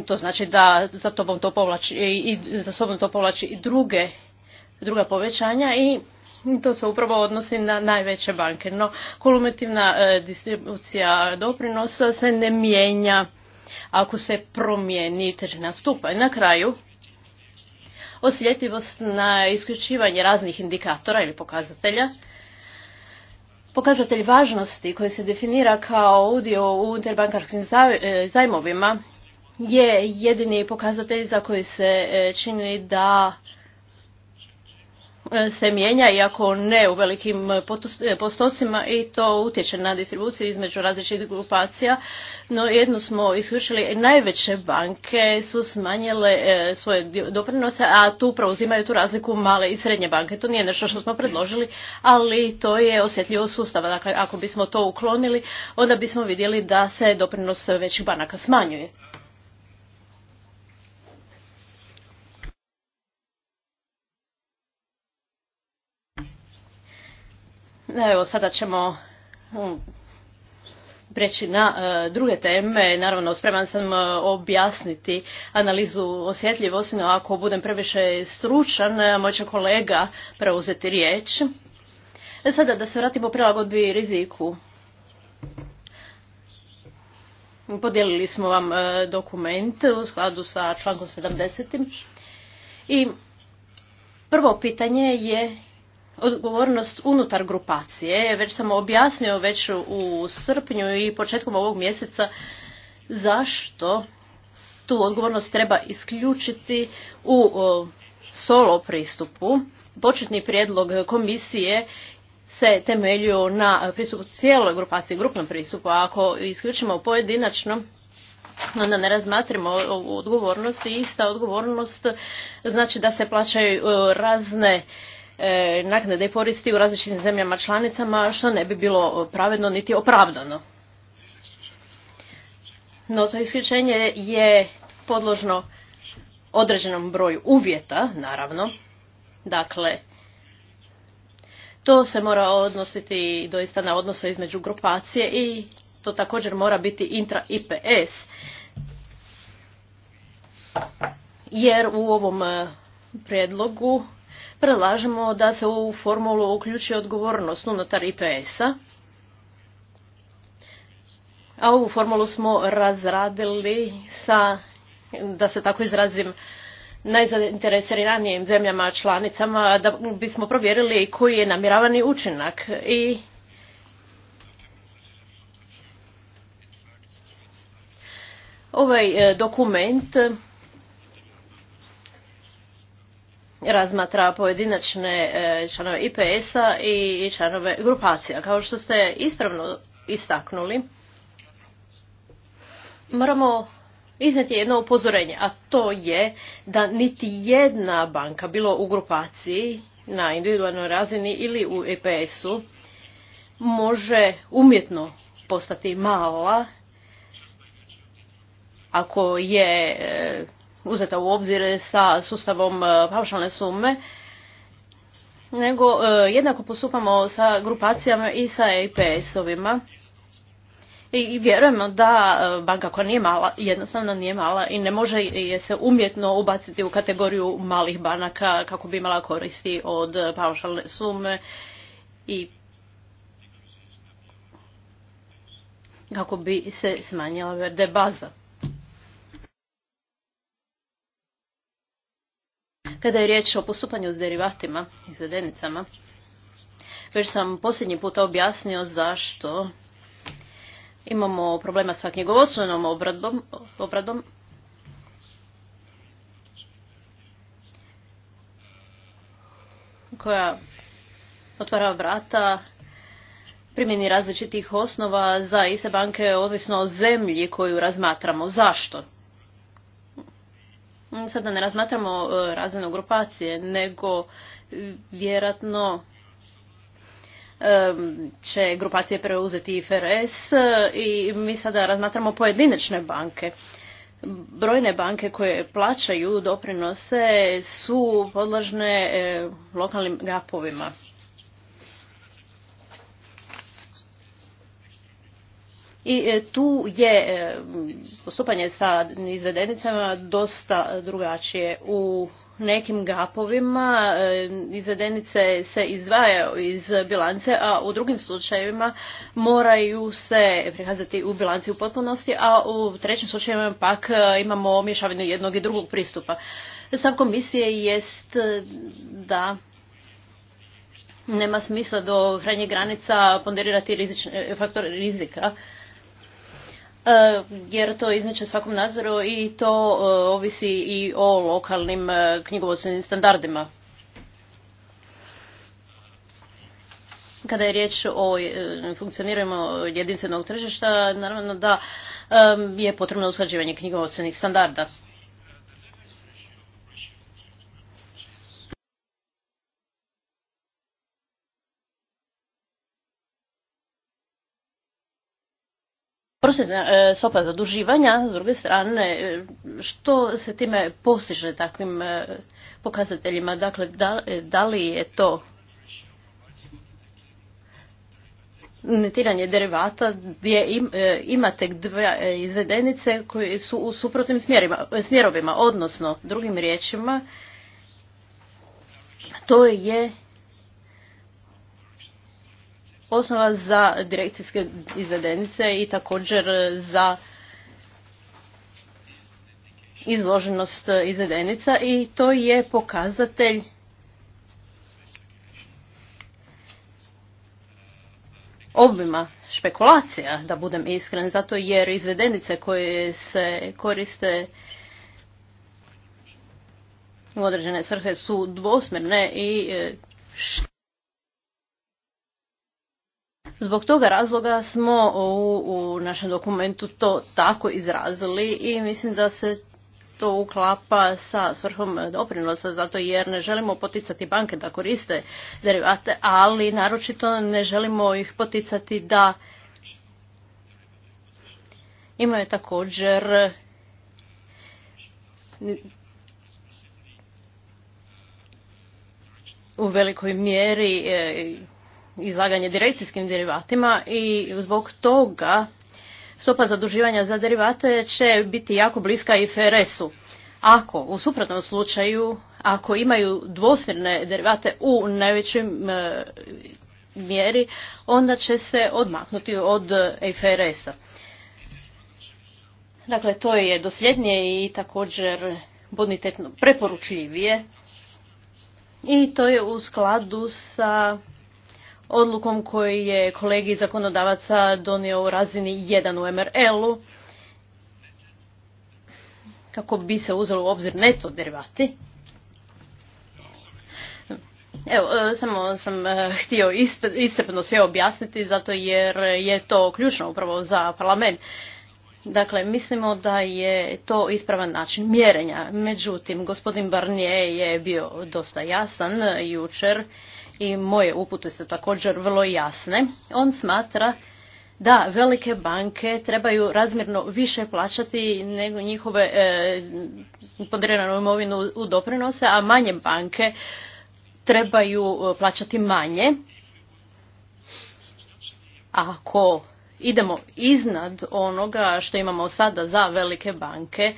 to znači da za tobom to povlači i za sobom to povlači i druge, druga povećanja i to se upravo odnosi na najveće banke. No, kolumetivna e, distribucija doprinosa se ne mijenja ako se promijeni težina stupa. na kraju, osjetljivost na isključivanje raznih indikatora ili pokazatelja, Pokazatelj važnosti koji se definira kao udio u interbankarskim e, zajmovima je jedini pokazatelj za koji se e, čini da E, se mijenja, iako ne u velikim e, e, postocima i to utječe na distribuciju između različitih grupacija. No jednu smo isključili, najveće banke su smanjile svoje doprinose, a tu uzimaju tu razliku male i srednje banke. To nije nešto što smo predložili, ali to je osjetljivo sustava. Dakle, ako bismo to uklonili, onda bismo vidjeli da se doprinos većih banaka smanjuje. Evo, sada ćemo preći na e, druge teme. Naravno, spreman sam e, objasniti analizu osjetljivosti, no ako budem previše stručan, e, moj će kolega preuzeti riječ. Sada da se vratimo prilagodbi i riziku. Podijelili smo vam dokument u skladu sa člankom 70. I prvo pitanje je odgovornost unutar grupacije. Već sam objasnio već u srpnju i početkom ovog mjeseca zašto tu odgovornost treba isključiti u solo pristupu. Početni prijedlog komisije se temelju na pristupu cijeloj grupaciji, grupnom pristupu, a ako isključimo pojedinačno, onda ne razmatrimo odgovornost i ista odgovornost znači da se plaćaju razne E, naknade i koristi u različitim zemljama članicama, što ne bi bilo pravedno niti opravdano. No, to isključenje je podložno određenom broju uvjeta, naravno. Dakle, to se mora odnositi doista na odnose između grupacije i to također mora biti intra-IPS. Jer u ovom e, prijedlogu prelažemo da se u ovu formulu uključi odgovornost unutar IPS-a. A ovu formulu smo razradili sa, da se tako izrazim, najzainteresiranijim zemljama članicama da bismo provjerili koji je namiravani učinak i ovaj e, dokument razmatra pojedinačne e, članove IPS-a i članove grupacija. Kao što ste ispravno istaknuli, moramo iznijeti jedno upozorenje, a to je da niti jedna banka, bilo u grupaciji, na individualnoj razini ili u ips u može umjetno postati mala ako je e, uzeta u obzir sa sustavom e, paušalne sume, nego e, jednako postupamo sa grupacijama i sa EPS-ovima. I vjerujemo da e, banka koja nije mala, jednostavno nije mala i ne može je se umjetno ubaciti u kategoriju malih banaka kako bi imala koristi od paušalne sume i kako bi se smanjila verde baza. Kada je riječ o postupanju s derivatima i zadenicama, već sam posljednji puta objasnio zašto imamo problema sa knjigovodstvenom obradom koja otvara vrata primjeni različitih osnova za ise banke ovisno o zemlji koju razmatramo. Zašto? sada ne razmatramo e, razinu grupacije, nego e, vjerojatno e, će grupacije preuzeti IFRS i mi sada razmatramo pojedinačne banke. Brojne banke koje plaćaju doprinose su podložne lokalnim gapovima. i e, tu je e, postupanje sa izvedenicama dosta drugačije. U nekim gapovima e, izvedenice se izdvajaju iz bilance, a u drugim slučajevima moraju se prikazati u bilanci u potpunosti, a u trećim slučajevima pak imamo mješavinu jednog i drugog pristupa. Sam komisije jest da nema smisla do hranje granica ponderirati faktor rizika E, jer to izmeće svakom nadzoru i to e, ovisi i o lokalnim e, knjigovodstvenim standardima. Kada je riječ o funkcioniranju jedinstvenog tržišta, naravno da je potrebno usklađivanje knjigovodstvenih standarda. prosječna e, stopa zaduživanja, s druge strane, e, što se time postiže takvim e, pokazateljima? Dakle, da, li je to netiranje derivata gdje imate dve izvedenice koje su u suprotnim smjerovima, odnosno drugim riječima, to je osnova za direkcijske izvedenice i također za izloženost izvedenica i to je pokazatelj obima špekulacija, da budem iskren, zato jer izvedenice koje se koriste u određene svrhe su dvosmjerne i e, Zbog toga razloga smo u, u našem dokumentu to tako izrazili i mislim da se to uklapa sa svrhom doprinosa, zato jer ne želimo poticati banke da koriste derivate, ali naročito ne želimo ih poticati da imaju također u velikoj mjeri e, izlaganje direkcijskim derivatima i zbog toga stopa zaduživanja za derivate će biti jako bliska IFRS-u. Ako, u suprotnom slučaju, ako imaju dvosmjerne derivate u najvećoj mjeri, onda će se odmaknuti od IFRS-a. Dakle, to je dosljednije i također bonitetno preporučljivije i to je u skladu sa odlukom koji je kolegi zakonodavaca donio u razini 1 u MRL-u kako bi se uzelo u obzir neto derivati. Evo, e, samo sam e, htio iscrpno sve objasniti, zato jer je to ključno upravo za parlament. Dakle, mislimo da je to ispravan način mjerenja. Međutim, gospodin Barnier je bio dosta jasan jučer i moje upute su također vrlo jasne, on smatra da velike banke trebaju razmjerno više plaćati nego njihove e, imovinu u doprinose, a manje banke trebaju e, plaćati manje. Ako idemo iznad onoga što imamo sada za velike banke,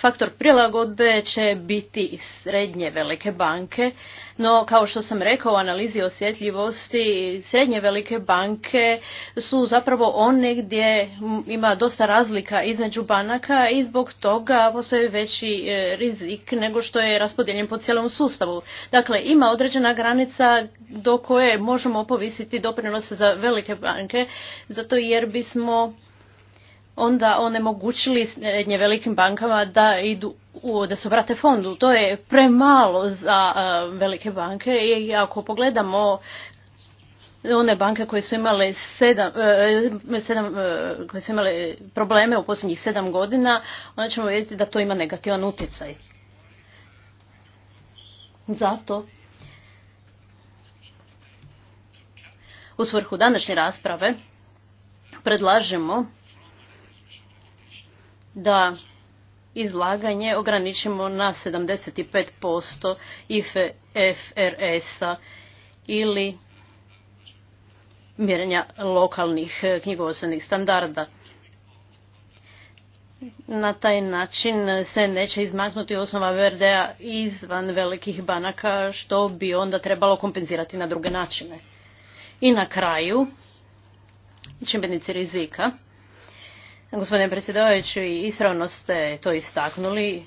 faktor prilagodbe će biti srednje velike banke, no, kao što sam rekao u analizi osjetljivosti, srednje velike banke su zapravo one gdje ima dosta razlika između banaka i zbog toga postoji veći e, rizik nego što je raspodijeljen po cijelom sustavu. Dakle, ima određena granica do koje možemo povisiti doprinose za velike banke, zato jer bismo onda onemogućili srednje velikim bankama da idu da se vrate fondu. To je premalo za e, velike banke i ako pogledamo one banke koje su imale sedam, e, e, koje su imale probleme u posljednjih sedam godina, onda ćemo vidjeti da to ima negativan utjecaj. Zato u svrhu današnje rasprave predlažemo da izlaganje ograničimo na 75% IFRS-a ili mjerenja lokalnih knjigovodstvenih standarda. Na taj način se neće izmaknuti osnova VRD-a izvan velikih banaka, što bi onda trebalo kompenzirati na druge načine. I na kraju, čimbenici rizika. Gospodine predsjedavajući, ispravno ste to istaknuli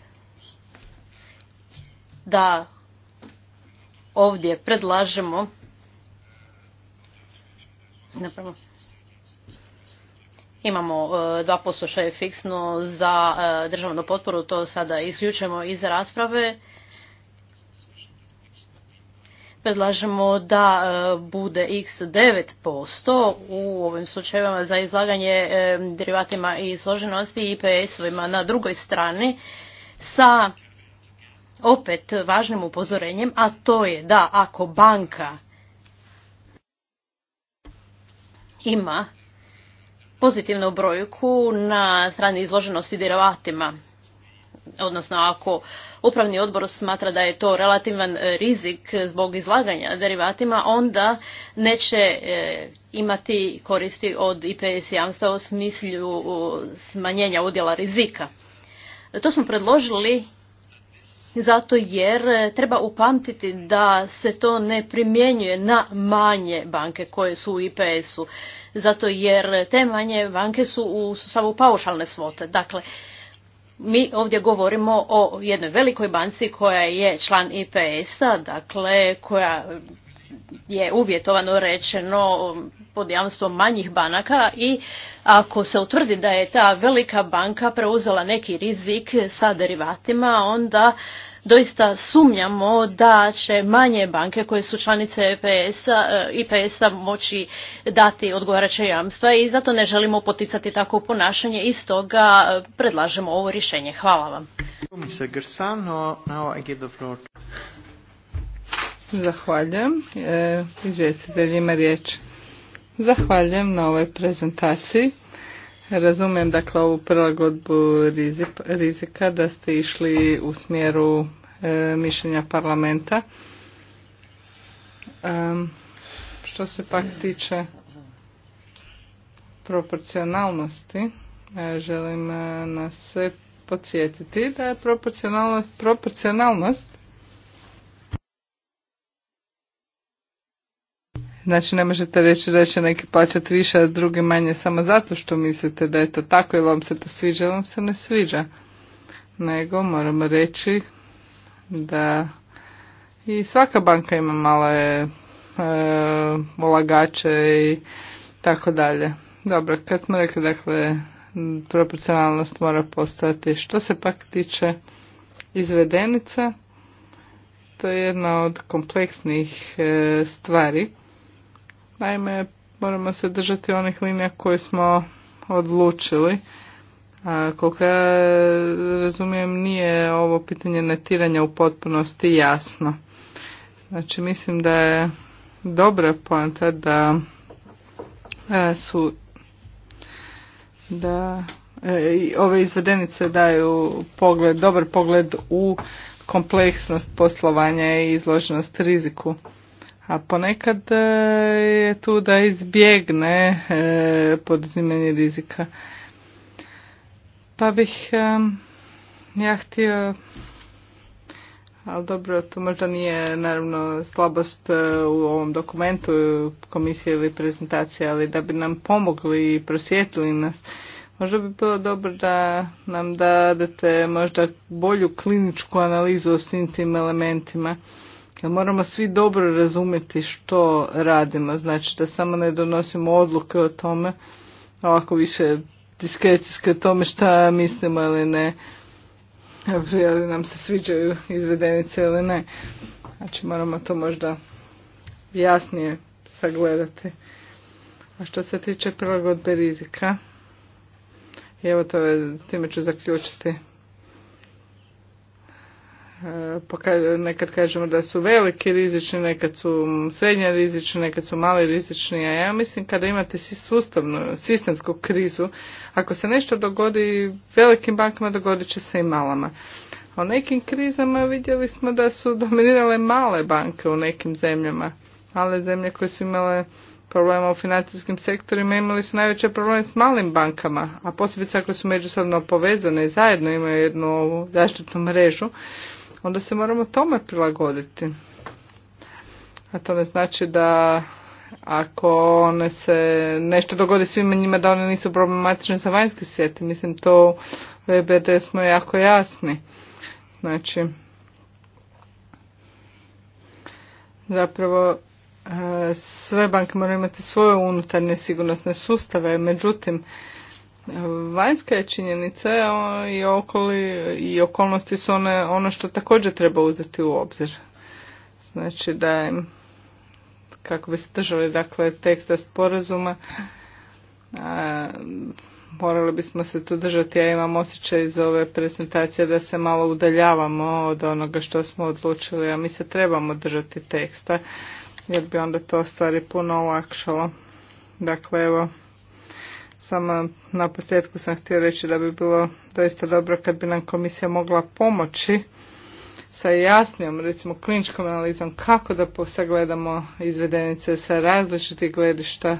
da ovdje predlažemo Imamo e, dva poslušaja fiksno za e, državnu potporu, to sada isključujemo iz rasprave predlažemo da e, bude x 9% u ovim slučajevima za izlaganje e, derivatima i složenosti i IPS-ovima na drugoj strani sa opet važnim upozorenjem, a to je da ako banka ima pozitivnu brojku na strani izloženosti derivatima odnosno ako upravni odbor smatra da je to relativan e, rizik zbog izlaganja derivatima, onda neće e, imati koristi od IPS jamstva u smislu smanjenja udjela rizika. To smo predložili zato jer e, treba upamtiti da se to ne primjenjuje na manje banke koje su u IPS-u, zato jer te manje banke su u sustavu paušalne svote. Dakle, mi ovdje govorimo o jednoj velikoj banci koja je član IPS-a, dakle koja je uvjetovano rečeno pod jamstvom manjih banaka i ako se utvrdi da je ta velika banka preuzela neki rizik sa derivatima, onda doista sumnjamo da će manje banke koje su članice ips e a e, moći dati odgovarajuća jamstva i zato ne želimo poticati takvo ponašanje i stoga e, predlažemo ovo rješenje. Hvala vam. Zahvaljujem. riječ. Zahvaljujem na ovoj prezentaciji. Razumijem dakle ovu prilagodbu rizika da ste išli u smjeru e, mišljenja parlamenta. E, što se pak tiče proporcionalnosti, e, želim e, nas se podsjetiti da je proporcionalnost proporcionalnost Znači ne možete reći da će neki plaćati više, a drugi manje samo zato što mislite da je to tako ili vam se to sviđa vam se ne sviđa. Nego moramo reći da i svaka banka ima male e, ulagače i tako dalje. Dobro, kad smo rekli dakle proporcionalnost mora postati. Što se pak tiče izvedenica, to je jedna od kompleksnih e, stvari Naime, moramo se držati onih linija koje smo odlučili. A, koliko ja razumijem, nije ovo pitanje netiranja u potpunosti jasno. Znači, mislim da je dobra poanta da e, su da e, ove izvedenice daju pogled, dobar pogled u kompleksnost poslovanja i izloženost riziku a ponekad e, je tu da izbjegne e, poduzimanje rizika. Pa bih e, ja htio ali dobro, to možda nije naravno slabost u ovom dokumentu komisije ili prezentacije, ali da bi nam pomogli i prosvjetili nas. Možda bi bilo dobro da nam dadete možda bolju kliničku analizu o svim tim elementima. Moramo svi dobro razumjeti što radimo, znači da samo ne donosimo odluke o tome, ovako više diskrecijske o tome šta mislimo ili ne, je li nam se sviđaju izvedenice ili ne. Znači moramo to možda jasnije sagledati. A što se tiče prilagodbe rizika, i evo to je, s time ću zaključiti Eh, pa nekad kažemo da su veliki rizični, nekad su srednje rizični, nekad su mali rizični, a ja mislim kada imate sustavnu, sistemsku krizu, ako se nešto dogodi velikim bankama, dogodit će se i malama. O nekim krizama vidjeli smo da su *laughs* dominirale male banke u nekim zemljama. Male zemlje koje su imale problema u financijskim sektorima imali su najveće probleme s malim bankama, a posebice ako su međusobno povezane i zajedno imaju jednu zaštitnu mrežu, onda se moramo tome prilagoditi. A to ne znači da ako one se nešto dogodi svima njima da one nisu problematične za vanjski svijet. Mislim to u EBD smo jako jasni. Znači zapravo e, sve banke moraju imati svoje unutarnje sigurnosne sustave, međutim Vanjska je činjenica i, okoli, i okolnosti su one, ono što također treba uzeti u obzir. Znači da je, kako bi se držali dakle, teksta sporazuma, a, morali bismo se tu držati. Ja imam osjećaj iz ove prezentacije da se malo udaljavamo od onoga što smo odlučili, a mi se trebamo držati teksta, jer bi onda to stvari puno olakšalo. Dakle, evo, samo na posljedku sam htio reći da bi bilo doista dobro kad bi nam komisija mogla pomoći sa jasnijom, recimo kliničkom analizom kako da sagledamo izvedenice sa različitih gledišta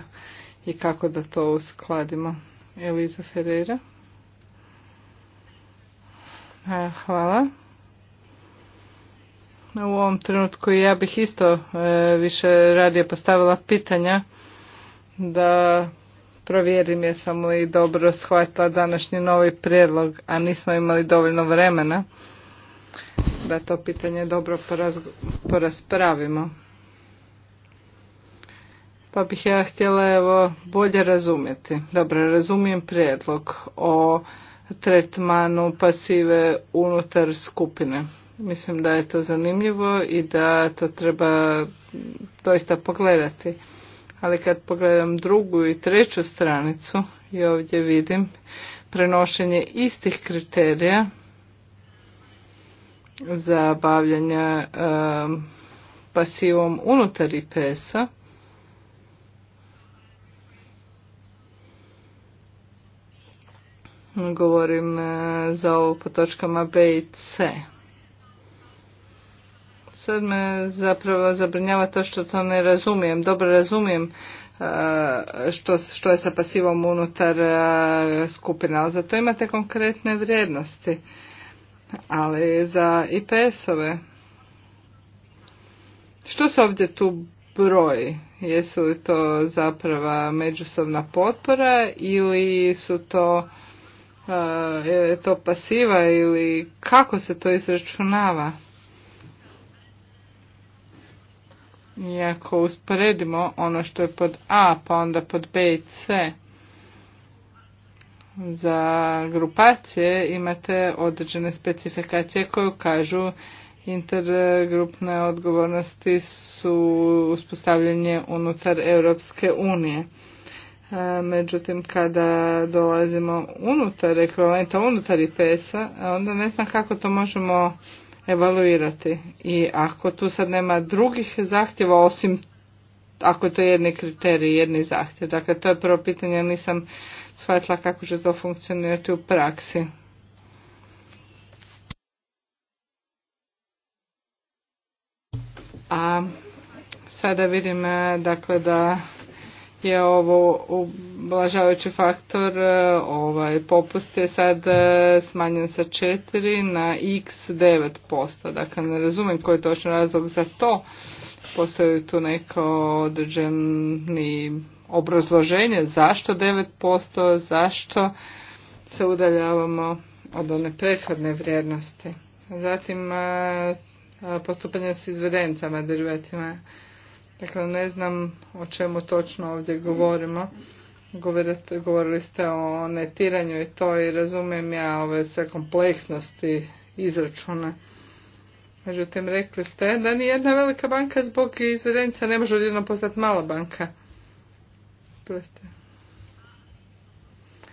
i kako da to uskladimo. Eliza Ferreira. E, hvala. U ovom trenutku ja bih isto e, više radije postavila pitanja da provjerim sam li dobro shvatila današnji novi prijedlog, a nismo imali dovoljno vremena da to pitanje dobro poraspravimo. Pa bih ja htjela evo bolje razumjeti. Dobro, razumijem prijedlog o tretmanu pasive unutar skupine. Mislim da je to zanimljivo i da to treba doista pogledati ali kad pogledam drugu i treću stranicu i ovdje vidim prenošenje istih kriterija za bavljanje pasivom unutar IPS-a. Govorim eh, za ovo po točkama B i C. Sad me zapravo zabrinjava to što to ne razumijem. Dobro razumijem e, što, što je sa pasivom unutar e, skupina, ali za to imate konkretne vrijednosti. Ali za IPS-ove, što se ovdje tu broji? Jesu li to zapravo međusobna potpora ili su to e, je to pasiva ili kako se to izračunava? I ako usporedimo ono što je pod A pa onda pod B i C za grupacije imate određene specifikacije koje kažu intergrupne odgovornosti su uspostavljanje unutar Europske unije. E, međutim, kada dolazimo unutar ekvivalenta unutar IPS-a, onda ne znam kako to možemo evaluirati. I ako tu sad nema drugih zahtjeva osim ako je to jedni kriterij, jedni zahtjev. Dakle, to je prvo pitanje, nisam shvatila kako će to funkcionirati u praksi. A sada vidim eh, dakle da je ovo ublažavajući faktor, e, ovaj popust je sad e, smanjen sa 4 na x 9%. Dakle, ne razumijem koji je točno razlog za to. Postoji tu neko određeni obrazloženje zašto 9%, zašto se udaljavamo od one prethodne vrijednosti. Zatim e, postupanje s izvedencama, derivatima Dakle, ne znam o čemu točno ovdje govorimo. Govorite, govorili ste o netiranju i to i razumijem ja ove sve kompleksnosti izračuna. Međutim, rekli ste da ni jedna velika banka zbog izvedenica ne može odjedno postati mala banka. Proste.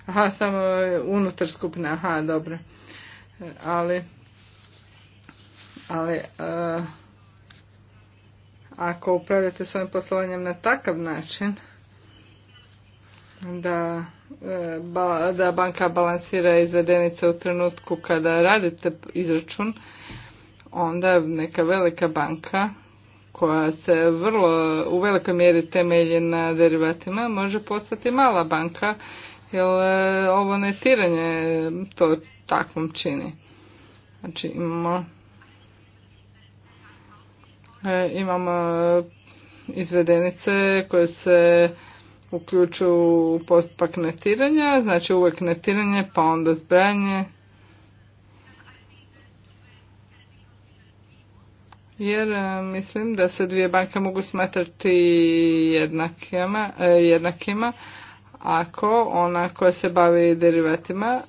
Aha, samo unutar skupina, aha, dobro. E, ali, ali, e, ako upravljate svojim poslovanjem na takav način da, e, da banka balansira izvedenice u trenutku kada radite izračun, onda neka velika banka koja se vrlo u velikoj mjeri temelji na derivatima može postati mala banka jer e, ovo netiranje to takvom čini. Znači imamo E, imamo e, izvedenice koje se uključuju u postupak netiranja, znači uvijek netiranje, pa onda zbrajanje. Jer e, mislim da se dvije banke mogu smatrati jednakima, jednakima ako ona koja se bavi derivatima,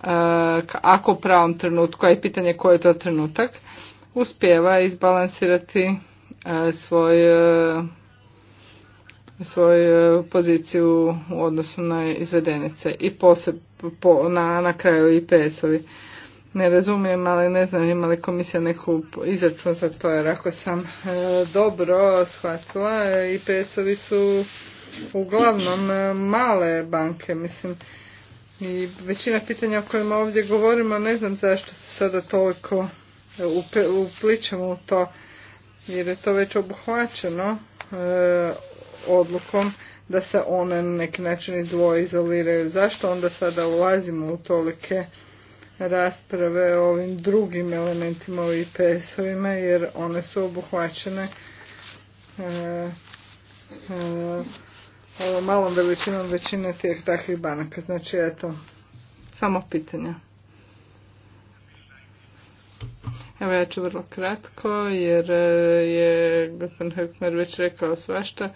ako u pravom trenutku, a i pitanje koji je to trenutak, uspjeva izbalansirati E, svoj e, svoju e, poziciju u odnosu na izvedenice i poseb, na, na kraju IPS-ovi. Ne razumijem, ali ne znam ima li komisija neku izračun za to, jer ako sam dobro shvatila, IPS-ovi su uglavnom male banke, mislim. I većina pitanja o kojima ovdje govorimo, ne znam zašto se sada toliko upličemo u to jer je to već obuhvaćeno e, odlukom da se one na neki način izdvoje, izoliraju. Zašto onda sada ulazimo u tolike rasprave o ovim drugim elementima u IPS-ovima jer one su obuhvaćene e, e malom veličinom većine tih takvih banaka. Znači eto, samo pitanja. Evo ja ću vrlo kratko jer e, je gospodin Hekmer već rekao svašta,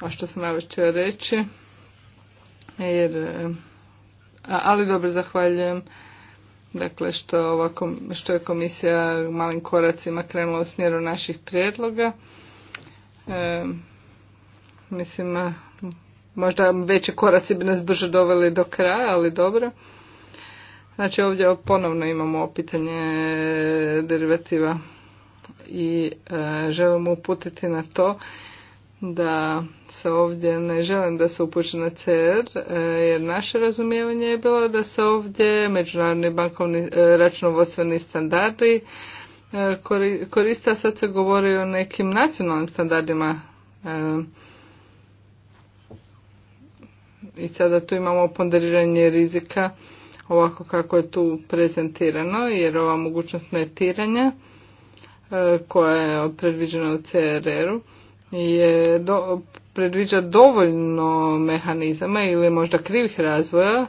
a što sam ja već reći. Jer, e, ali dobro, zahvaljujem. Dakle, što, što je komisija malim koracima krenula u smjeru naših prijedloga. E, mislim, možda veći koraci bi nas brže doveli do kraja, ali dobro. Znači ovdje ponovno imamo pitanje derivativa i e, želim uputiti na to da se ovdje ne želim da se upuče na CR, e, jer naše razumijevanje je bilo da se ovdje međunarodni bankovni e, računovodstveni standardi e, koriste, a sad se govori o nekim nacionalnim standardima e. i sada tu imamo ponderiranje rizika ovako kako je tu prezentirano, jer ova mogućnost netiranja e, koja je predviđena u CRR-u je predviđa dovoljno mehanizama ili možda krivih razvoja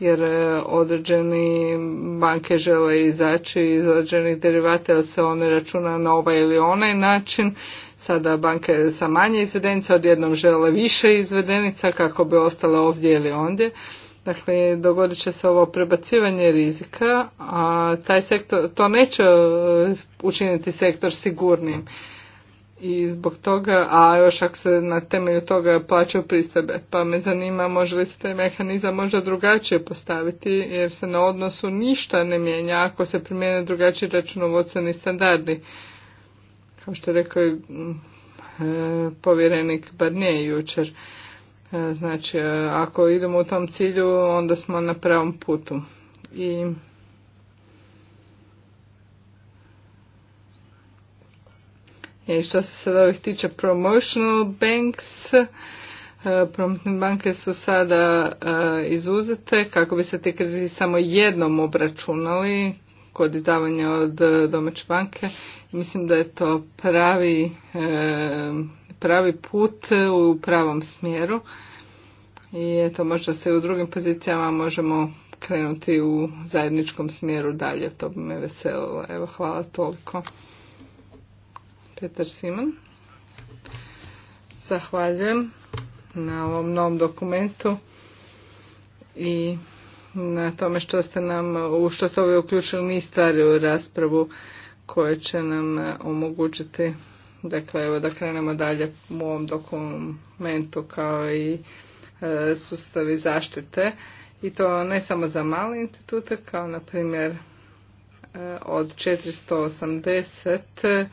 jer e, određeni banke žele izaći iz određenih derivata jer se one računa na ovaj ili onaj način. Sada banke sa manje izvedenica odjednom žele više izvedenica kako bi ostale ovdje ili ondje. Dakle, dogodit će se ovo prebacivanje rizika, a taj sektor, to neće e, učiniti sektor sigurnim. I zbog toga, a još ako se na temelju toga plaćaju pristebe, pa me zanima može li se taj mehanizam možda drugačije postaviti, jer se na odnosu ništa ne mijenja ako se primijene drugačiji računovodstveni standardi. Kao što je rekao i mm, e, povjerenik Barnier jučer. E, znači, e, ako idemo u tom cilju, onda smo na pravom putu. I e, što se sad ovih tiče promotional banks, promotne banke su sada izuzete kako bi se ti krediti samo jednom obračunali kod izdavanja od domaće banke. Mislim da je to pravi pravi put u pravom smjeru. I eto, možda se u drugim pozicijama možemo krenuti u zajedničkom smjeru dalje. To bi me veselo. Evo, hvala toliko. Petar Simon. Zahvaljujem na ovom novom dokumentu i na tome što ste nam, u što ste ovaj uključili niz stvari u raspravu koje će nam omogućiti Dakle, evo da krenemo dalje u ovom dokumentu kao i e, sustavi zaštite i to ne samo za male institute kao na primjer e, od 480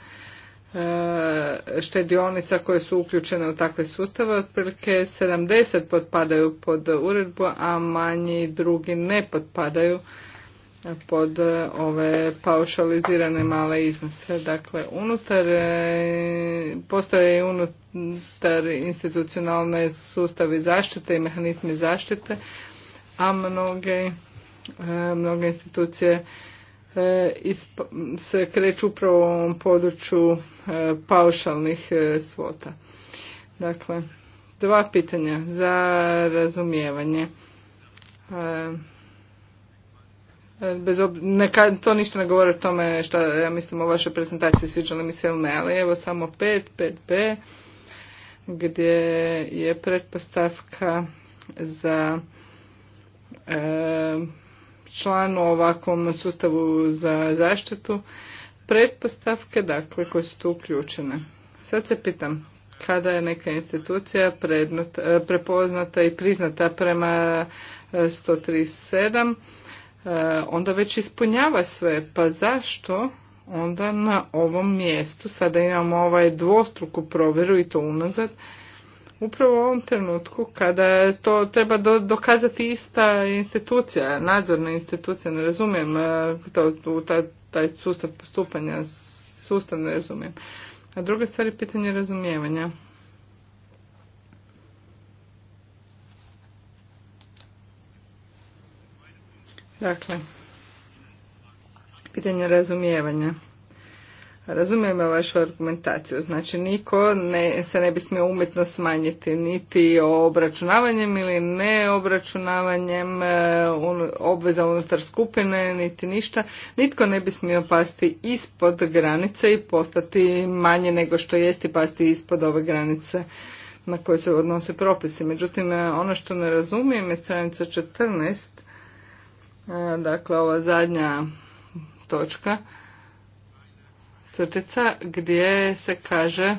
e, štedionica koje su uključene u takve sustave, otprilike 70 potpadaju pod uredbu, a manji drugi ne potpadaju pod e, ove paušalizirane male iznose. Dakle, unutar, e, postoje i unutar institucionalne sustavi zaštite i mehanizmi zaštite, a mnoge, e, mnoge institucije se kreću upravo u ovom području paušalnih svota. Dakle, dva pitanja za razumijevanje E, bez to ništa ne govori o tome što ja mislim o vašoj prezentaciji sviđalo mi se ili ne, ali evo samo 5, 5b gdje je pretpostavka za e, član u ovakvom sustavu za zaštitu pretpostavke dakle koje su tu uključene. Sad se pitam kada je neka institucija prednata, e, prepoznata i priznata prema 137 e, E, onda već ispunjava sve. Pa zašto onda na ovom mjestu sada imamo ovaj dvostruku provjeru i to unazad upravo u ovom trenutku kada to treba dokazati ista institucija, nadzorna institucija, ne razumijem e, taj sustav postupanja, sustav ne razumijem. A druga stvar je pitanje razumijevanja. Dakle, pitanje razumijevanja. Razumijem ja vašu argumentaciju. Znači, niko ne, se ne bi smio umjetno smanjiti niti obračunavanjem ili neobračunavanjem e, obveza unutar skupine, niti ništa. Nitko ne bi smio pasti ispod granice i postati manje nego što i pasti ispod ove granice na koje se odnose propisi. Međutim, e, ono što ne razumijem je stranica 14 E, dakle ova zadnja točka crtica gdje se kaže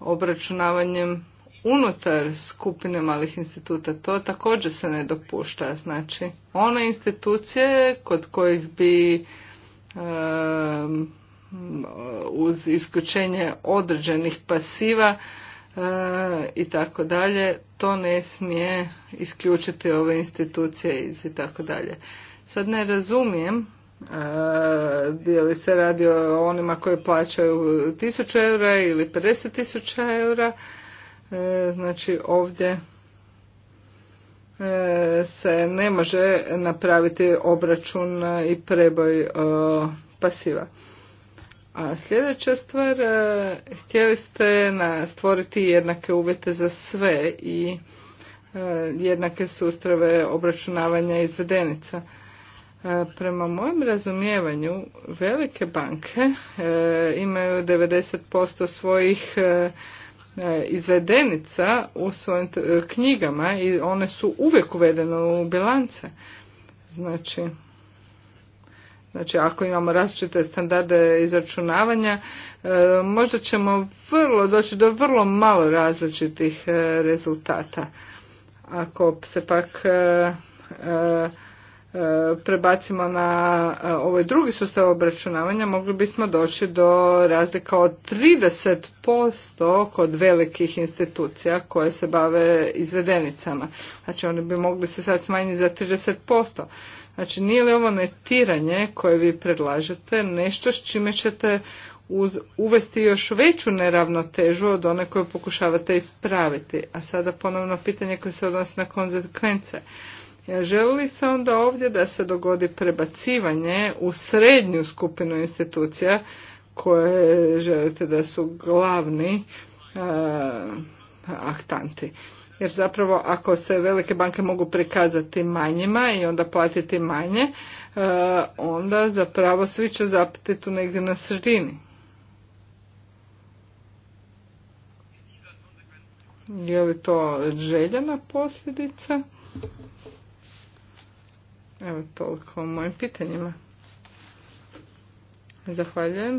obračunavanjem unutar skupine malih instituta to također se ne dopušta znači one institucije kod kojih bi uz isključenje određenih pasiva E, i tako dalje, to ne smije isključiti ove institucije iz i tako dalje. Sad ne razumijem e, je li se radi o onima koji plaćaju 1000 eura ili 50.000 eura. E, znači ovdje se ne može napraviti obračun i preboj pasiva. A sljedeća stvar, e, htjeli ste stvoriti jednake uvjete za sve i e, jednake sustrave obračunavanja izvedenica. E, prema mojem razumijevanju, velike banke imaju 90% svojih izvedenica u svojim knjigama i one su uvijek uvedene u bilance. Znači, Znači ako imamo različite standarde izračunavanja, e, možda ćemo vrlo doći do vrlo malo različitih e, rezultata. Ako se pak e, prebacimo na ovaj drugi sustav obračunavanja, mogli bismo doći do razlika od 30% kod velikih institucija koje se bave izvedenicama. Znači oni bi mogli se sad smanjiti za 30%. Znači, nije li ovo netiranje koje vi predlažete nešto s čime ćete uvesti još veću neravnotežu od one koju pokušavate ispraviti? A sada ponovno pitanje koje se odnosi na konzekvence. Ja želi li se onda ovdje da se dogodi prebacivanje u srednju skupinu institucija koje želite da su glavni aktanti? jer zapravo ako se velike banke mogu prikazati manjima i onda platiti manje, e, onda zapravo svi će zapiti tu negdje na sredini. Je li to željena posljedica? Evo toliko o mojim pitanjima. Zahvaljujem.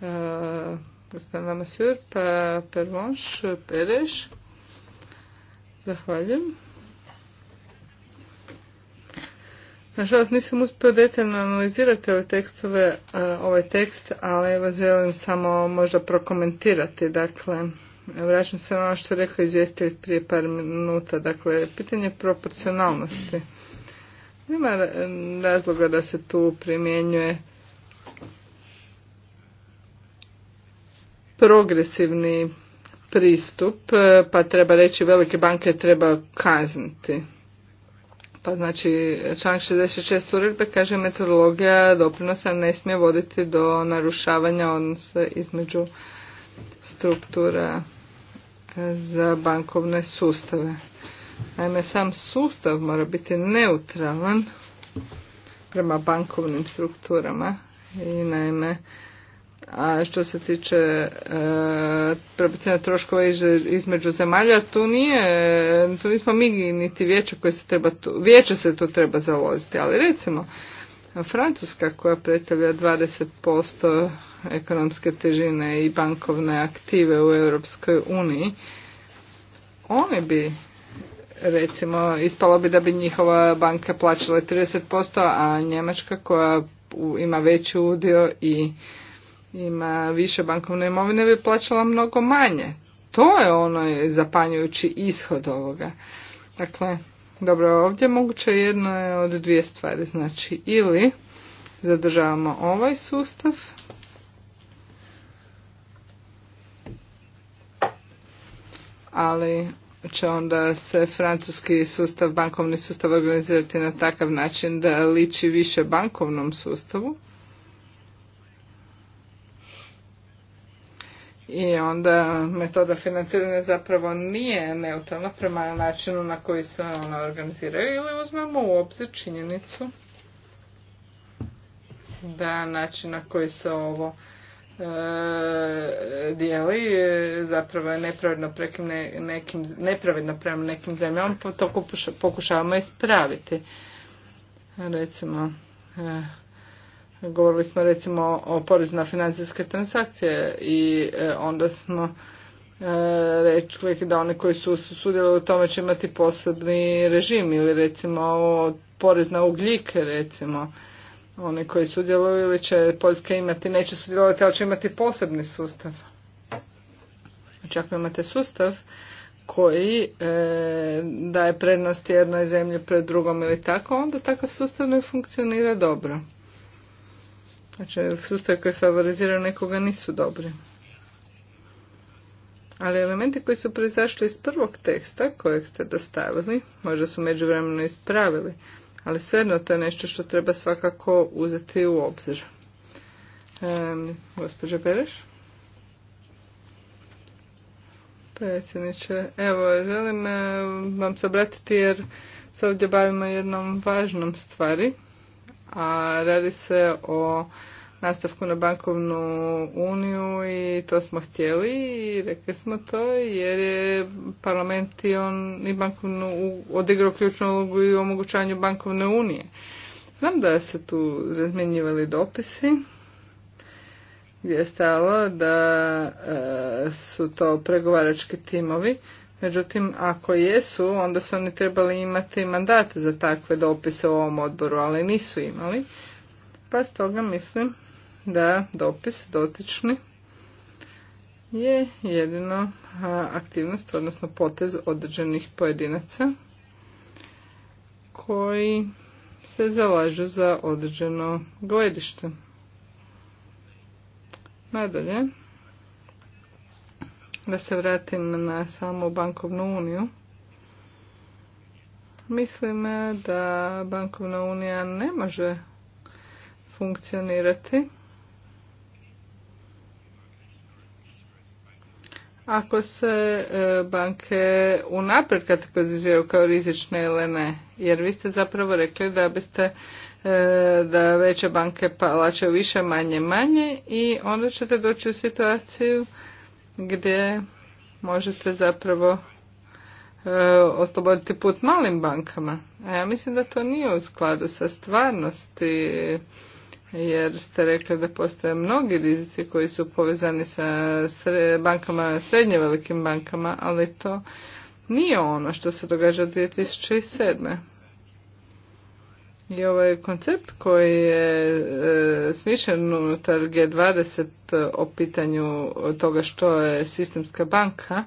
E, gospodin Lamasur, pa Pervonš, Pereš. Zahvaljujem. Nažalost nisam uspio detaljno analizirati ove tekstove, e, ovaj tekst, ali evo želim samo možda prokomentirati. Dakle, vraćam se na ono što je rekao izvjestitelj prije par minuta. Dakle, pitanje proporcionalnosti. Nema razloga da se tu primjenjuje progresivni pristup, e, pa treba reći velike banke treba kazniti. Pa znači članak 66 uredbe kaže metodologija doprinosa ne smije voditi do narušavanja odnosa između struktura e, za bankovne sustave. Naime, sam sustav mora biti neutralan prema bankovnim strukturama i naime a što se tiče e, troškova između zemalja, tu nije, tu nismo mi niti vijeće koje se treba, tu, vijeće se tu treba založiti, ali recimo Francuska koja predstavlja 20% ekonomske težine i bankovne aktive u Europskoj uniji, oni bi recimo ispalo bi da bi njihova banka plaćala 30%, a Njemačka koja ima veći udio i ima više bankovne imovine bi plaćala mnogo manje. To je ono zapanjujući ishod ovoga. Dakle, dobro, ovdje moguće jedno je od dvije stvari. Znači, ili zadržavamo ovaj sustav, ali će onda se francuski sustav, bankovni sustav organizirati na takav način da liči više bankovnom sustavu. i onda metoda financiranja zapravo nije neutralna prema načinu na koji se ona organiziraju ili uzmemo u obzir činjenicu da način na koji se ovo e, dijeli zapravo je nepravedno prekim nekim, nepravedno prema nekim zemljama pa to pokušavamo ispraviti recimo e, Govorili smo recimo o porezu na financijske transakcije i e, onda smo e, rekli da oni koji su sudjelovali u tome će imati posebni režim ili recimo porez na ugljike recimo oni koji sudjeluju ili će Poljska imati, neće sudjelovati, ali će imati posebni sustav. Znači ako imate sustav koji e, daje prednost jednoj zemlji pred drugom ili tako, onda takav sustav ne funkcionira dobro. Znači, sustav koji favoriziraju nekoga nisu dobri. Ali elementi koji su proizašli iz prvog teksta kojeg ste dostavili, možda su međuvremeno ispravili, ali svejedno to je nešto što treba svakako uzeti u obzir. Gospodža Bereš? Predsjedniče, evo, želim vam se obratiti jer se ovdje bavimo jednom važnom stvari – a radi se o nastavku na bankovnu uniju i to smo htjeli i rekli smo to jer je parlament i on i bankovnu odigrao ključnu ulogu i omogućanju bankovne unije. Znam da se tu razmjenjivali dopisi gdje je stalo da e, su to pregovarački timovi Međutim, ako jesu, onda su oni trebali imati mandate za takve dopise u ovom odboru, ali nisu imali. Pa stoga mislim da dopis dotični je jedino aktivnost, odnosno potez određenih pojedinaca koji se zalažu za određeno gledište. Nadalje, da se vratim na samu bankovnu uniju. Mislim e, da bankovna unija ne može funkcionirati ako se e, banke unaprijed kategoriziraju kao rizične ili ne. Jer vi ste zapravo rekli da biste e, da veće banke plaćaju više, manje, manje i onda ćete doći u situaciju gdje možete zapravo e, osloboditi put malim bankama. A ja mislim da to nije u skladu sa stvarnosti jer ste rekli da postoje mnogi rizici koji su povezani sa bankama, srednje velikim bankama, ali to nije ono što se događa 2007. I ovaj koncept koji je e, smišljen unutar G20 e, o pitanju toga što je sistemska banka,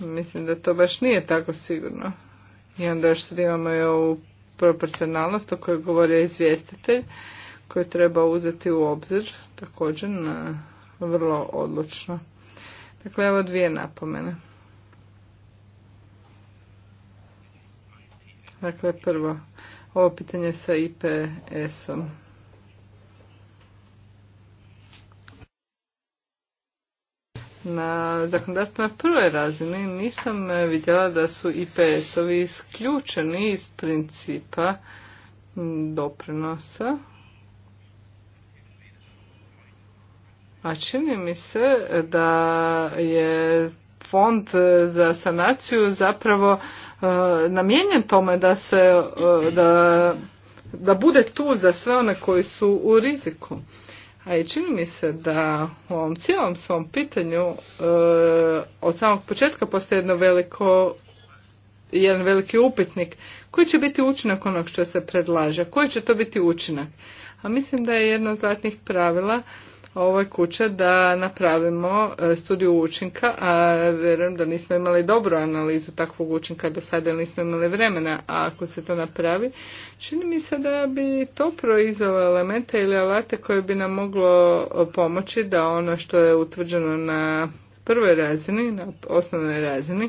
mislim da to baš nije tako sigurno. I onda još sad imamo i ovu proporcionalnost o kojoj govori izvjestitelj koju treba uzeti u obzir također na vrlo odlučno. Dakle, evo dvije napomene. Dakle, prvo, ovo pitanje sa IPS-om. Na zakonodavstvu na prvoj razini nisam vidjela da su IPS-ovi isključeni iz principa doprinosa. A čini mi se da je fond za sanaciju zapravo E, namijenjen tome da se e, da, da bude tu za sve one koji su u riziku. A i čini mi se da u ovom cijelom svom pitanju e, od samog početka postoji jedno veliko jedan veliki upitnik koji će biti učinak onog što se predlaže, koji će to biti učinak. A mislim da je jedno od zlatnih pravila ove kuće da napravimo e, studiju učinka, a vjerujem da nismo imali dobru analizu takvog učinka do sada, jer nismo imali vremena, a ako se to napravi, čini mi se da bi to proizvalo elemente ili alate koje bi nam moglo e, pomoći da ono što je utvrđeno na prvoj razini, na osnovnoj razini,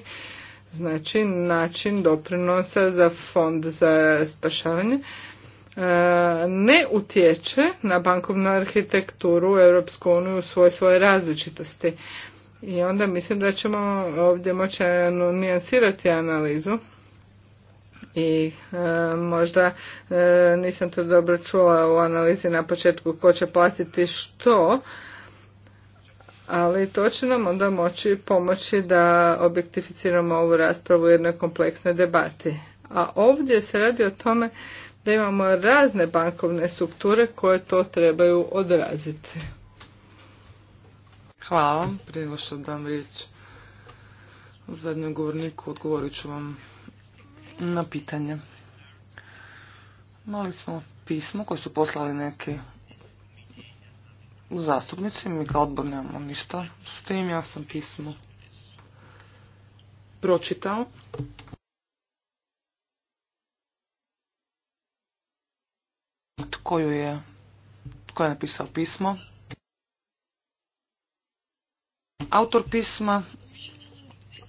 znači način doprinosa za fond za spašavanje, E, ne utječe na bankovnu arhitekturu Europsku uniju u svoj svoje različitosti. I onda mislim da ćemo ovdje moći nijansirati analizu i e, možda e, nisam to dobro čula u analizi na početku ko će platiti što, ali to će nam onda moći pomoći da objektificiramo ovu raspravu u jednoj kompleksnoj debati. A ovdje se radi o tome da imamo razne bankovne strukture koje to trebaju odraziti. Hvala vam. Prije nego što dam riječ zadnjem govorniku, odgovorit ću vam na pitanje. Imali smo pismo koje su poslali neki zastupnici, mi kao odbor nemamo ništa s tim, ja sam pismo pročitao. koju je, tko je napisao pismo. Autor pisma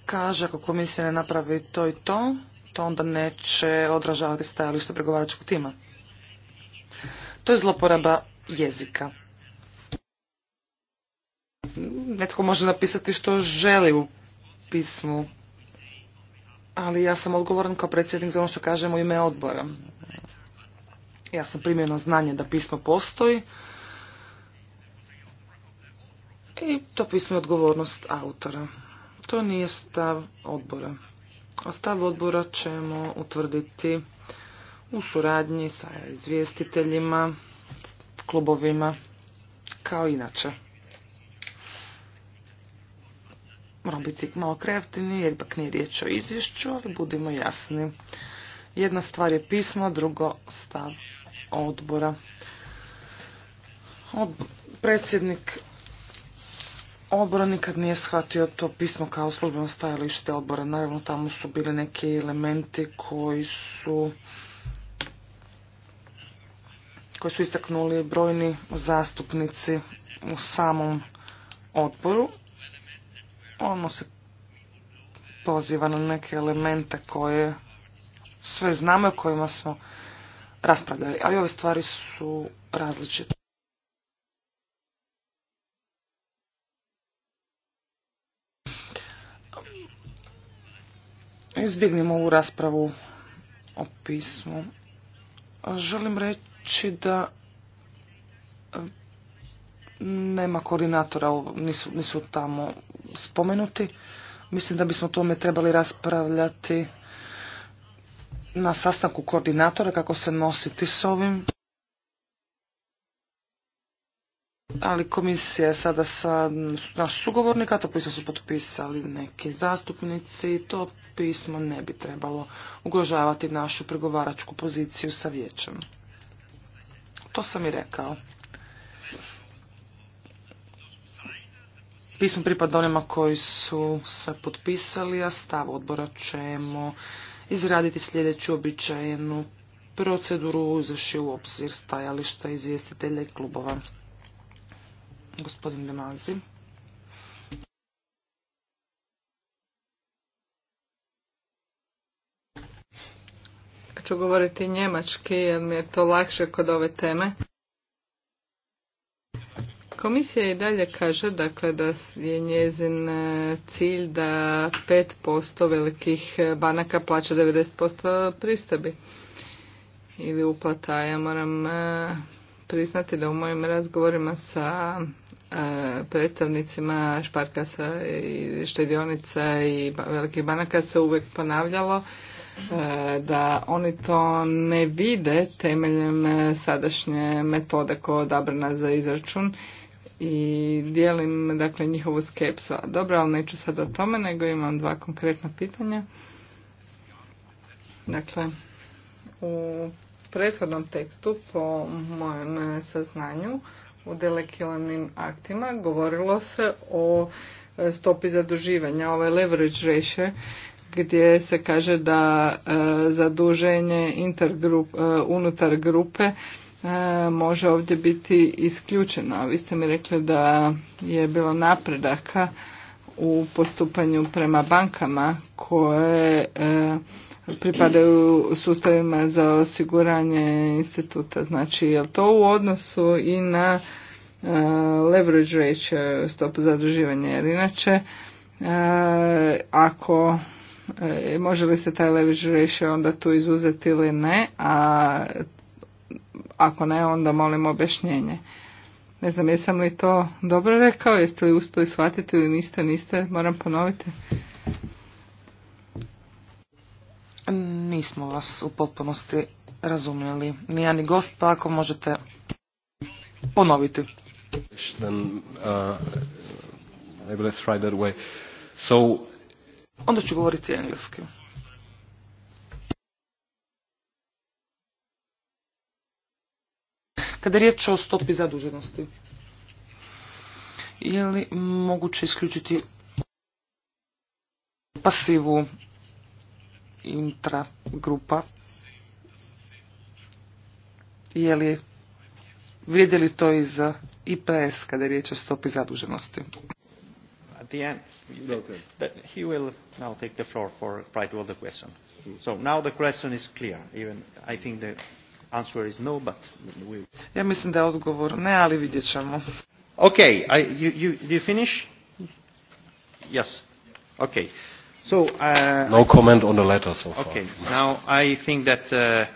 kaže ako komisija ne napravi to i to, to onda neće odražavati stajalište pregovaračkog tima. To je zloporaba jezika. Netko može napisati što želi u pismu, ali ja sam odgovoran kao predsjednik za ono što kažem u ime odbora. Ja sam primio na znanje da pismo postoji i to pismo je odgovornost autora. To nije stav odbora. A stav odbora ćemo utvrditi u suradnji sa izvjestiteljima, klubovima, kao inače. Moram biti malo kreativni, jer ipak nije riječ o izvješću, ali budimo jasni. Jedna stvar je pismo, drugo stav odbora. Od, predsjednik odbora nikad nije shvatio to pismo kao službeno stajalište odbora. Naravno tamo su bili neki elementi koji su koji su istaknuli brojni zastupnici u samom odboru. Ono se poziva na neke elemente koje sve znamo o kojima smo raspravljali, ali ove stvari su različite. Izbjegnimo ovu raspravu o pismu. Želim reći da nema koordinatora, nisu, nisu tamo spomenuti. Mislim da bismo tome trebali raspravljati na sastanku koordinatora kako se nositi s ovim. Ali komisija je sada sa naš sugovornika, to pismo su potpisali neki zastupnici i to pismo ne bi trebalo ugrožavati našu pregovaračku poziciju sa vijećem. To sam i rekao. Pismo pripada onima koji su se potpisali, a stav odbora ćemo izraditi sljedeću običajenu proceduru uzvrši u obzir stajališta izvjestitelja i klubova. Gospodin Demazi. ja ću govoriti njemački jer mi je to lakše kod ove teme. Komisija i dalje kaže dakle, da je njezin e, cilj da 5% velikih e, banaka plaća 90% pristabi ili uplata. Ja moram e, priznati da u mojim razgovorima sa predstavnicima Šparkasa i štedionica i velikih banaka se uvijek ponavljalo da oni to ne vide temeljem sadašnje metode koja je odabrana za izračun i dijelim dakle njihovu skepsu. Dobro, ali neću sad o tome, nego imam dva konkretna pitanja. Dakle, u prethodnom tekstu po mojem saznanju u delekilanim aktima govorilo se o stopi zaduživanja, ovaj leverage ratio gdje se kaže da e, zaduženje intergrup, e, unutar grupe E, može ovdje biti isključeno. A vi ste mi rekli da je bilo napredaka u postupanju prema bankama koje e, pripadaju sustavima za osiguranje instituta. Znači, je li to u odnosu i na e, leverage rate stopu zaduživanja? Jer inače, ako može li se taj leverage ratio onda tu izuzeti ili ne, a ako ne, onda molim objašnjenje. Ne znam, jesam li to dobro rekao, jeste li uspjeli shvatiti ili niste, niste, moram ponoviti. Nismo vas u potpunosti razumjeli. Ni ja ni gost, pa ako možete ponoviti. Uh, onda ću govoriti engleski. kada je riječ o stopi zaduženosti. Je li moguće isključiti pasivu intragrupa? Je li vidjeli to i za IPS kada je riječ o stopi zaduženosti? At the end, he will now take the floor for quite all the question. So now the question is clear. Even I think the answer is no, but we... Ja mislim da je odgovor ne, ali vidjet ćemo. Ok, I, you, you, you finish? Yes. Ok. So, uh, no comment on the letter so far. Okay, now I think that uh,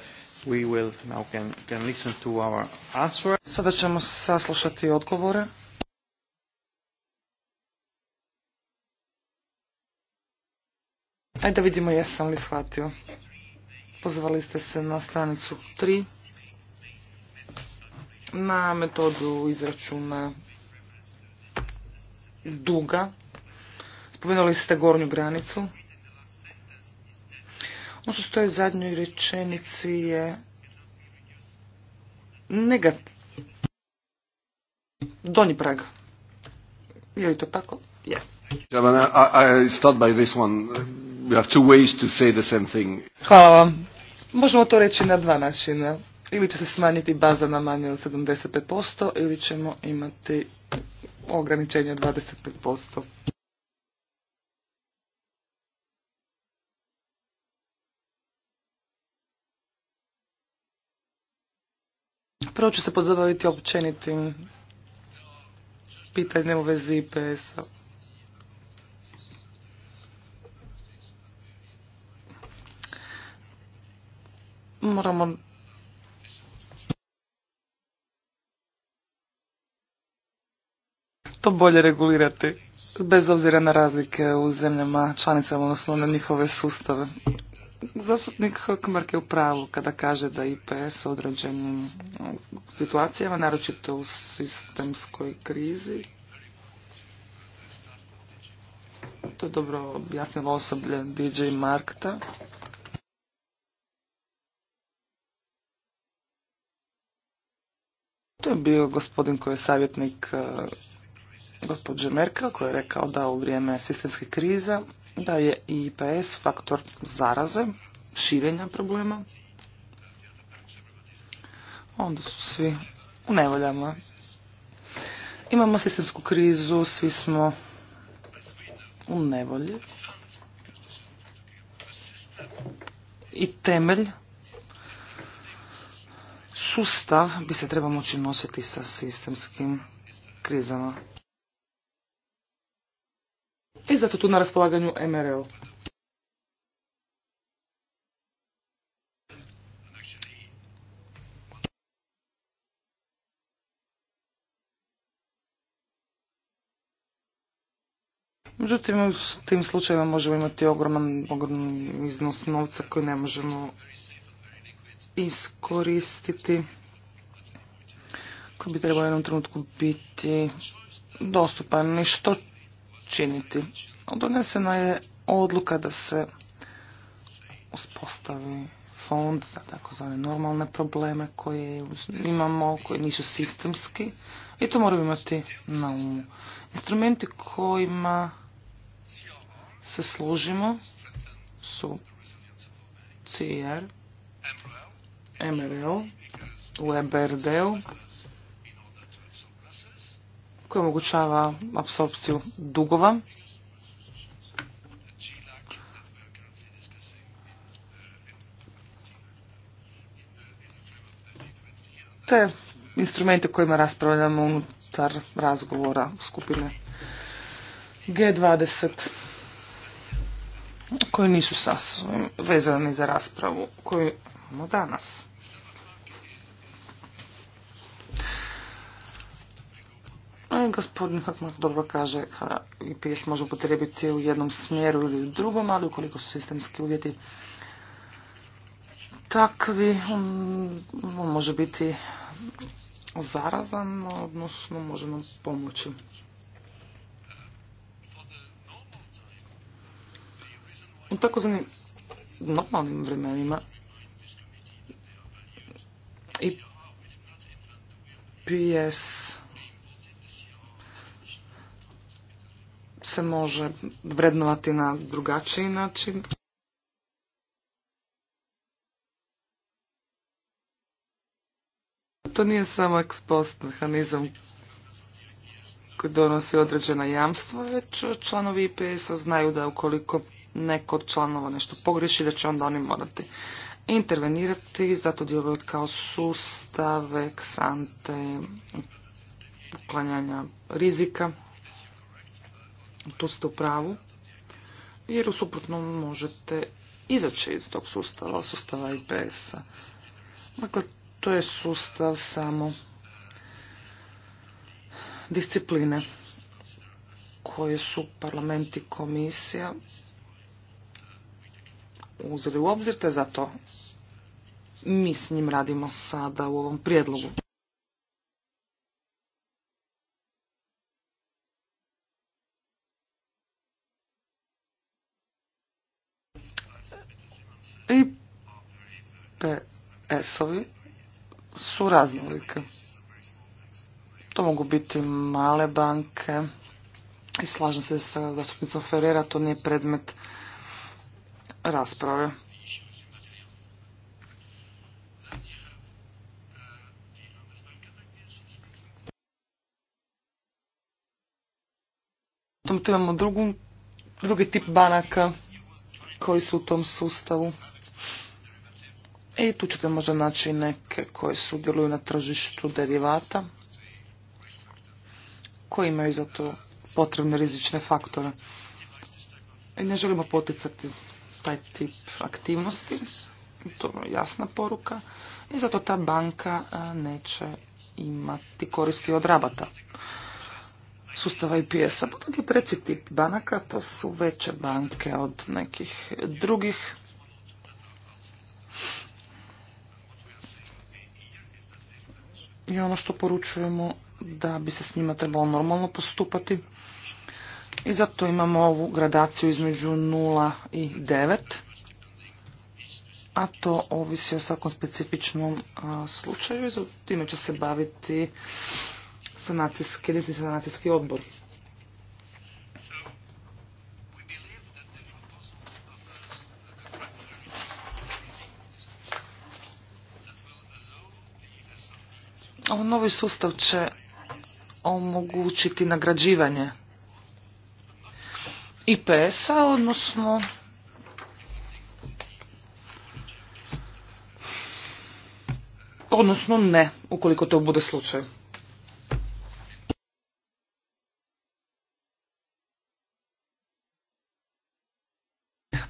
we will now can, can listen to our answer. Sada ćemo saslušati odgovore. Ajde da vidimo jesam li shvatio. Pozvali ste se na stranicu 3 na metodu izračuna duga. Spomenuli ste gornju granicu. Ono što stoje u zadnjoj rečenici je negativ. Donji prag. Je li to tako? Yes. Hvala vam. Možemo to reći na dva načina. Ili će se smanjiti baza na manje od 75% ili ćemo imati ograničenje od 25%. Prvo ću se pozabaviti općenitim pitanjem u vezi IPS-a. moramo to bolje regulirati, bez obzira na razlike u zemljama članicama, odnosno na njihove sustave. Zastupnik Hokmark je u pravu kada kaže da IPS u određenim situacijama, naročito u sistemskoj krizi, to je dobro objasnilo osoblje DJ Markta, To je bio gospodin koji je savjetnik e, gospođe Merkel koji je rekao da u vrijeme sistemske krize da je IPS faktor zaraze, širenja problema. Onda su svi u nevoljama. Imamo sistemsku krizu, svi smo u nevolji. I temelj sustav bi se trebao moći nositi sa sistemskim krizama. I zato tu na raspolaganju MRL. Međutim, u tim slučajevima možemo imati ogroman, ogroman iznos novca koji ne možemo iskoristiti koji bi trebao u jednom trenutku biti dostupan i što činiti. Donesena je odluka da se uspostavi fond za takozvane normalne probleme koje imamo, koji nisu sistemski i to moramo imati na umu. Instrumenti kojima se služimo su CR, MRL u EBRD-u koji omogućava apsorpciju dugova. Te instrumente kojima raspravljamo unutar razgovora skupine G20 koji nisu sasvim vezani za raspravu koju imamo danas. E, gospodin Hakmat dobro kaže kada IPS može potrebiti u jednom smjeru ili u drugom, ali ukoliko su sistemski uvjeti takvi, on, on može biti zarazan, odnosno može nam pomoći. U takozvanim normalnim vremenima i PS se može vrednovati na drugačiji način. To nije samo ekspost mehanizam koji donosi određena jamstva, već članovi IPS-a znaju da ukoliko neko od članova nešto pogriši, da će onda oni morati intervenirati, zato djeluju kao sustav eksante uklanjanja rizika. Tu ste u pravu, jer u suprotnom možete izaći iz tog sustava, sustava IPS-a. Dakle, to je sustav samo discipline koje su parlament i komisija uzeli u obzir, te zato mi s njim radimo sada u ovom prijedlogu. I PS-ovi su raznolike. To mogu biti male banke i slažem se sa zastupnicom Ferreira, to nije predmet rasprave. tu imamo drugi tip banaka koji su u tom sustavu. I tu ćete možda naći neke koje sudjeluju na tržištu derivata, koji imaju za to potrebne rizične faktore. I ne želimo poticati taj tip aktivnosti. To je jasna poruka. I zato ta banka e, neće imati koristi od rabata sustava IPS-a. Potom je treći tip banaka, to su veće banke od nekih drugih. I ono što poručujemo da bi se s njima trebalo normalno postupati. I zato imamo ovu gradaciju između 0 i 9, a to ovisi o svakom specifičnom slučaju i time će se baviti sanacijski, sanacijski odbor. Ovo novi sustav će omogućiti nagrađivanje IPS-a, odnosno odnosno ne, ukoliko to bude slučaj.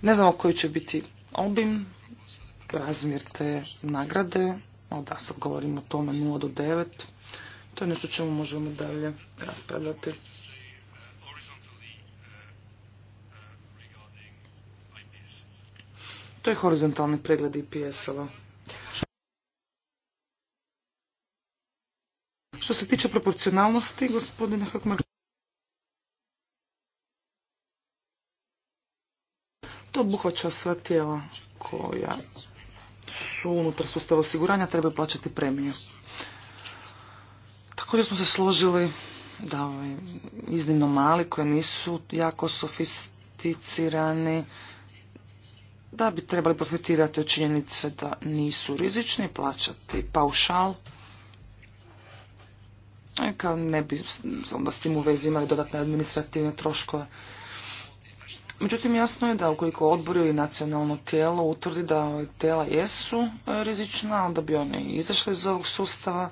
Ne znamo koji će biti obim, razmjer te nagrade, da sad govorimo o tome 0 do 9, to je nešto čemu možemo dalje raspravljati. To je horizontalni pregled IPS-ova. Što se tiče proporcionalnosti, gospodine Hakmar, to obuhvaća sva tijela koja su unutar sustava osiguranja, treba plaćati premije. Također smo se složili da iznimno mali, koji nisu jako sofisticirani, da bi trebali profitirati od činjenice da nisu rizični, plaćati paušal, e, kao ne bi onda s tim u vezi imali dodatne administrativne troškove. Međutim, jasno je da ukoliko odbor ili nacionalno tijelo utvrdi da ova tijela jesu e, rizična, onda bi oni izašli iz ovog sustava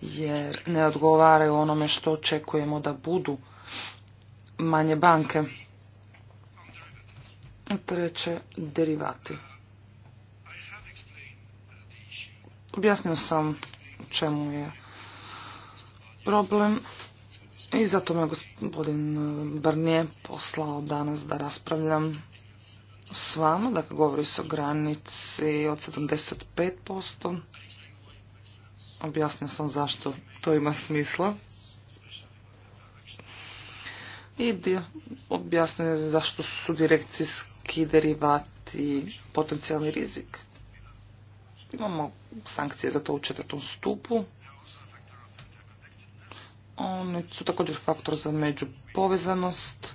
jer ne odgovaraju onome što očekujemo da budu manje banke. Treće, derivati. Objasnio sam čemu je problem i zato me gospodin Barnier poslao danas da raspravljam s vama, dakle govori se o granici od 75%. Objasnio sam zašto to ima smisla i objasnio zašto su direkcijski derivati potencijalni rizik. Imamo sankcije za to u četvrtom stupu. Oni su također faktor za međupovezanost,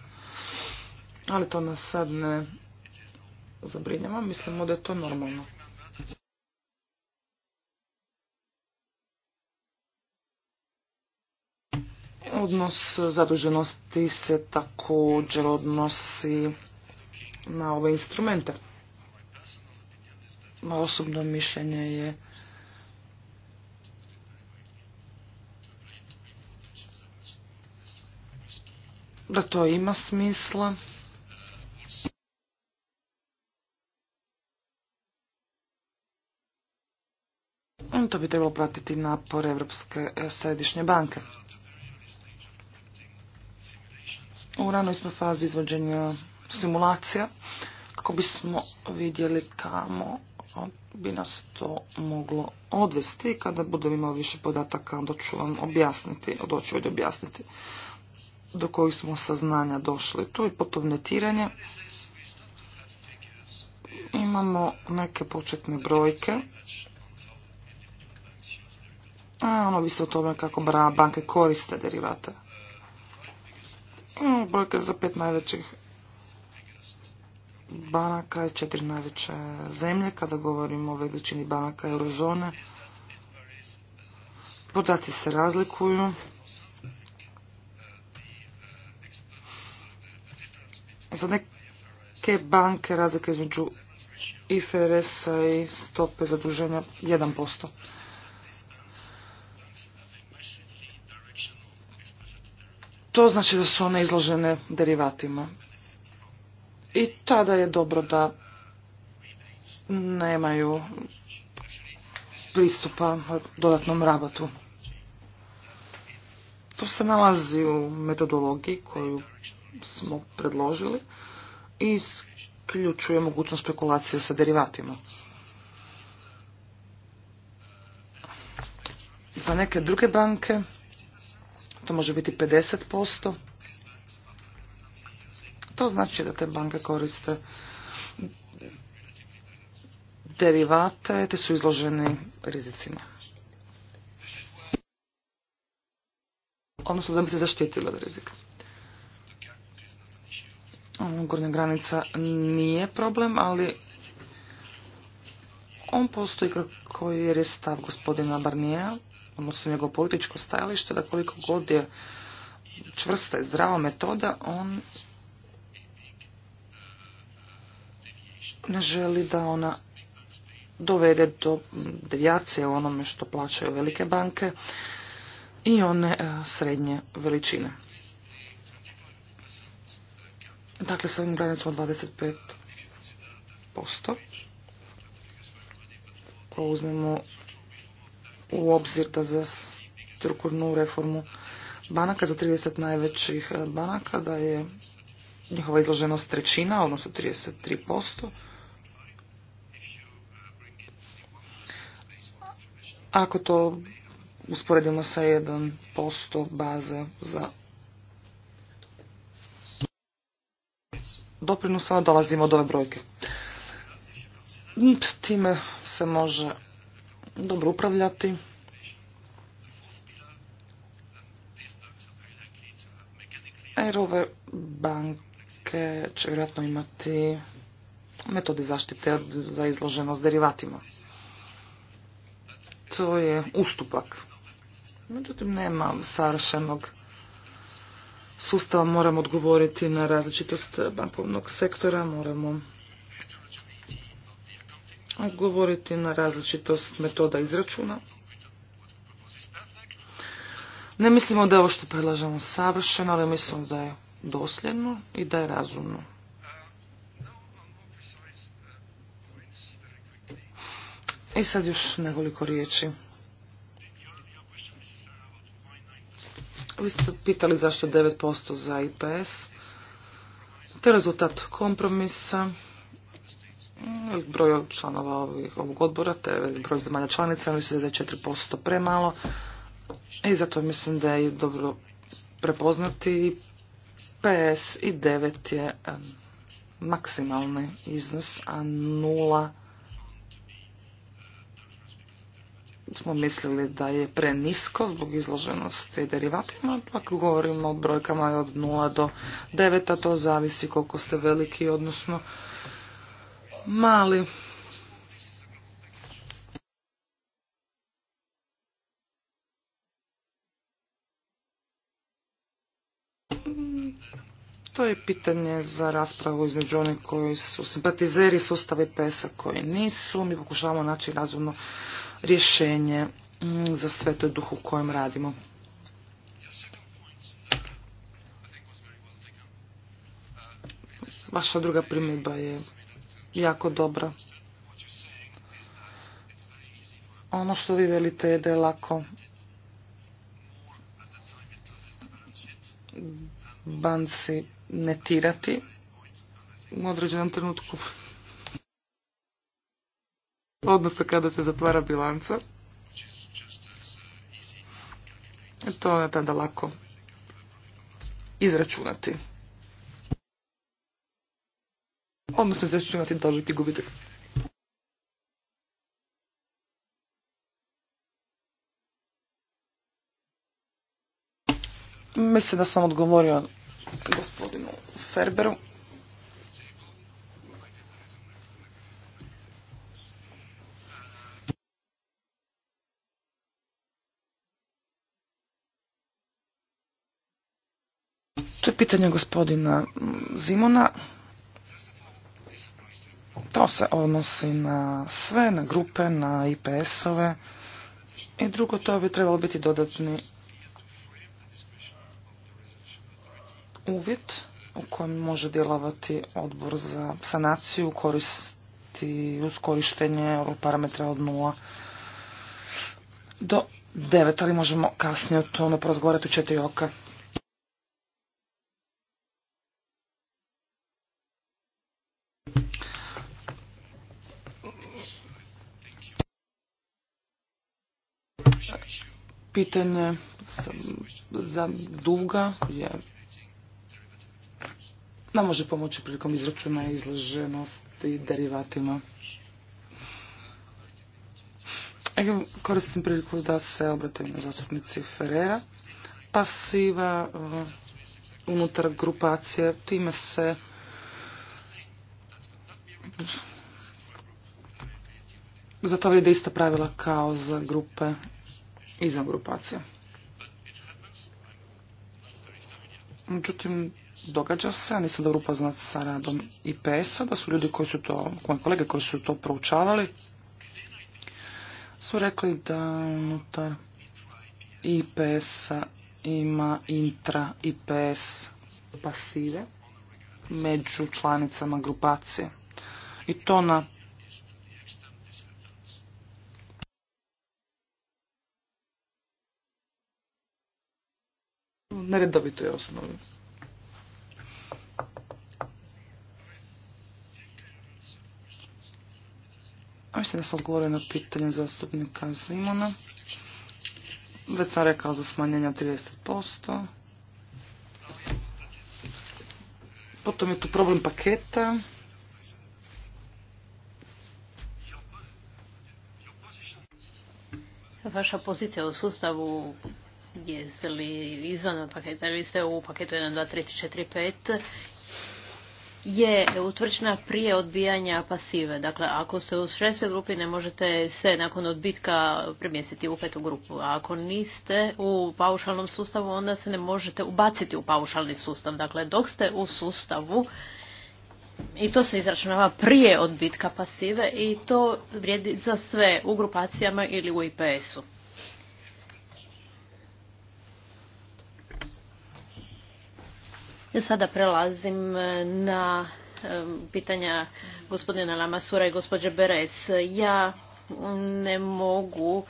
ali to nas sad ne zabrinjava. Mislimo da je to normalno. Odnos zaduženosti se također odnosi na ove instrumente. Moje osobno mišljenje je da to ima smisla. To bi trebalo pratiti napor Evropske središnje banke. U ranoj smo fazi izvođenja simulacija kako bismo vidjeli kamo bi nas to moglo odvesti. Kada budem imao više podataka, onda ću vam objasniti, objasniti do kojih smo saznanja došli. Tu je potom netiranje. Imamo neke početne brojke. A ono visi o tome kako banke koriste derivate. Brojka za pet najvećih banaka i četiri najveće zemlje, kada govorimo o veličini banaka eurozone. Podaci se razlikuju. Za neke banke razlika između IFRS-a i stope zaduženja 1%. To znači da su one izložene derivatima. I tada je dobro da nemaju pristupa dodatnom rabatu. To se nalazi u metodologiji koju smo predložili i isključuje mogućnost spekulacije sa derivatima. Za neke druge banke to može biti 50%. To znači da te banke koriste derivate, te su izloženi rizicima. Odnosno da bi se zaštitila od rizika. Ono, gornja granica nije problem, ali on postoji kako je stav gospodina Barnija odnosno njegovo političko stajalište, da koliko god je čvrsta i zdrava metoda, on ne želi da ona dovede do devijacije u onome što plaćaju velike banke i one e, srednje veličine. Dakle, s ovim granicom 25% ako uzmemo u obzir da za strukturnu reformu banaka za 30 najvećih e, banaka da je njihova izloženost trećina, odnosno 33%. Ako to usporedimo sa 1% baze za doprinosa, dolazimo do ove brojke. Hm, time se može dobro upravljati. Jer ove banke će vjerojatno imati metode zaštite za izloženost derivatima. To je ustupak. Međutim, nema savršenog sustava. Moramo odgovoriti na različitost bankovnog sektora. Moramo govoriti na različitost metoda izračuna. Ne mislimo da je ovo što predlažemo savršeno, ali mislimo da je dosljedno i da je razumno. I sad još nekoliko riječi. Vi ste pitali zašto 9% za IPS. To je rezultat kompromisa broj članova ovih, ovog odbora, te broj zemalja članica, mislim da je 4% premalo i zato mislim da je dobro prepoznati PS i 9 je maksimalni iznos, a nula smo mislili da je prenisko zbog izloženosti derivatima, ako govorimo o brojkama od 0 do 9, a to zavisi koliko ste veliki, odnosno mali. To je pitanje za raspravu između onih koji su simpatizeri sustava i koji nisu. Mi pokušavamo naći razumno rješenje mm, za sve to duhu u kojem radimo. Vaša druga primjedba je jako dobra. Ono što vi velite je da je lako banci tirati u određenom trenutku. Odnosno kada se zatvara bilanca. E, to je tada lako izračunati odnosno izračunati dobit i gubitak. Mislim da sam odgovorio gospodinu Ferberu. To je pitanje gospodina Zimona. To se odnosi na sve, na grupe, na IPS-ove i drugo to bi trebalo biti dodatni uvjet u kojem može djelovati odbor za sanaciju koristi uz korištenje ovog parametra od 0 do 9, ali možemo kasnije o tome porazgovarati u četiri oka. pitanje za duga je nam može pomoći prilikom izračuna izloženosti derivatima. Koristim priliku da se obratim na zastupnici Ferrera. Pasiva uh, unutar grupacije, time se za zato vrijede ista pravila kao za grupe izvan grupacija. Međutim, događa se, a nisam dobro upoznat sa radom IPS-a, da su ljudi koji su to, kolege koji su to proučavali, su rekli da unutar IPS-a ima intra IPS pasive među članicama grupacije. I to na na redovitoj osnovi. Mislim da sam odgovorio na pitanje zastupnika Zimona. Već sam rekao za smanjenja 30%. Potom je tu problem paketa. Vaša pozicija u sustavu jeste li izvan paketa ili ste u paketu 1, 2, 3, 4, je utvrđena prije odbijanja pasive. Dakle, ako ste u šestoj grupi ne možete se nakon odbitka premjestiti u petu grupu. A ako niste u paušalnom sustavu, onda se ne možete ubaciti u paušalni sustav. Dakle, dok ste u sustavu, i to se izračunava prije odbitka pasive i to vrijedi za sve u grupacijama ili u IPS-u. Sada prelazim e, na e, pitanja gospodina Lamasura i gospođe Beres. Ja ne mogu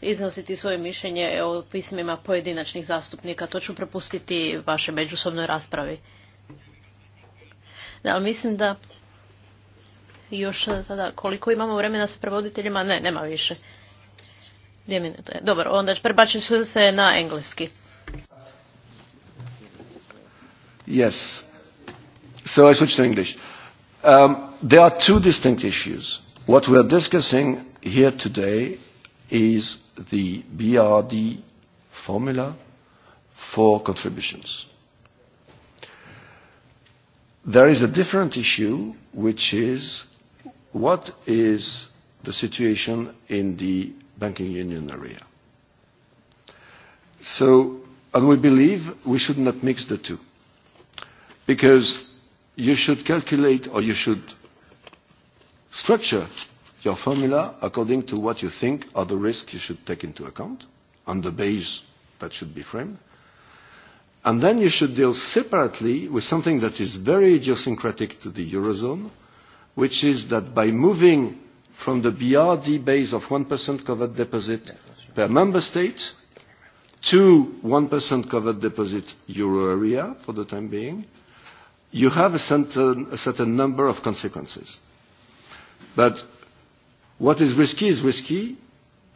iznositi svoje mišljenje o pismima pojedinačnih zastupnika. To ću prepustiti vaše međusobnoj raspravi. Da, ali mislim da još sada koliko imamo vremena sa prevoditeljima? Ne, nema više. Dvije minute. Dobro, onda prebačit se na engleski. Yes. So I switched to English. Um, there are two distinct issues. What we are discussing here today is the BRD formula for contributions. There is a different issue, which is what is the situation in the banking union area. So, and we believe we should not mix the two because you should calculate or you should structure your formula according to what you think are the risks you should take into account on the base that should be framed. And then you should deal separately with something that is very idiosyncratic to the Eurozone, which is that by moving from the BRD base of 1% covered deposit per member state to 1% covered deposit euro area for the time being, you have a certain, a certain number of consequences. But what is risky is risky,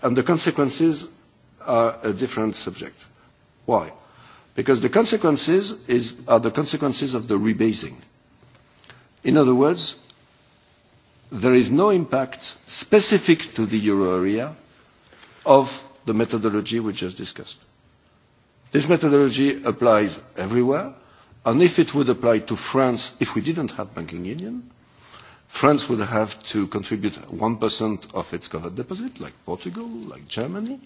and the consequences are a different subject. Why? Because the consequences is, are the consequences of the rebasing. In other words, there is no impact specific to the euro area of the methodology we just discussed. This methodology applies everywhere, And if it would apply to France, if we didn't have banking union, France would have to contribute 1% of its covered deposit, like Portugal, like Germany.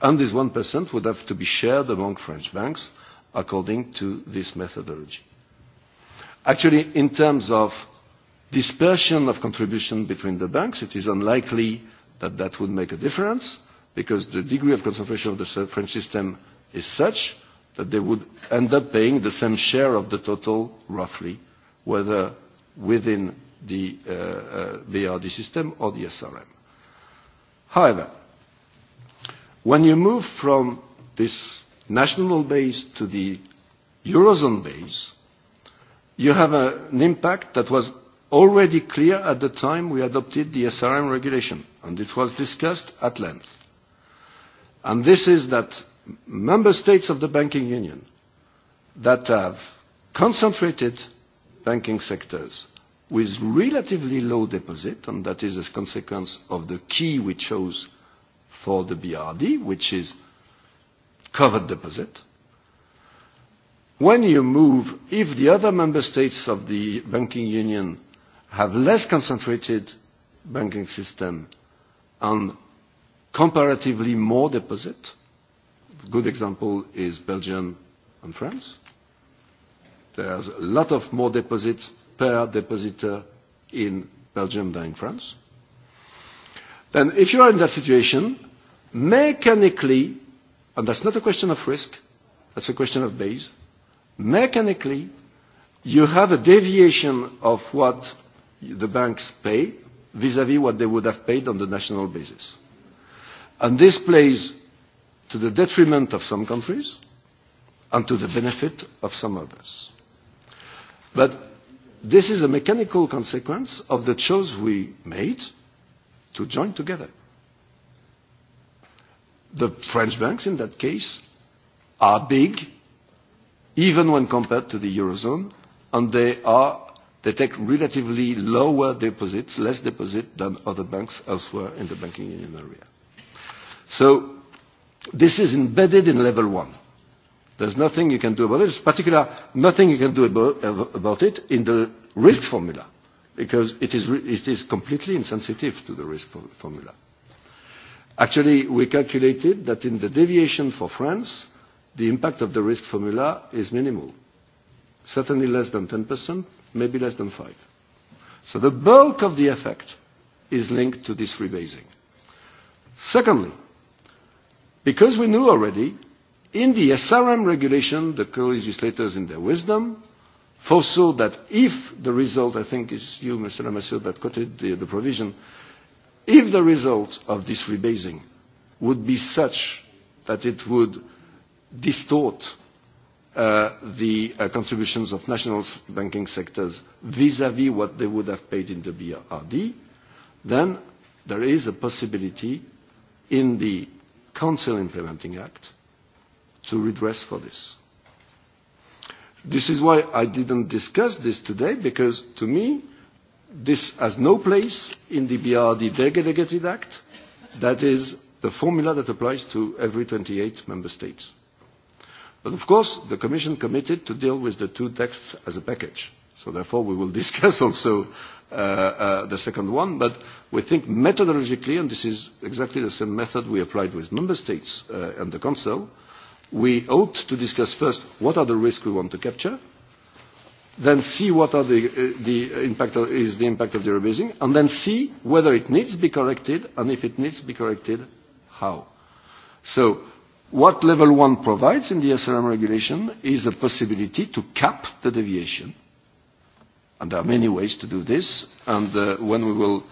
And this 1% would have to be shared among French banks according to this methodology. Actually, in terms of dispersion of contribution between the banks, it is unlikely that that would make a difference because the degree of concentration of the French system is such that they would end up paying the same share of the total, roughly, whether within the BRD uh, uh, system or the SRM. However, when you move from this national base to the Eurozone base, you have an impact that was already clear at the time we adopted the SRM regulation, and it was discussed at length. And this is that member states of the banking union that have concentrated banking sectors with relatively low deposit, and that is a consequence of the key we chose for the BRD, which is covered deposit. When you move, if the other member states of the banking union have less concentrated banking system and comparatively more deposit, good example is Belgium and France. There's a lot of more deposits per depositor in Belgium than in France. Then if you are in that situation, mechanically, and that's not a question of risk, that's a question of base, mechanically, you have a deviation of what the banks pay vis vis -vis what they would have paid on the national basis. And this plays to the detriment of some countries and to the benefit of some others. But this is a mechanical consequence of the choice we made to join together. The French banks in that case are big even when compared to the Eurozone and they are they take relatively lower deposits, less deposits than other banks elsewhere in the banking union area. So This is embedded in level one. There's nothing you can do about it. It's particular, nothing you can do about, about it in the risk formula, because it is, it is completely insensitive to the risk formula. Actually, we calculated that in the deviation for France, the impact of the risk formula is minimal. Certainly less than 10%, maybe less than 5%. So the bulk of the effect is linked to this rebasing. Secondly, Because we knew already, in the SRM regulation, the co-legislators in their wisdom foresaw that if the result, I think it's you, Mr. Lamassoure, that quoted the, the provision, if the result of this rebasing would be such that it would distort uh, the uh, contributions of national banking sectors vis-à-vis -vis what they would have paid in the BRD, then there is a possibility in the Council Implementing Act to redress for this. This is why I didn't discuss this today, because to me, this has no place in the BRD Delegated Act. That is the formula that applies to every 28 member states. But of course, the Commission committed to deal with the two texts as a package. So therefore we will *laughs* discuss also uh, uh, the second one, but we think methodologically, and this is exactly the same method we applied with member states uh, and the Council, we ought to discuss first what are the risks we want to capture, then see what are the, uh, the impact of, is the impact of the rebasing, and then see whether it needs to be corrected, and if it needs to be corrected, how. So what level one provides in the SRM regulation is a possibility to cap the deviation And there are many ways to do this. And uh, when we will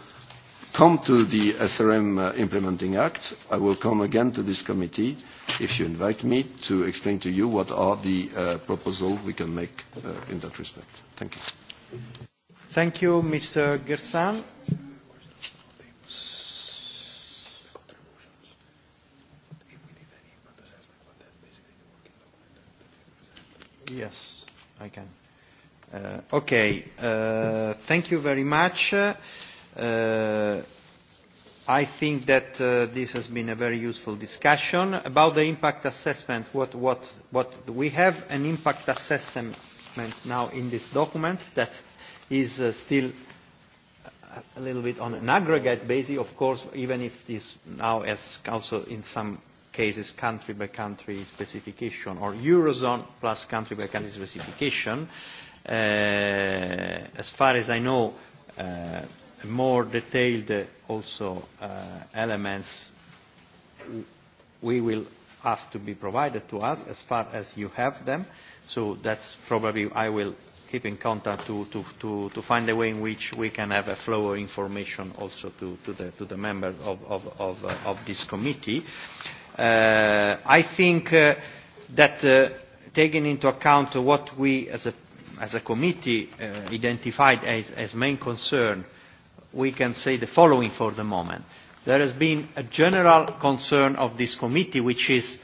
come to the SRM uh, Implementing Act, I will come again to this committee if you invite me to explain to you what are the uh, proposals we can make uh, in that respect. Thank you. Thank you, Mr. Gersan. Yes, I can. Uh, okay, uh, thank you very much. Uh, I think that uh, this has been a very useful discussion. About the impact assessment, what, what, what we have an impact assessment now in this document that is uh, still a little bit on an aggregate basis, of course, even if this now as also in some cases country by country specification or Eurozone plus country by country specification. Uh, as far as I know, uh, more detailed uh, also elements we will ask to be provided to us as far as you have them. So that's probably I will keep in contact to, to, to, to find a way in which we can have a flow of information also to, to, the, to the members of, of, of, of this committee. I think that taking into account what we as a as a committee uh, identified as, as main concern, we can say the following for the moment. There has been a general concern of this committee, which is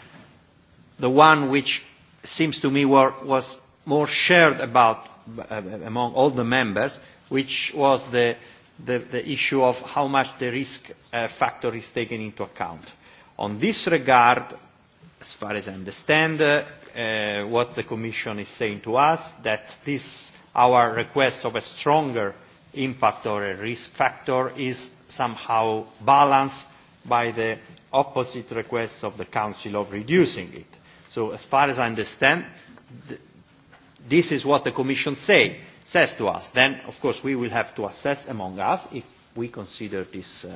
the one which seems to me were, was more shared about uh, among all the members, which was the, the, the issue of how much the risk uh, factor is taken into account. On this regard, as far as I understand, uh, Uh, what the Commission is saying to us, that this, our request of a stronger impact or a risk factor is somehow balanced by the opposite request of the Council of reducing it. So as far as I understand, th this is what the Commission say, says to us. Then, of course, we will have to assess among us if we consider this uh,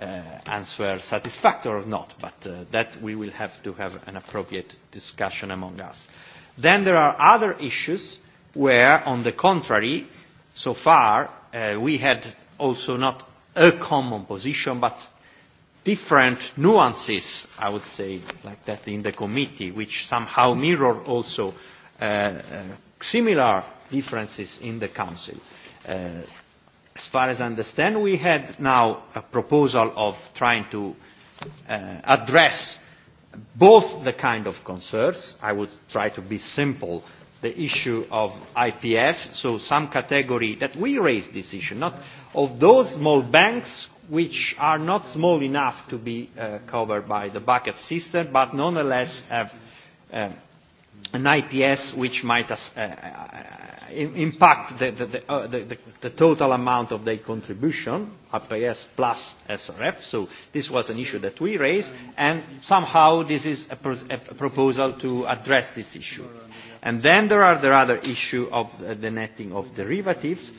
Uh, answer satisfactory or not, but uh, that we will have to have an appropriate discussion among us. Then there are other issues where, on the contrary, so far uh, we had also not a common position, but different nuances, I would say, like that in the committee, which somehow mirror also uh, uh, similar differences in the Council. Uh, as far as I understand, we had now a proposal of trying to uh, address both the kind of concerns. I would try to be simple. The issue of IPS, so some category that we raised this issue, not of those small banks which are not small enough to be uh, covered by the bucket system, but nonetheless have uh, an IPS which might uh, uh impact the, the, the, uh, the, the total amount of their contribution, IPS plus SRF. So this was an issue that we raised, and somehow this is a, pro a proposal to address this issue. And then there are the other issue of uh, the netting of derivatives,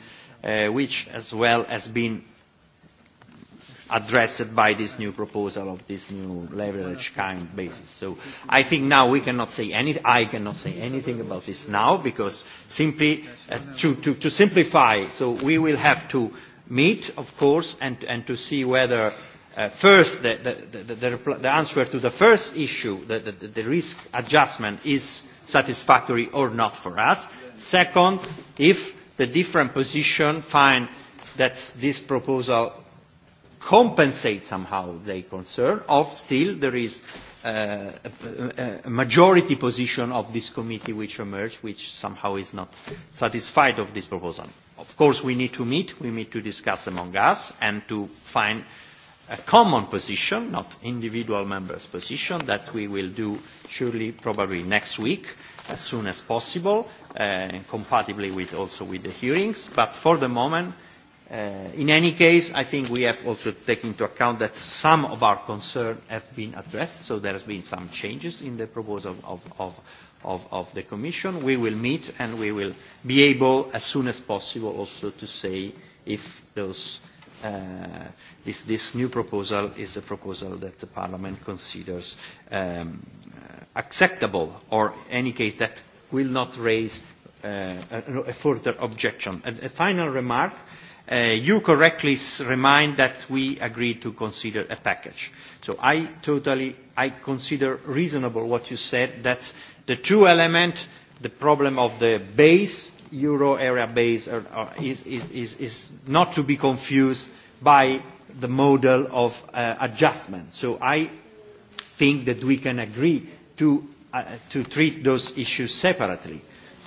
uh, which as well has been addressed by this new proposal of this new leverage kind basis. So I think now we cannot say anything, I cannot say anything about this now because simply uh, to, to, to simplify, so we will have to meet, of course, and, and to see whether uh, first the, the, the, the, the answer to the first issue, the, the, the risk adjustment is satisfactory or not for us. Second, if the different position find that this proposal compensate somehow their concern, or still there is uh, a, a majority position of this committee which emerged, which somehow is not satisfied of this proposal. Of course, we need to meet, we need to discuss among us and to find a common position, not individual members' position, that we will do surely probably next week as soon as possible, uh, compatibly with also with the hearings. But for the moment, Uh, in any case, I think we have also taken into account that some of our concerns have been addressed, so there has been some changes in the proposal of, of, of, of the Commission. We will meet and we will be able, as soon as possible, also to say if those uh, this new proposal is a proposal that the Parliament considers um, uh, acceptable or in any case that will not raise uh, a, a further objection. a final remark Uh, you correctly remind that we agreed to consider a package. So I totally, I consider reasonable what you said, that the two element, the problem of the base, euro area base, is, is, is, not to be confused by the model of uh, adjustment. So I think that we can agree to, uh, to treat those issues separately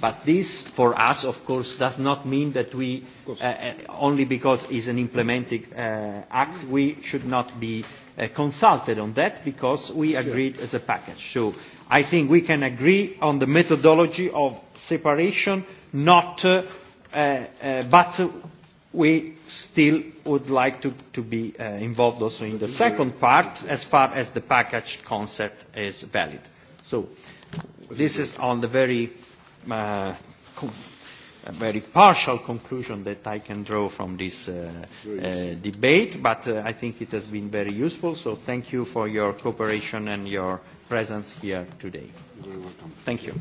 But this, for us, of course, does not mean that we, uh, uh, only because it is an implementing uh, act, we should not be uh, consulted on that because we agreed as a package. So I think we can agree on the methodology of separation, not, uh, but we still would like to, to be involved also in the second part as far as the package concept is valid. So this is on the very Uh, a very partial conclusion that I can draw from this uh, uh, debate, but uh, I think it has been very useful, so thank you for your cooperation and your presence here today. Thank you.